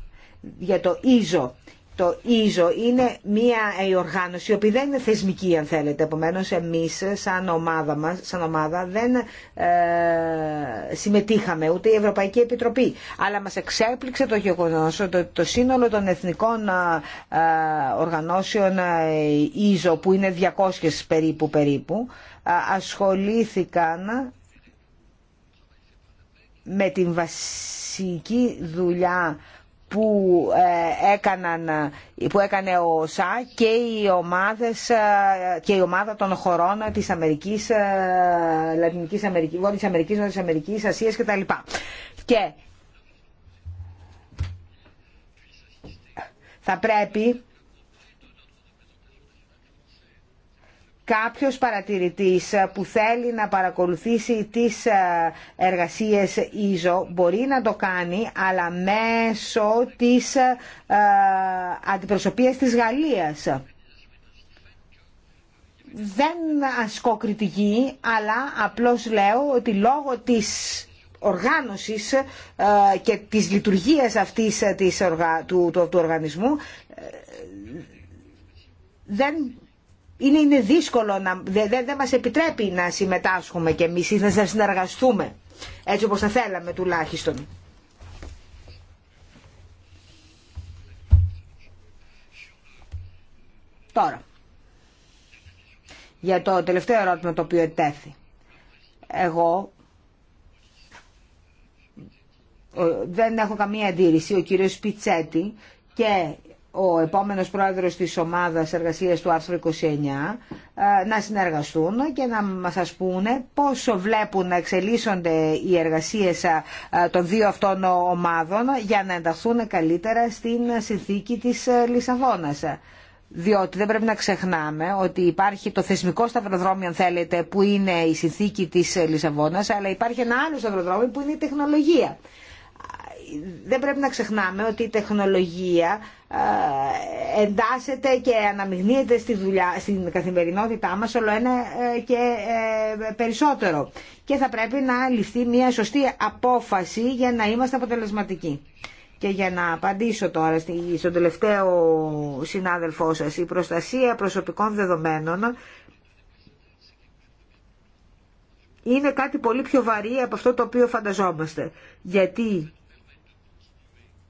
για το ίζο το ΙΖΟ είναι μια ε, οργάνωση η οποία δεν είναι θεσμική αν θέλετε. Επομένως εμείς σαν ομάδα, μας, σαν ομάδα δεν ε, συμμετείχαμε ούτε η Ευρωπαϊκή Επιτροπή. Αλλά μας εξέπληξε το γεγονός ότι το σύνολο των εθνικών ε, οργανώσεων ΙΖΟ που είναι 200 περίπου περίπου ασχολήθηκαν με την βασική δουλειά που, ε, έκαναν, ε, που έκανε ο ΣΑ και, οι ομάδες, ε, και η ομάδα των χωρών της Αμερικής, Λατινικής Αμερικής, Βόρειας Αμερικής, Νότιας Αμερικής, Ασίας κτλ. Και θα πρέπει κάποιος παρατηρητής που θέλει να παρακολουθήσει τις ε, εργασίες ίζο μπορεί να το κάνει αλλά μέσω της ε, αντιπροσωπείας της Γαλλίας. Δεν ασκώ κριτική αλλά απλώς λέω ότι λόγω της οργάνωσης ε, και της λειτουργίας αυτής του οργανισμού δεν είναι, είναι δύσκολο, να, δεν, δεν μας επιτρέπει να συμμετάσχουμε κι εμεί ή να συνεργαστούμε, έτσι όπω θα θέλαμε τουλάχιστον. Τώρα, για το τελευταίο ερώτημα το οποίο ετέθη. Εγώ δεν έχω καμία αντίρρηση, ο κύριος Πιτσέτη και ο επόμενος πρόεδρος της ομάδας εργασίας του άρθρου 29 ε, να συνεργαστούν και να μας πούνε πόσο βλέπουν να εξελίσσονται οι εργασίες ε, των δύο αυτών ομάδων για να ενταχθούν καλύτερα στην συνθήκη της ε, Λισαβόνας. Διότι δεν πρέπει να ξεχνάμε ότι υπάρχει το θεσμικό σταυροδρόμιο, αν θέλετε, που είναι η συνθήκη της Λισαβόνας, αλλά υπάρχει ένα άλλο σταυροδρόμιο που είναι η τεχνολογία δεν πρέπει να ξεχνάμε ότι η τεχνολογία ε, εντάσσεται και αναμειγνύεται στη δουλειά, στην καθημερινότητά μας όλο ένα ε, και ε, περισσότερο. Και θα πρέπει να ληφθεί μια σωστή απόφαση για να είμαστε αποτελεσματικοί. Και για να απαντήσω τώρα στον τελευταίο συνάδελφό σας, η προστασία προσωπικών δεδομένων είναι κάτι πολύ πιο βαρύ από αυτό το οποίο φανταζόμαστε. Γιατί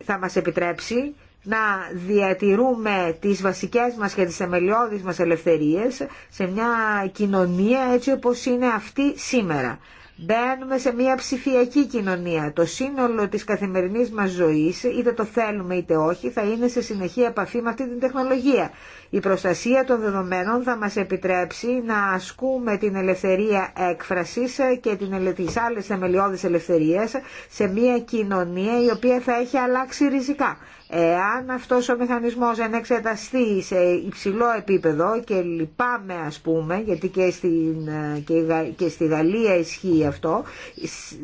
θα μας επιτρέψει να διατηρούμε τις βασικές μας και τις θεμελιώδεις μας ελευθερίες σε μια κοινωνία έτσι όπως είναι αυτή σήμερα. Μπαίνουμε σε μια ψηφιακή κοινωνία. Το σύνολο της καθημερινής μας ζωής, είτε το θέλουμε είτε όχι, θα είναι σε συνεχή επαφή με αυτή την τεχνολογία. Η προστασία των δεδομένων θα μας επιτρέψει να ασκούμε την ελευθερία έκφρασης και τις άλλες θεμελιώδεις ελευθερίες σε μια κοινωνία η οποία θα έχει αλλάξει ριζικά. Εάν αυτός ο μηχανισμός δεν εξεταστεί σε υψηλό επίπεδο και λυπάμαι ας πούμε, γιατί και, στην, και, στη Γαλλία ισχύει αυτό,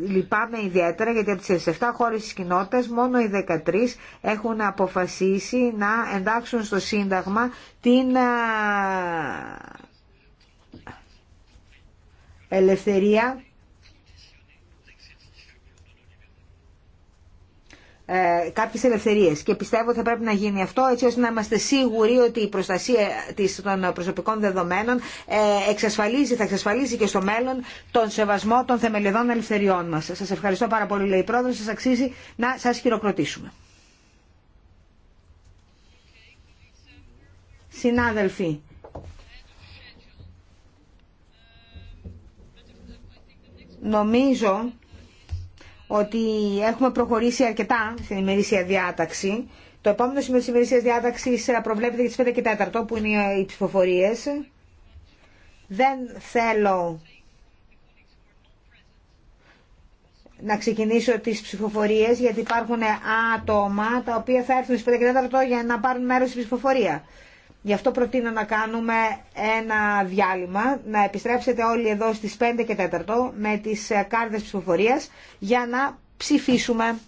λυπάμαι ιδιαίτερα γιατί από τις 7 χώρες της κοινότητας μόνο οι 13 έχουν αποφασίσει να εντάξουν στο Σύνταγμα την ελευθερία ε, κάποιες ελευθερίες και πιστεύω ότι θα πρέπει να γίνει αυτό έτσι ώστε να είμαστε σίγουροι ότι η προστασία των προσωπικών δεδομένων ε, εξασφαλίζει, θα εξασφαλίσει και στο μέλλον τον σεβασμό των θεμελιωδών ελευθεριών μας. Σας ευχαριστώ πάρα πολύ λέει η Πρόεδρος, σας αξίζει να σας χειροκροτήσουμε. συνάδελφοι. Νομίζω ότι έχουμε προχωρήσει αρκετά στην ημερήσια διάταξη. Το επόμενο σημείο της ημερήσιας διάταξης προβλέπεται για τις 5 και 4 που είναι οι ψηφοφορίες. Δεν θέλω να ξεκινήσω τις ψηφοφορίες γιατί υπάρχουν άτομα τα οποία θα έρθουν στις 5 και 4 για να πάρουν μέρος στην ψηφοφορία. Γι' αυτό προτείνω να κάνουμε ένα διάλειμμα, να επιστρέψετε όλοι εδώ στις 5 και 4 με τις κάρτες ψηφοφορίας για να ψηφίσουμε.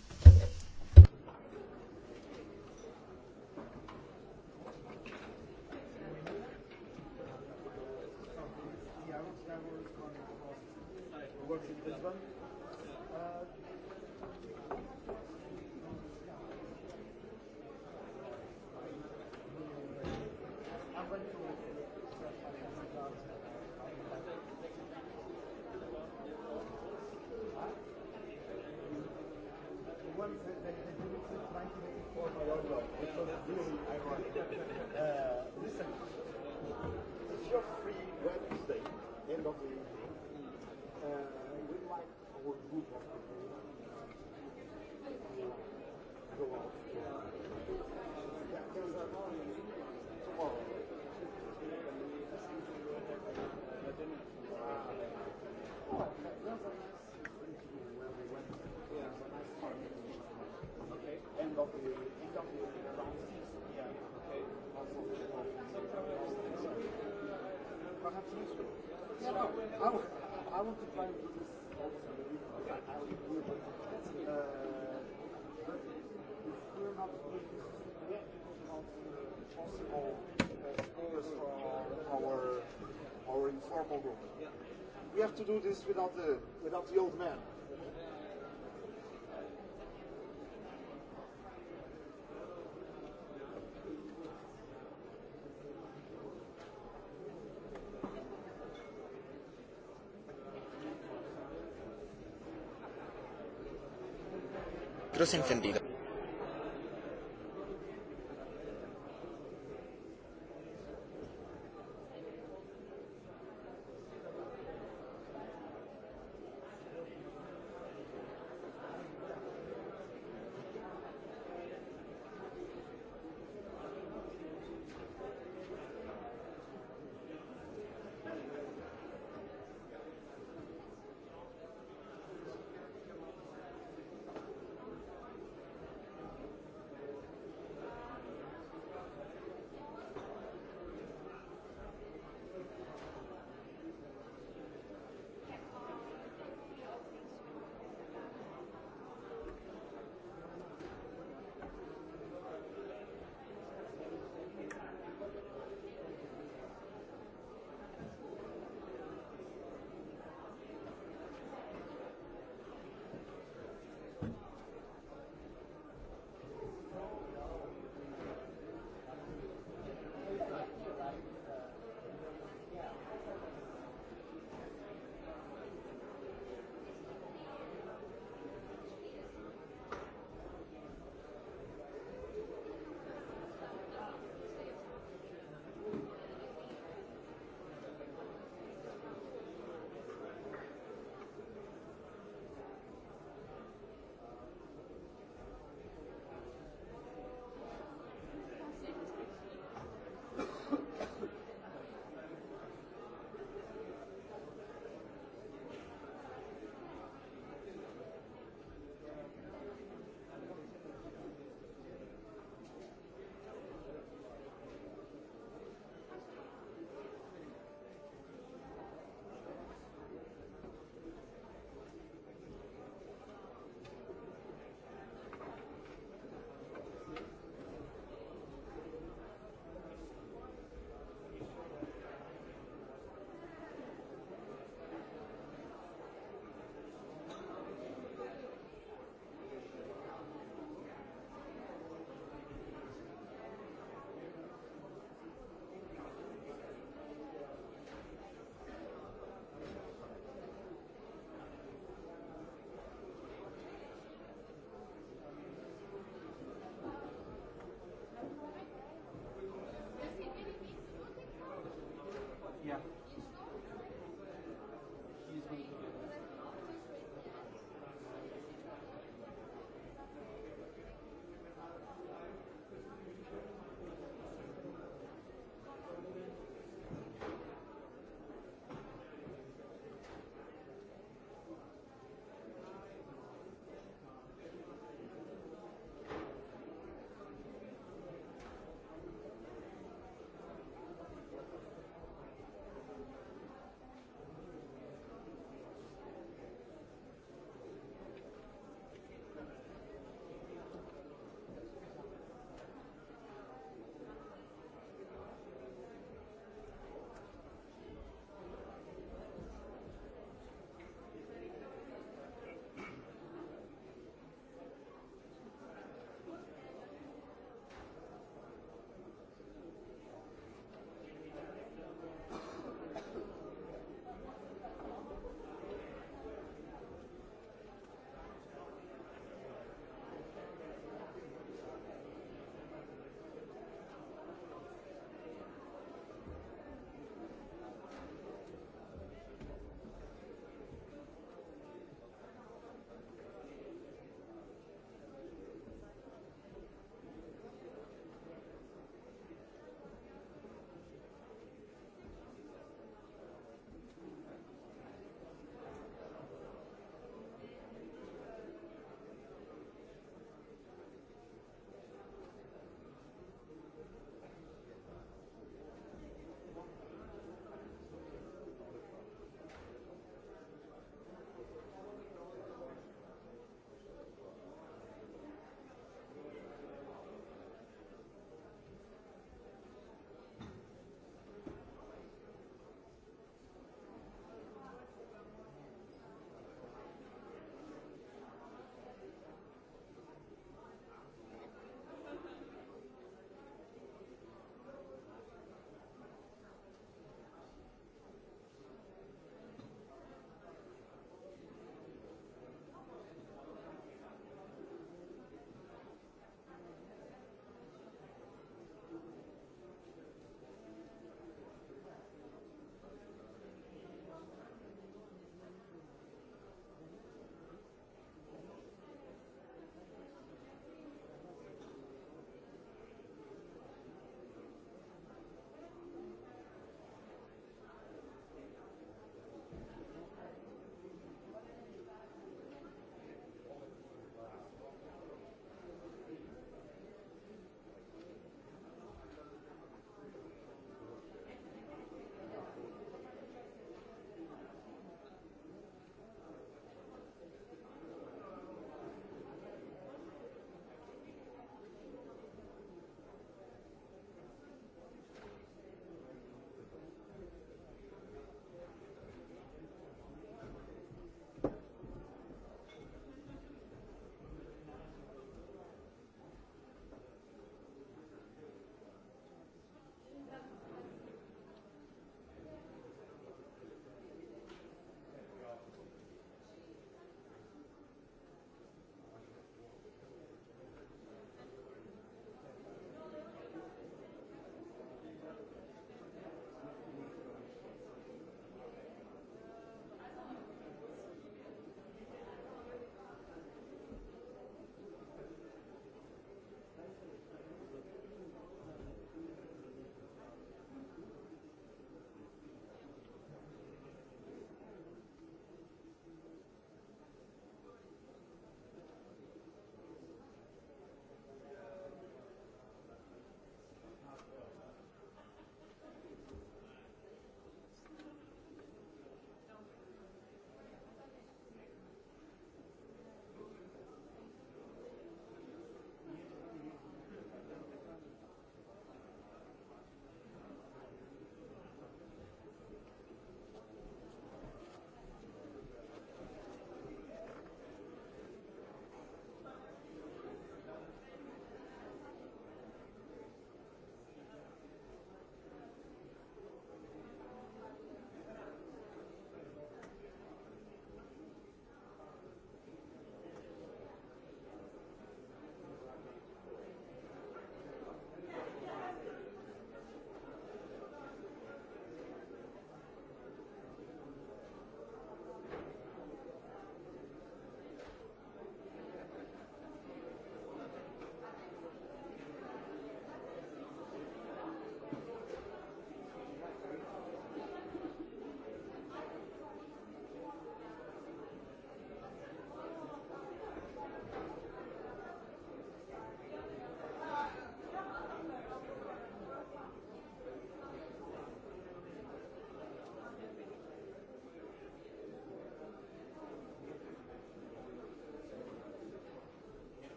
entendido.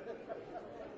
Ευχαριστώ.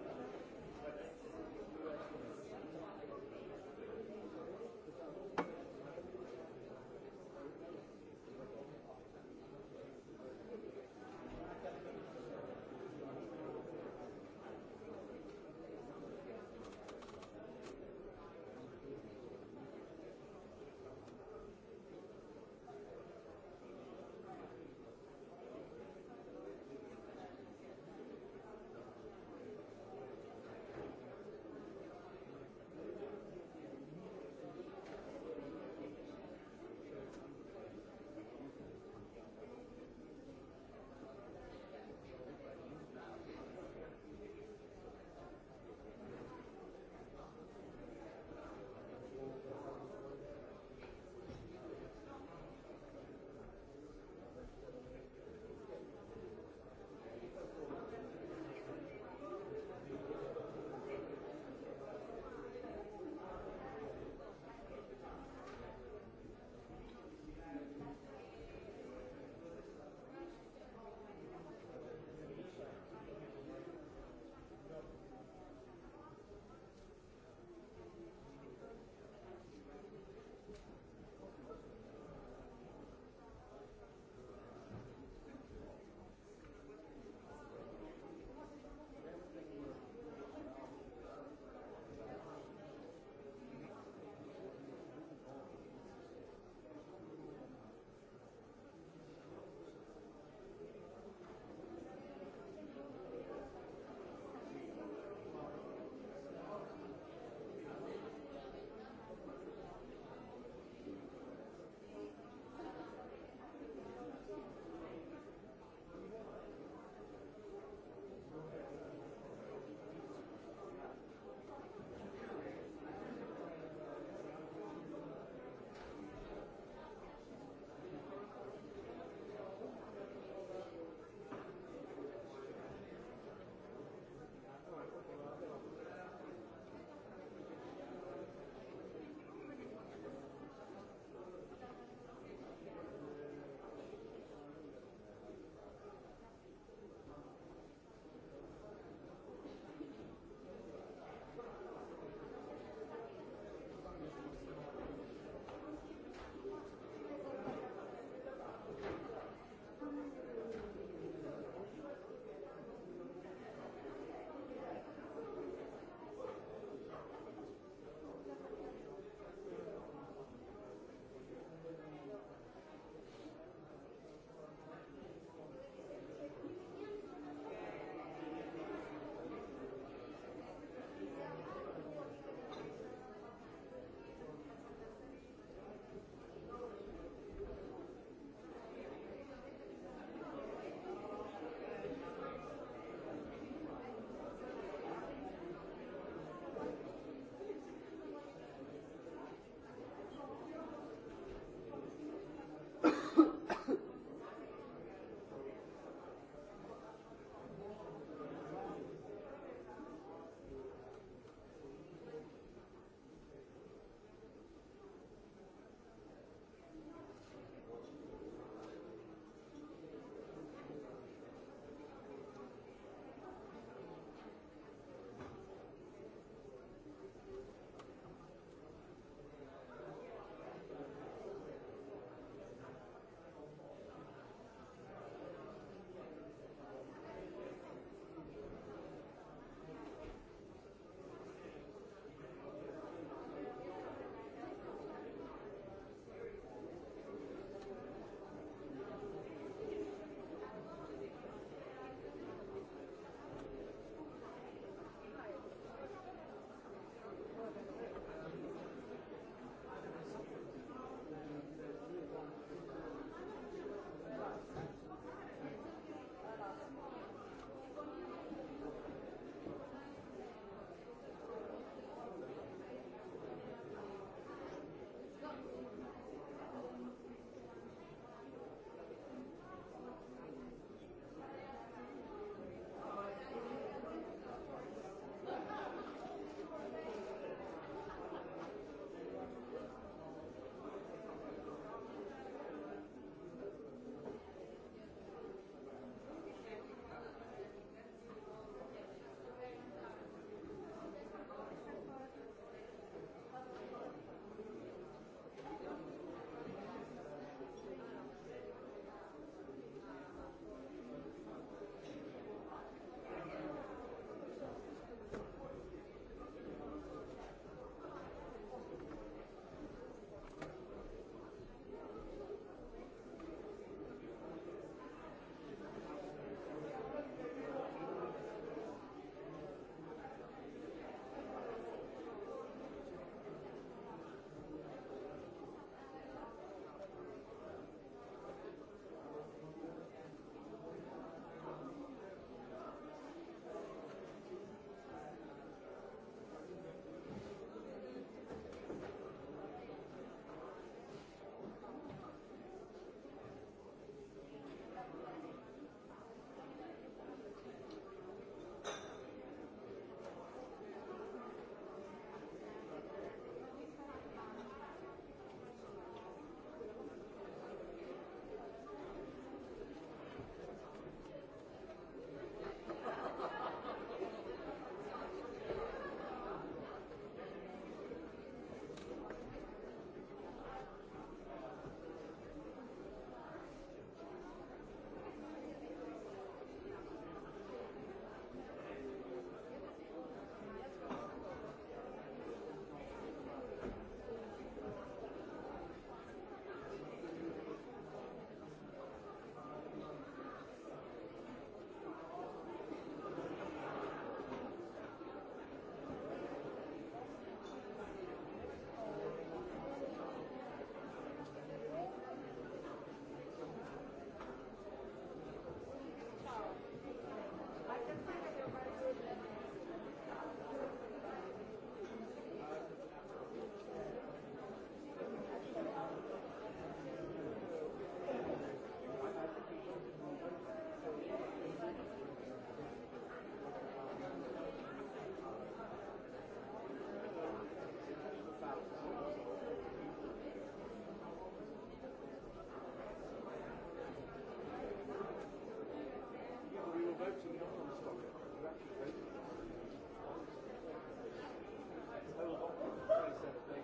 Thank you.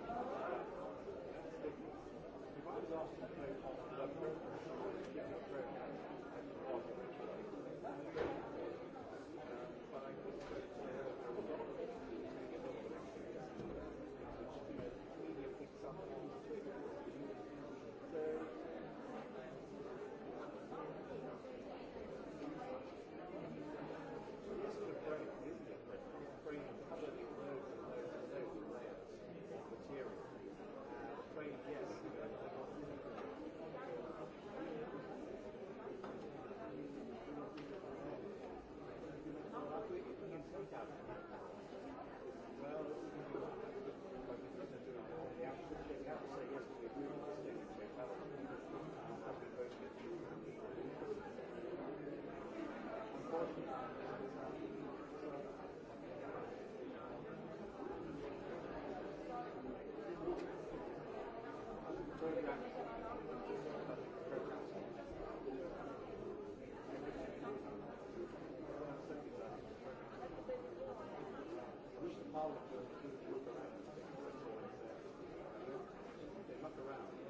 look around.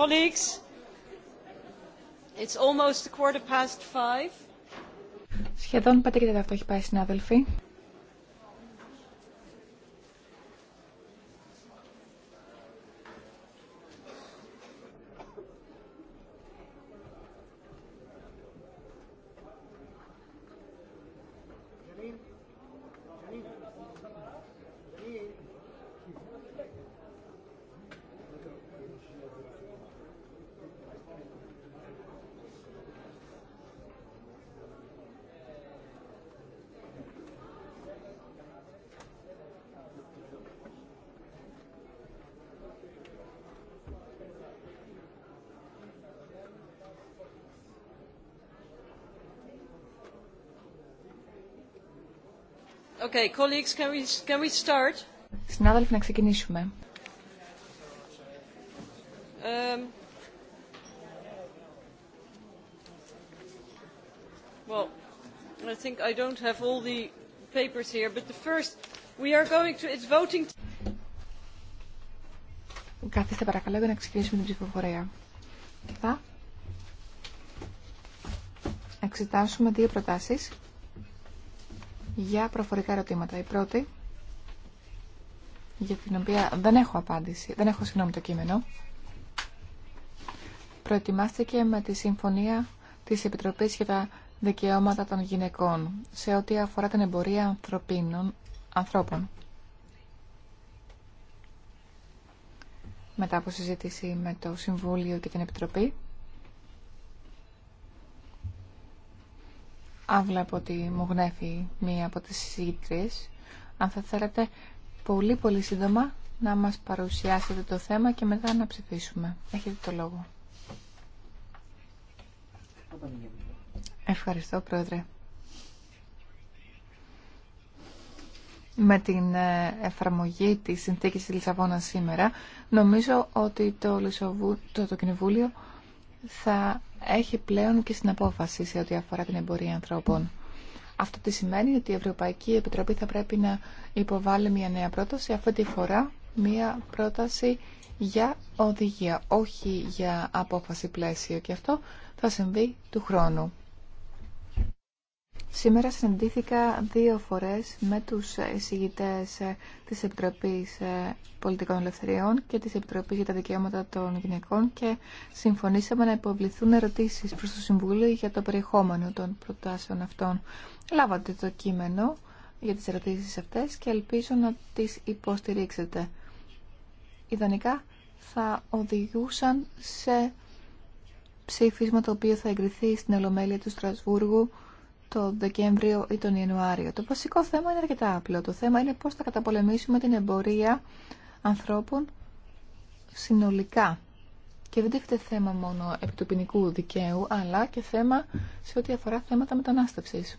Colleagues, it's almost a quarter past five. Σχεδόν πέντε και τέταρτο έχει πάει, συνάδελφοι. Okay, colleagues, can we, can we start? Συνάδελφοι, να ξεκινήσουμε. Um, well, I think I don't have all the papers here, but the first, we are going to, it's voting. Καθίστε παρακαλώ για να ξεκινήσουμε την ψηφοφορία. Θα εξετάσουμε δύο προτάσεις για προφορικά ερωτήματα. Η πρώτη, για την οποία δεν έχω απάντηση, δεν έχω συγγνώμη το κείμενο, προετοιμάστηκε με τη Συμφωνία της Επιτροπής για τα Δικαιώματα των Γυναικών σε ό,τι αφορά την εμπορία ανθρωπίνων ανθρώπων. Μετά από συζήτηση με το Συμβούλιο και την Επιτροπή, Αν βλέπω ότι μου γνέφει μία από τις συζήτητρες, αν θα θέλετε πολύ πολύ σύντομα να μας παρουσιάσετε το θέμα και μετά να ψηφίσουμε. Έχετε το λόγο. Ευχαριστώ, Πρόεδρε. Με την ε, εφαρμογή της συνθήκης της Λισαβόνα σήμερα, νομίζω ότι το, το, το Κοινοβούλιο θα έχει πλέον και στην απόφαση σε ό,τι αφορά την εμπορία ανθρώπων. Αυτό τι σημαίνει ότι η Ευρωπαϊκή Επιτροπή θα πρέπει να υποβάλει μια νέα πρόταση, αυτή τη φορά μια πρόταση για οδηγία, όχι για απόφαση πλαίσιο. Και αυτό θα συμβεί του χρόνου. Σήμερα συναντήθηκα δύο φορές με τους εισηγητές της Επιτροπής Πολιτικών Ελευθεριών και της Επιτροπής για τα Δικαιώματα των Γυναικών και συμφωνήσαμε να υποβληθούν ερωτήσεις προς το Συμβούλιο για το περιεχόμενο των προτάσεων αυτών. Λάβατε το κείμενο για τις ερωτήσεις αυτές και ελπίζω να τις υποστηρίξετε. Ιδανικά θα οδηγούσαν σε ψήφισμα το οποίο θα εγκριθεί στην Ολομέλεια του Στρασβούργου το Δεκέμβριο ή τον Ιανουάριο. Το βασικό θέμα είναι αρκετά απλό. Το θέμα είναι πώς θα καταπολεμήσουμε την εμπορία ανθρώπων συνολικά. Και δεν τίθεται θέμα μόνο επί του ποινικού δικαίου, αλλά και θέμα σε ό,τι αφορά θέματα μετανάστευσης.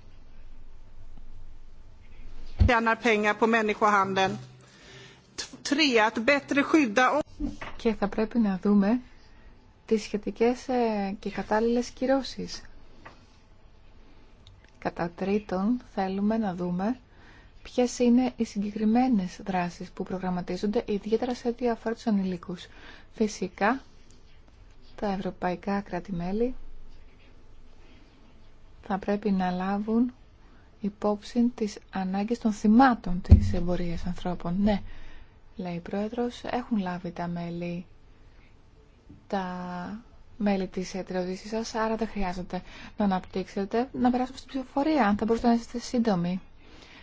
Και θα πρέπει να δούμε τις σχετικές ε, και κατάλληλες κυρώσεις. Κατά τρίτον, θέλουμε να δούμε ποιε είναι οι συγκεκριμένες δράσεις που προγραμματίζονται, ιδιαίτερα σε ό,τι αφορά του Φυσικά, τα ευρωπαϊκά κράτη-μέλη θα πρέπει να λάβουν υπόψη τις ανάγκες των θυμάτων της εμπορίας ανθρώπων. Ναι, λέει η Πρόεδρος, έχουν λάβει τα μέλη τα μέλη τη εταιρεοδίση σα, άρα δεν χρειάζεται να αναπτύξετε. Να περάσουμε στην ψηφοφορία, αν θα μπορούσατε να είστε σύντομοι.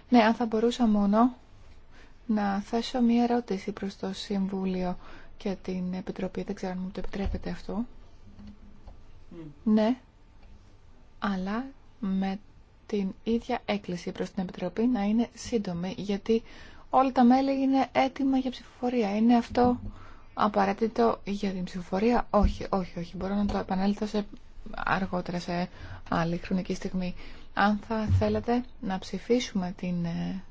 Ναι, αν θα μπορούσα μόνο να θέσω μία ερώτηση προς το Συμβούλιο και την Επιτροπή. Δεν ξέρω αν μου το επιτρέπετε αυτό. Ναι, αλλά με την ίδια έκκληση προς την Επιτροπή να είναι σύντομη, γιατί όλα τα μέλη είναι έτοιμα για ψηφοφορία. Είναι αυτό απαραίτητο για την ψηφοφορία. Όχι, όχι, όχι. Μπορώ να το επανέλθω σε αργότερα, σε άλλη χρονική στιγμή. Αν θα θέλατε να ψηφίσουμε την ε,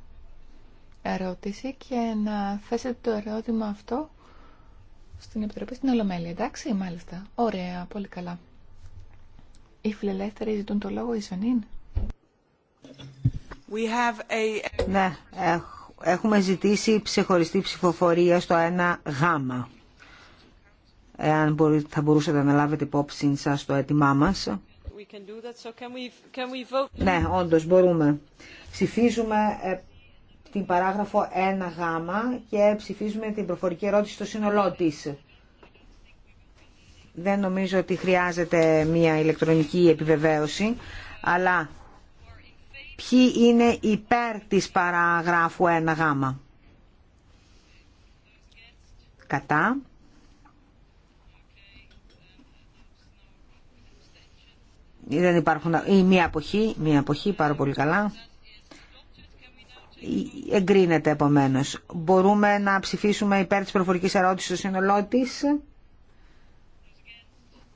ερώτηση και να θέσετε το ερώτημα αυτό στην Επιτροπή στην Ολομέλεια, εντάξει, μάλιστα. Ωραία, πολύ καλά. Οι φιλελεύθεροι ζητούν το λόγο, Ισονίν. We have a... Ναι, έχουμε ζητήσει ξεχωριστή ψηφοφορία στο 1 γάμα εάν θα μπορούσατε να λάβετε υπόψη σας το αίτημά μας. Ναι, όντως μπορούμε. Ψηφίζουμε ε, την παράγραφο 1 1Γ και ψηφίζουμε την προφορική ερώτηση στο σύνολό τη. Δεν νομίζω ότι χρειάζεται μια ηλεκτρονική επιβεβαίωση, αλλά ποιοι είναι υπέρ της παραγράφου 1 1Γ. Κατά. δεν υπάρχουν, ή μία αποχή, μία αποχή πάρα πολύ καλά. Εγκρίνεται επομένως. Μπορούμε να ψηφίσουμε υπέρ της προφορικής ερώτησης στο σύνολό τη.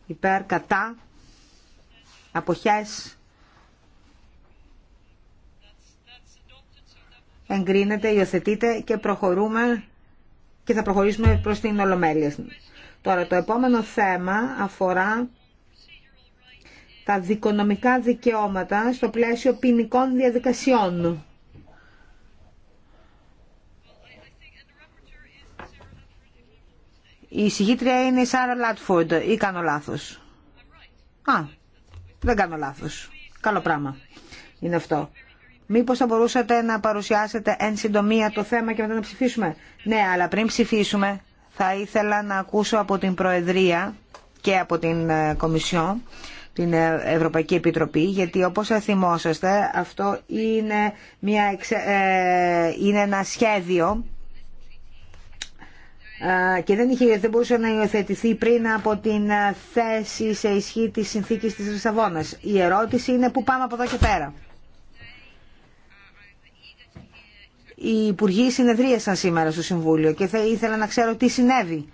Υπέρ, κατά, αποχές. Εγκρίνεται, υιοθετείται και προχωρούμε και θα προχωρήσουμε προς την Ολομέλεια. Τώρα το επόμενο θέμα αφορά τα δικονομικά δικαιώματα στο πλαίσιο ποινικών διαδικασιών. Η συγγήτρια είναι η Σάρα Λάτφορντ ή κάνω λάθος. Α, δεν κάνω λάθος. Καλό πράγμα είναι αυτό. Μήπως θα μπορούσατε να παρουσιάσετε εν συντομία το θέμα και μετά να ψηφίσουμε. Ναι, αλλά πριν ψηφίσουμε θα ήθελα να ακούσω από την Προεδρία και από την ε, Κομισιό την ε, Ευρωπαϊκή Επιτροπή γιατί όπως θα θυμόσαστε αυτό είναι, μια ε, είναι ένα σχέδιο ε, και δεν, είχε, μπορούσε να υιοθετηθεί πριν από την θέση σε ισχύ της συνθήκης της Ρισαβόνας. Η ερώτηση είναι πού πάμε από εδώ και πέρα. Οι υπουργοί συνεδρίασαν σήμερα στο Συμβούλιο και θα ήθελα να ξέρω τι συνέβη,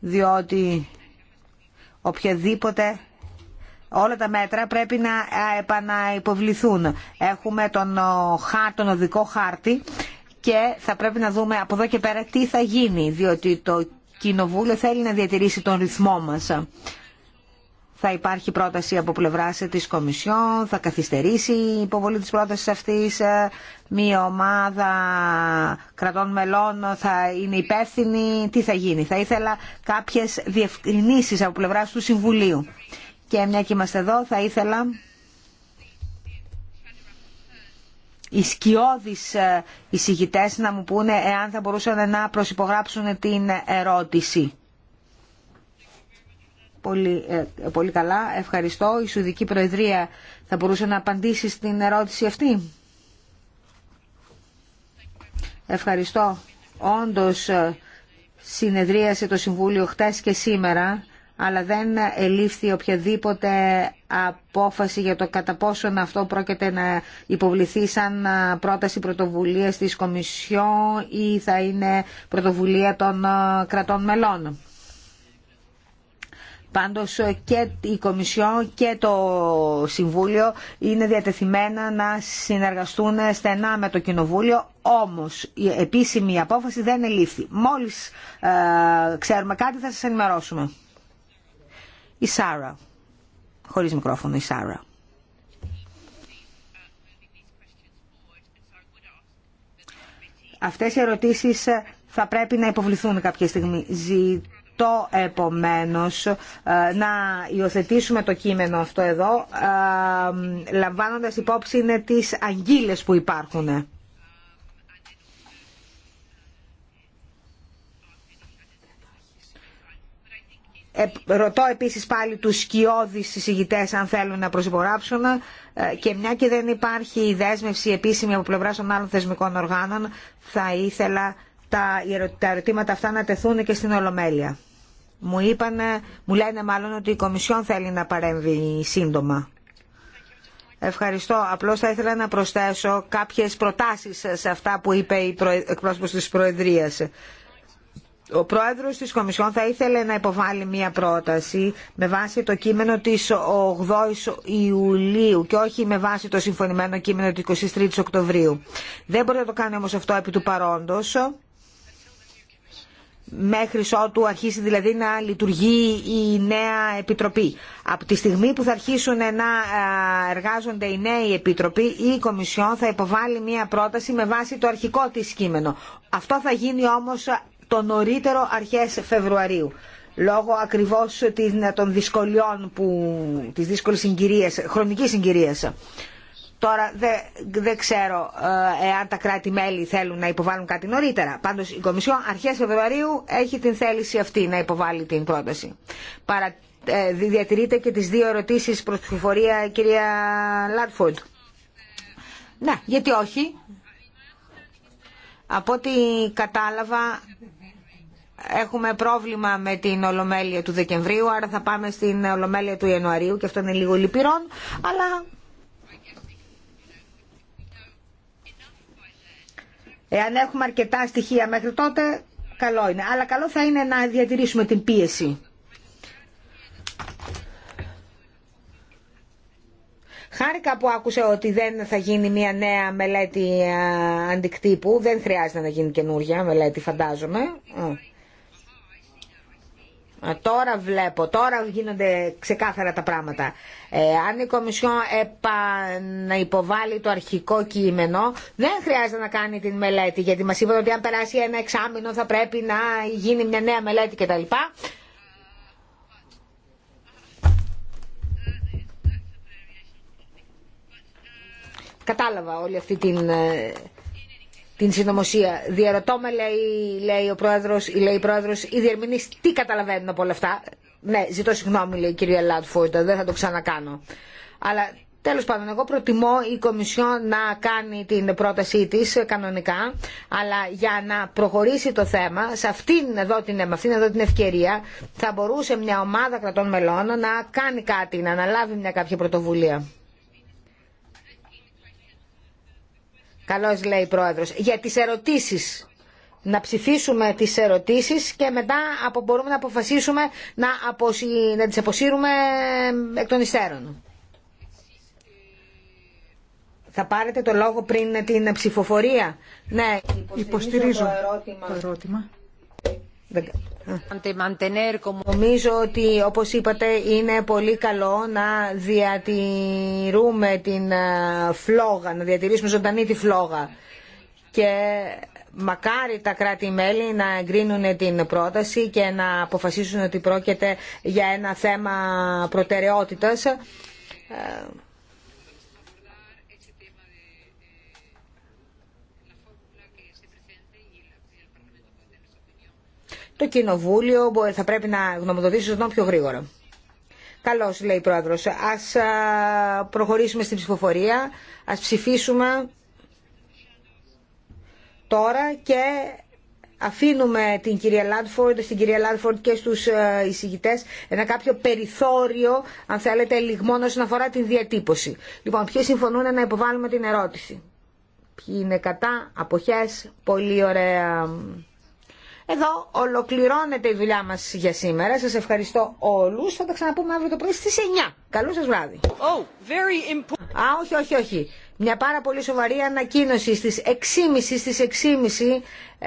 διότι οποιαδήποτε όλα τα μέτρα πρέπει να επαναυποβληθούν. Έχουμε τον, τον οδικό χάρτη και θα πρέπει να δούμε από εδώ και πέρα τι θα γίνει, διότι το Κοινοβούλιο θέλει να διατηρήσει τον ρυθμό μας. Θα υπάρχει πρόταση από πλευρά της Κομισιόν, θα καθυστερήσει η υποβολή της πρότασης αυτής, μία ομάδα κρατών μελών θα είναι υπεύθυνη, τι θα γίνει. Θα ήθελα κάποιες διευκρινήσεις από πλευρά του Συμβουλίου. Και μια και είμαστε εδώ θα ήθελα οι σκιώδεις ε, εισηγητές να μου πούνε εάν θα μπορούσαν να προσυπογράψουν την ερώτηση. Πολύ, ε, πολύ καλά, ευχαριστώ. Η Σουδική Προεδρία θα μπορούσε να απαντήσει στην ερώτηση αυτή. Ευχαριστώ. Όντως ε, συνεδρίασε το Συμβούλιο χτες και σήμερα αλλά δεν ελήφθη οποιαδήποτε απόφαση για το κατά πόσον αυτό πρόκειται να υποβληθεί σαν πρόταση πρωτοβουλίας της Κομισιόν ή θα είναι πρωτοβουλία των κρατών μελών. Πάντως και η Κομισιόν και το Συμβούλιο είναι διατεθειμένα να συνεργαστούν στενά με το Κοινοβούλιο, όμως η επίσημη απόφαση δεν ελήφθη. Μόλις ξέρουμε κάτι θα σας ενημερώσουμε. Η Σάρα. Χωρίς μικρόφωνο, η Σάρα. Αυτές οι ερωτήσεις ε, θα πρέπει να υποβληθούν κάποια στιγμή. Ζητώ επομένως ε, να υιοθετήσουμε το κείμενο αυτό εδώ, ε, λαμβάνοντας υπόψη είναι τις αγγίλες που υπάρχουν. Ε, ρωτώ επίσης πάλι τους σκιώδεις συζητητές αν θέλουν να προσυμποράψουν ε, και μια και δεν υπάρχει η δέσμευση επίσημη από πλευρά των άλλων θεσμικών οργάνων θα ήθελα τα, ερωτήματα αυτά να τεθούν και στην Ολομέλεια. Μου, είπαν, μου λένε μάλλον ότι η Κομισιόν θέλει να παρέμβει σύντομα. Ευχαριστώ. Απλώς θα ήθελα να προσθέσω κάποιες προτάσεις σε αυτά που είπε η εκπρόσωπος της Προεδρίας ο πρόεδρος της Κομισιόν θα ήθελε να υποβάλει μία πρόταση με βάση το κείμενο της 8ης Ιουλίου και όχι με βάση το συμφωνημένο κείμενο του 23 Οκτωβρίου. Δεν μπορεί να το κάνει όμως αυτό επί του παρόντος μέχρι ότου αρχίσει δηλαδή να λειτουργεί η νέα επιτροπή. Από τη στιγμή που θα αρχίσουν να ε, εργάζονται οι νέοι επιτροποί, η Κομισιόν θα υποβάλει μία πρόταση με βάση το αρχικό της κείμενο. Αυτό θα γίνει όμως το νωρίτερο αρχές Φεβρουαρίου λόγω ακριβώς των δυσκολιών που, της δύσκολης συγκυρίας, χρονικής συγκυρίας. Τώρα δεν, δεν ξέρω ε, εάν τα κράτη-μέλη θέλουν να υποβάλουν κάτι νωρίτερα. Πάντως η Κομισιόν αρχές Φεβρουαρίου έχει την θέληση αυτή να υποβάλει την πρόταση. Παρα, ε, και τις δύο ερωτήσεις προς ψηφοφορία κυρία Λάτφορντ. Ναι, γιατί όχι. Από ό,τι κατάλαβα έχουμε πρόβλημα με την Ολομέλεια του Δεκεμβρίου, άρα θα πάμε στην Ολομέλεια του Ιανουαρίου και αυτό είναι λίγο λυπηρόν, αλλά... Εάν έχουμε αρκετά στοιχεία μέχρι τότε, καλό είναι. Αλλά καλό θα είναι να διατηρήσουμε την πίεση. Χάρηκα που άκουσα ότι δεν θα γίνει μια νέα μελέτη ε, αντικτύπου. Δεν χρειάζεται να γίνει καινούργια μελέτη, φαντάζομαι. Ε, τώρα βλέπω, τώρα γίνονται ξεκάθαρα τα πράγματα. Ε, αν η να υποβάλει το αρχικό κείμενο, δεν χρειάζεται να κάνει την μελέτη, γιατί μας είπαν ότι αν περάσει ένα εξάμεινο θα πρέπει να γίνει μια νέα μελέτη κτλ. Κατάλαβα όλη αυτή την ε, την συνωμοσία. Διαρωτώ με, λέει, ο πρόεδρος, ή λέει η πρόεδρος, οι διερμηνείς τι καταλαβαίνουν από όλα αυτά. Ναι, ζητώ συγγνώμη, λέει η προεδρος οι διερμηνει τι καταλαβαινουν απο ολα αυτα Λάτφορντ, δεν θα το ξανακάνω. Αλλά Τέλος πάντων, εγώ προτιμώ η Κομισιόν να κάνει την πρότασή της κανονικά, αλλά για να προχωρήσει το θέμα, σε αυτήν εδώ την, με αυτήν εδώ την ευκαιρία, θα μπορούσε μια ομάδα κρατών μελών να κάνει κάτι, να αναλάβει μια κάποια πρωτοβουλία. Καλώς λέει η Πρόεδρος. Για τις ερωτήσεις. Να ψηφίσουμε τις ερωτήσεις και μετά απο, μπορούμε να αποφασίσουμε να, αποσυ... να τις αποσύρουμε εκ των υστέρων. Θα πάρετε το λόγο πριν την ψηφοφορία. Ναι, υποστηρίζω, υποστηρίζω ερώτημα. Το ερώτημα. Νομίζω ότι όπως είπατε είναι πολύ καλό να διατηρούμε την ε, φλόγα, να διατηρήσουμε ζωντανή τη φλόγα. Και μακάρι τα κράτη-μέλη να εγκρίνουν την πρόταση και να αποφασίσουν ότι πρόκειται για ένα θέμα προτεραιότητας ε, το Κοινοβούλιο θα πρέπει να γνωμοδοτήσει τον πιο γρήγορα. Καλώ λέει η πρόεδρο. Ας προχωρήσουμε στην ψηφοφορία, ας ψηφίσουμε τώρα και αφήνουμε την κυρία Λάντφορντ, στην κυρία Λάντφορντ και στους ε, εισηγητέ ένα κάποιο περιθώριο, αν θέλετε, λιγμόν όσον αφορά την διατύπωση. Λοιπόν, ποιοι συμφωνούν να υποβάλουμε την ερώτηση. Ποιοι είναι κατά, αποχές, πολύ ωραία. Εδώ ολοκληρώνεται η δουλειά μας για σήμερα. Σας ευχαριστώ όλους. Θα τα ξαναπούμε αύριο το πρωί στις 9. Καλό σας βράδυ. Oh, very important. Α, όχι, όχι, όχι. Μια πάρα πολύ σοβαρή ανακοίνωση στις 6.30, στις 6.30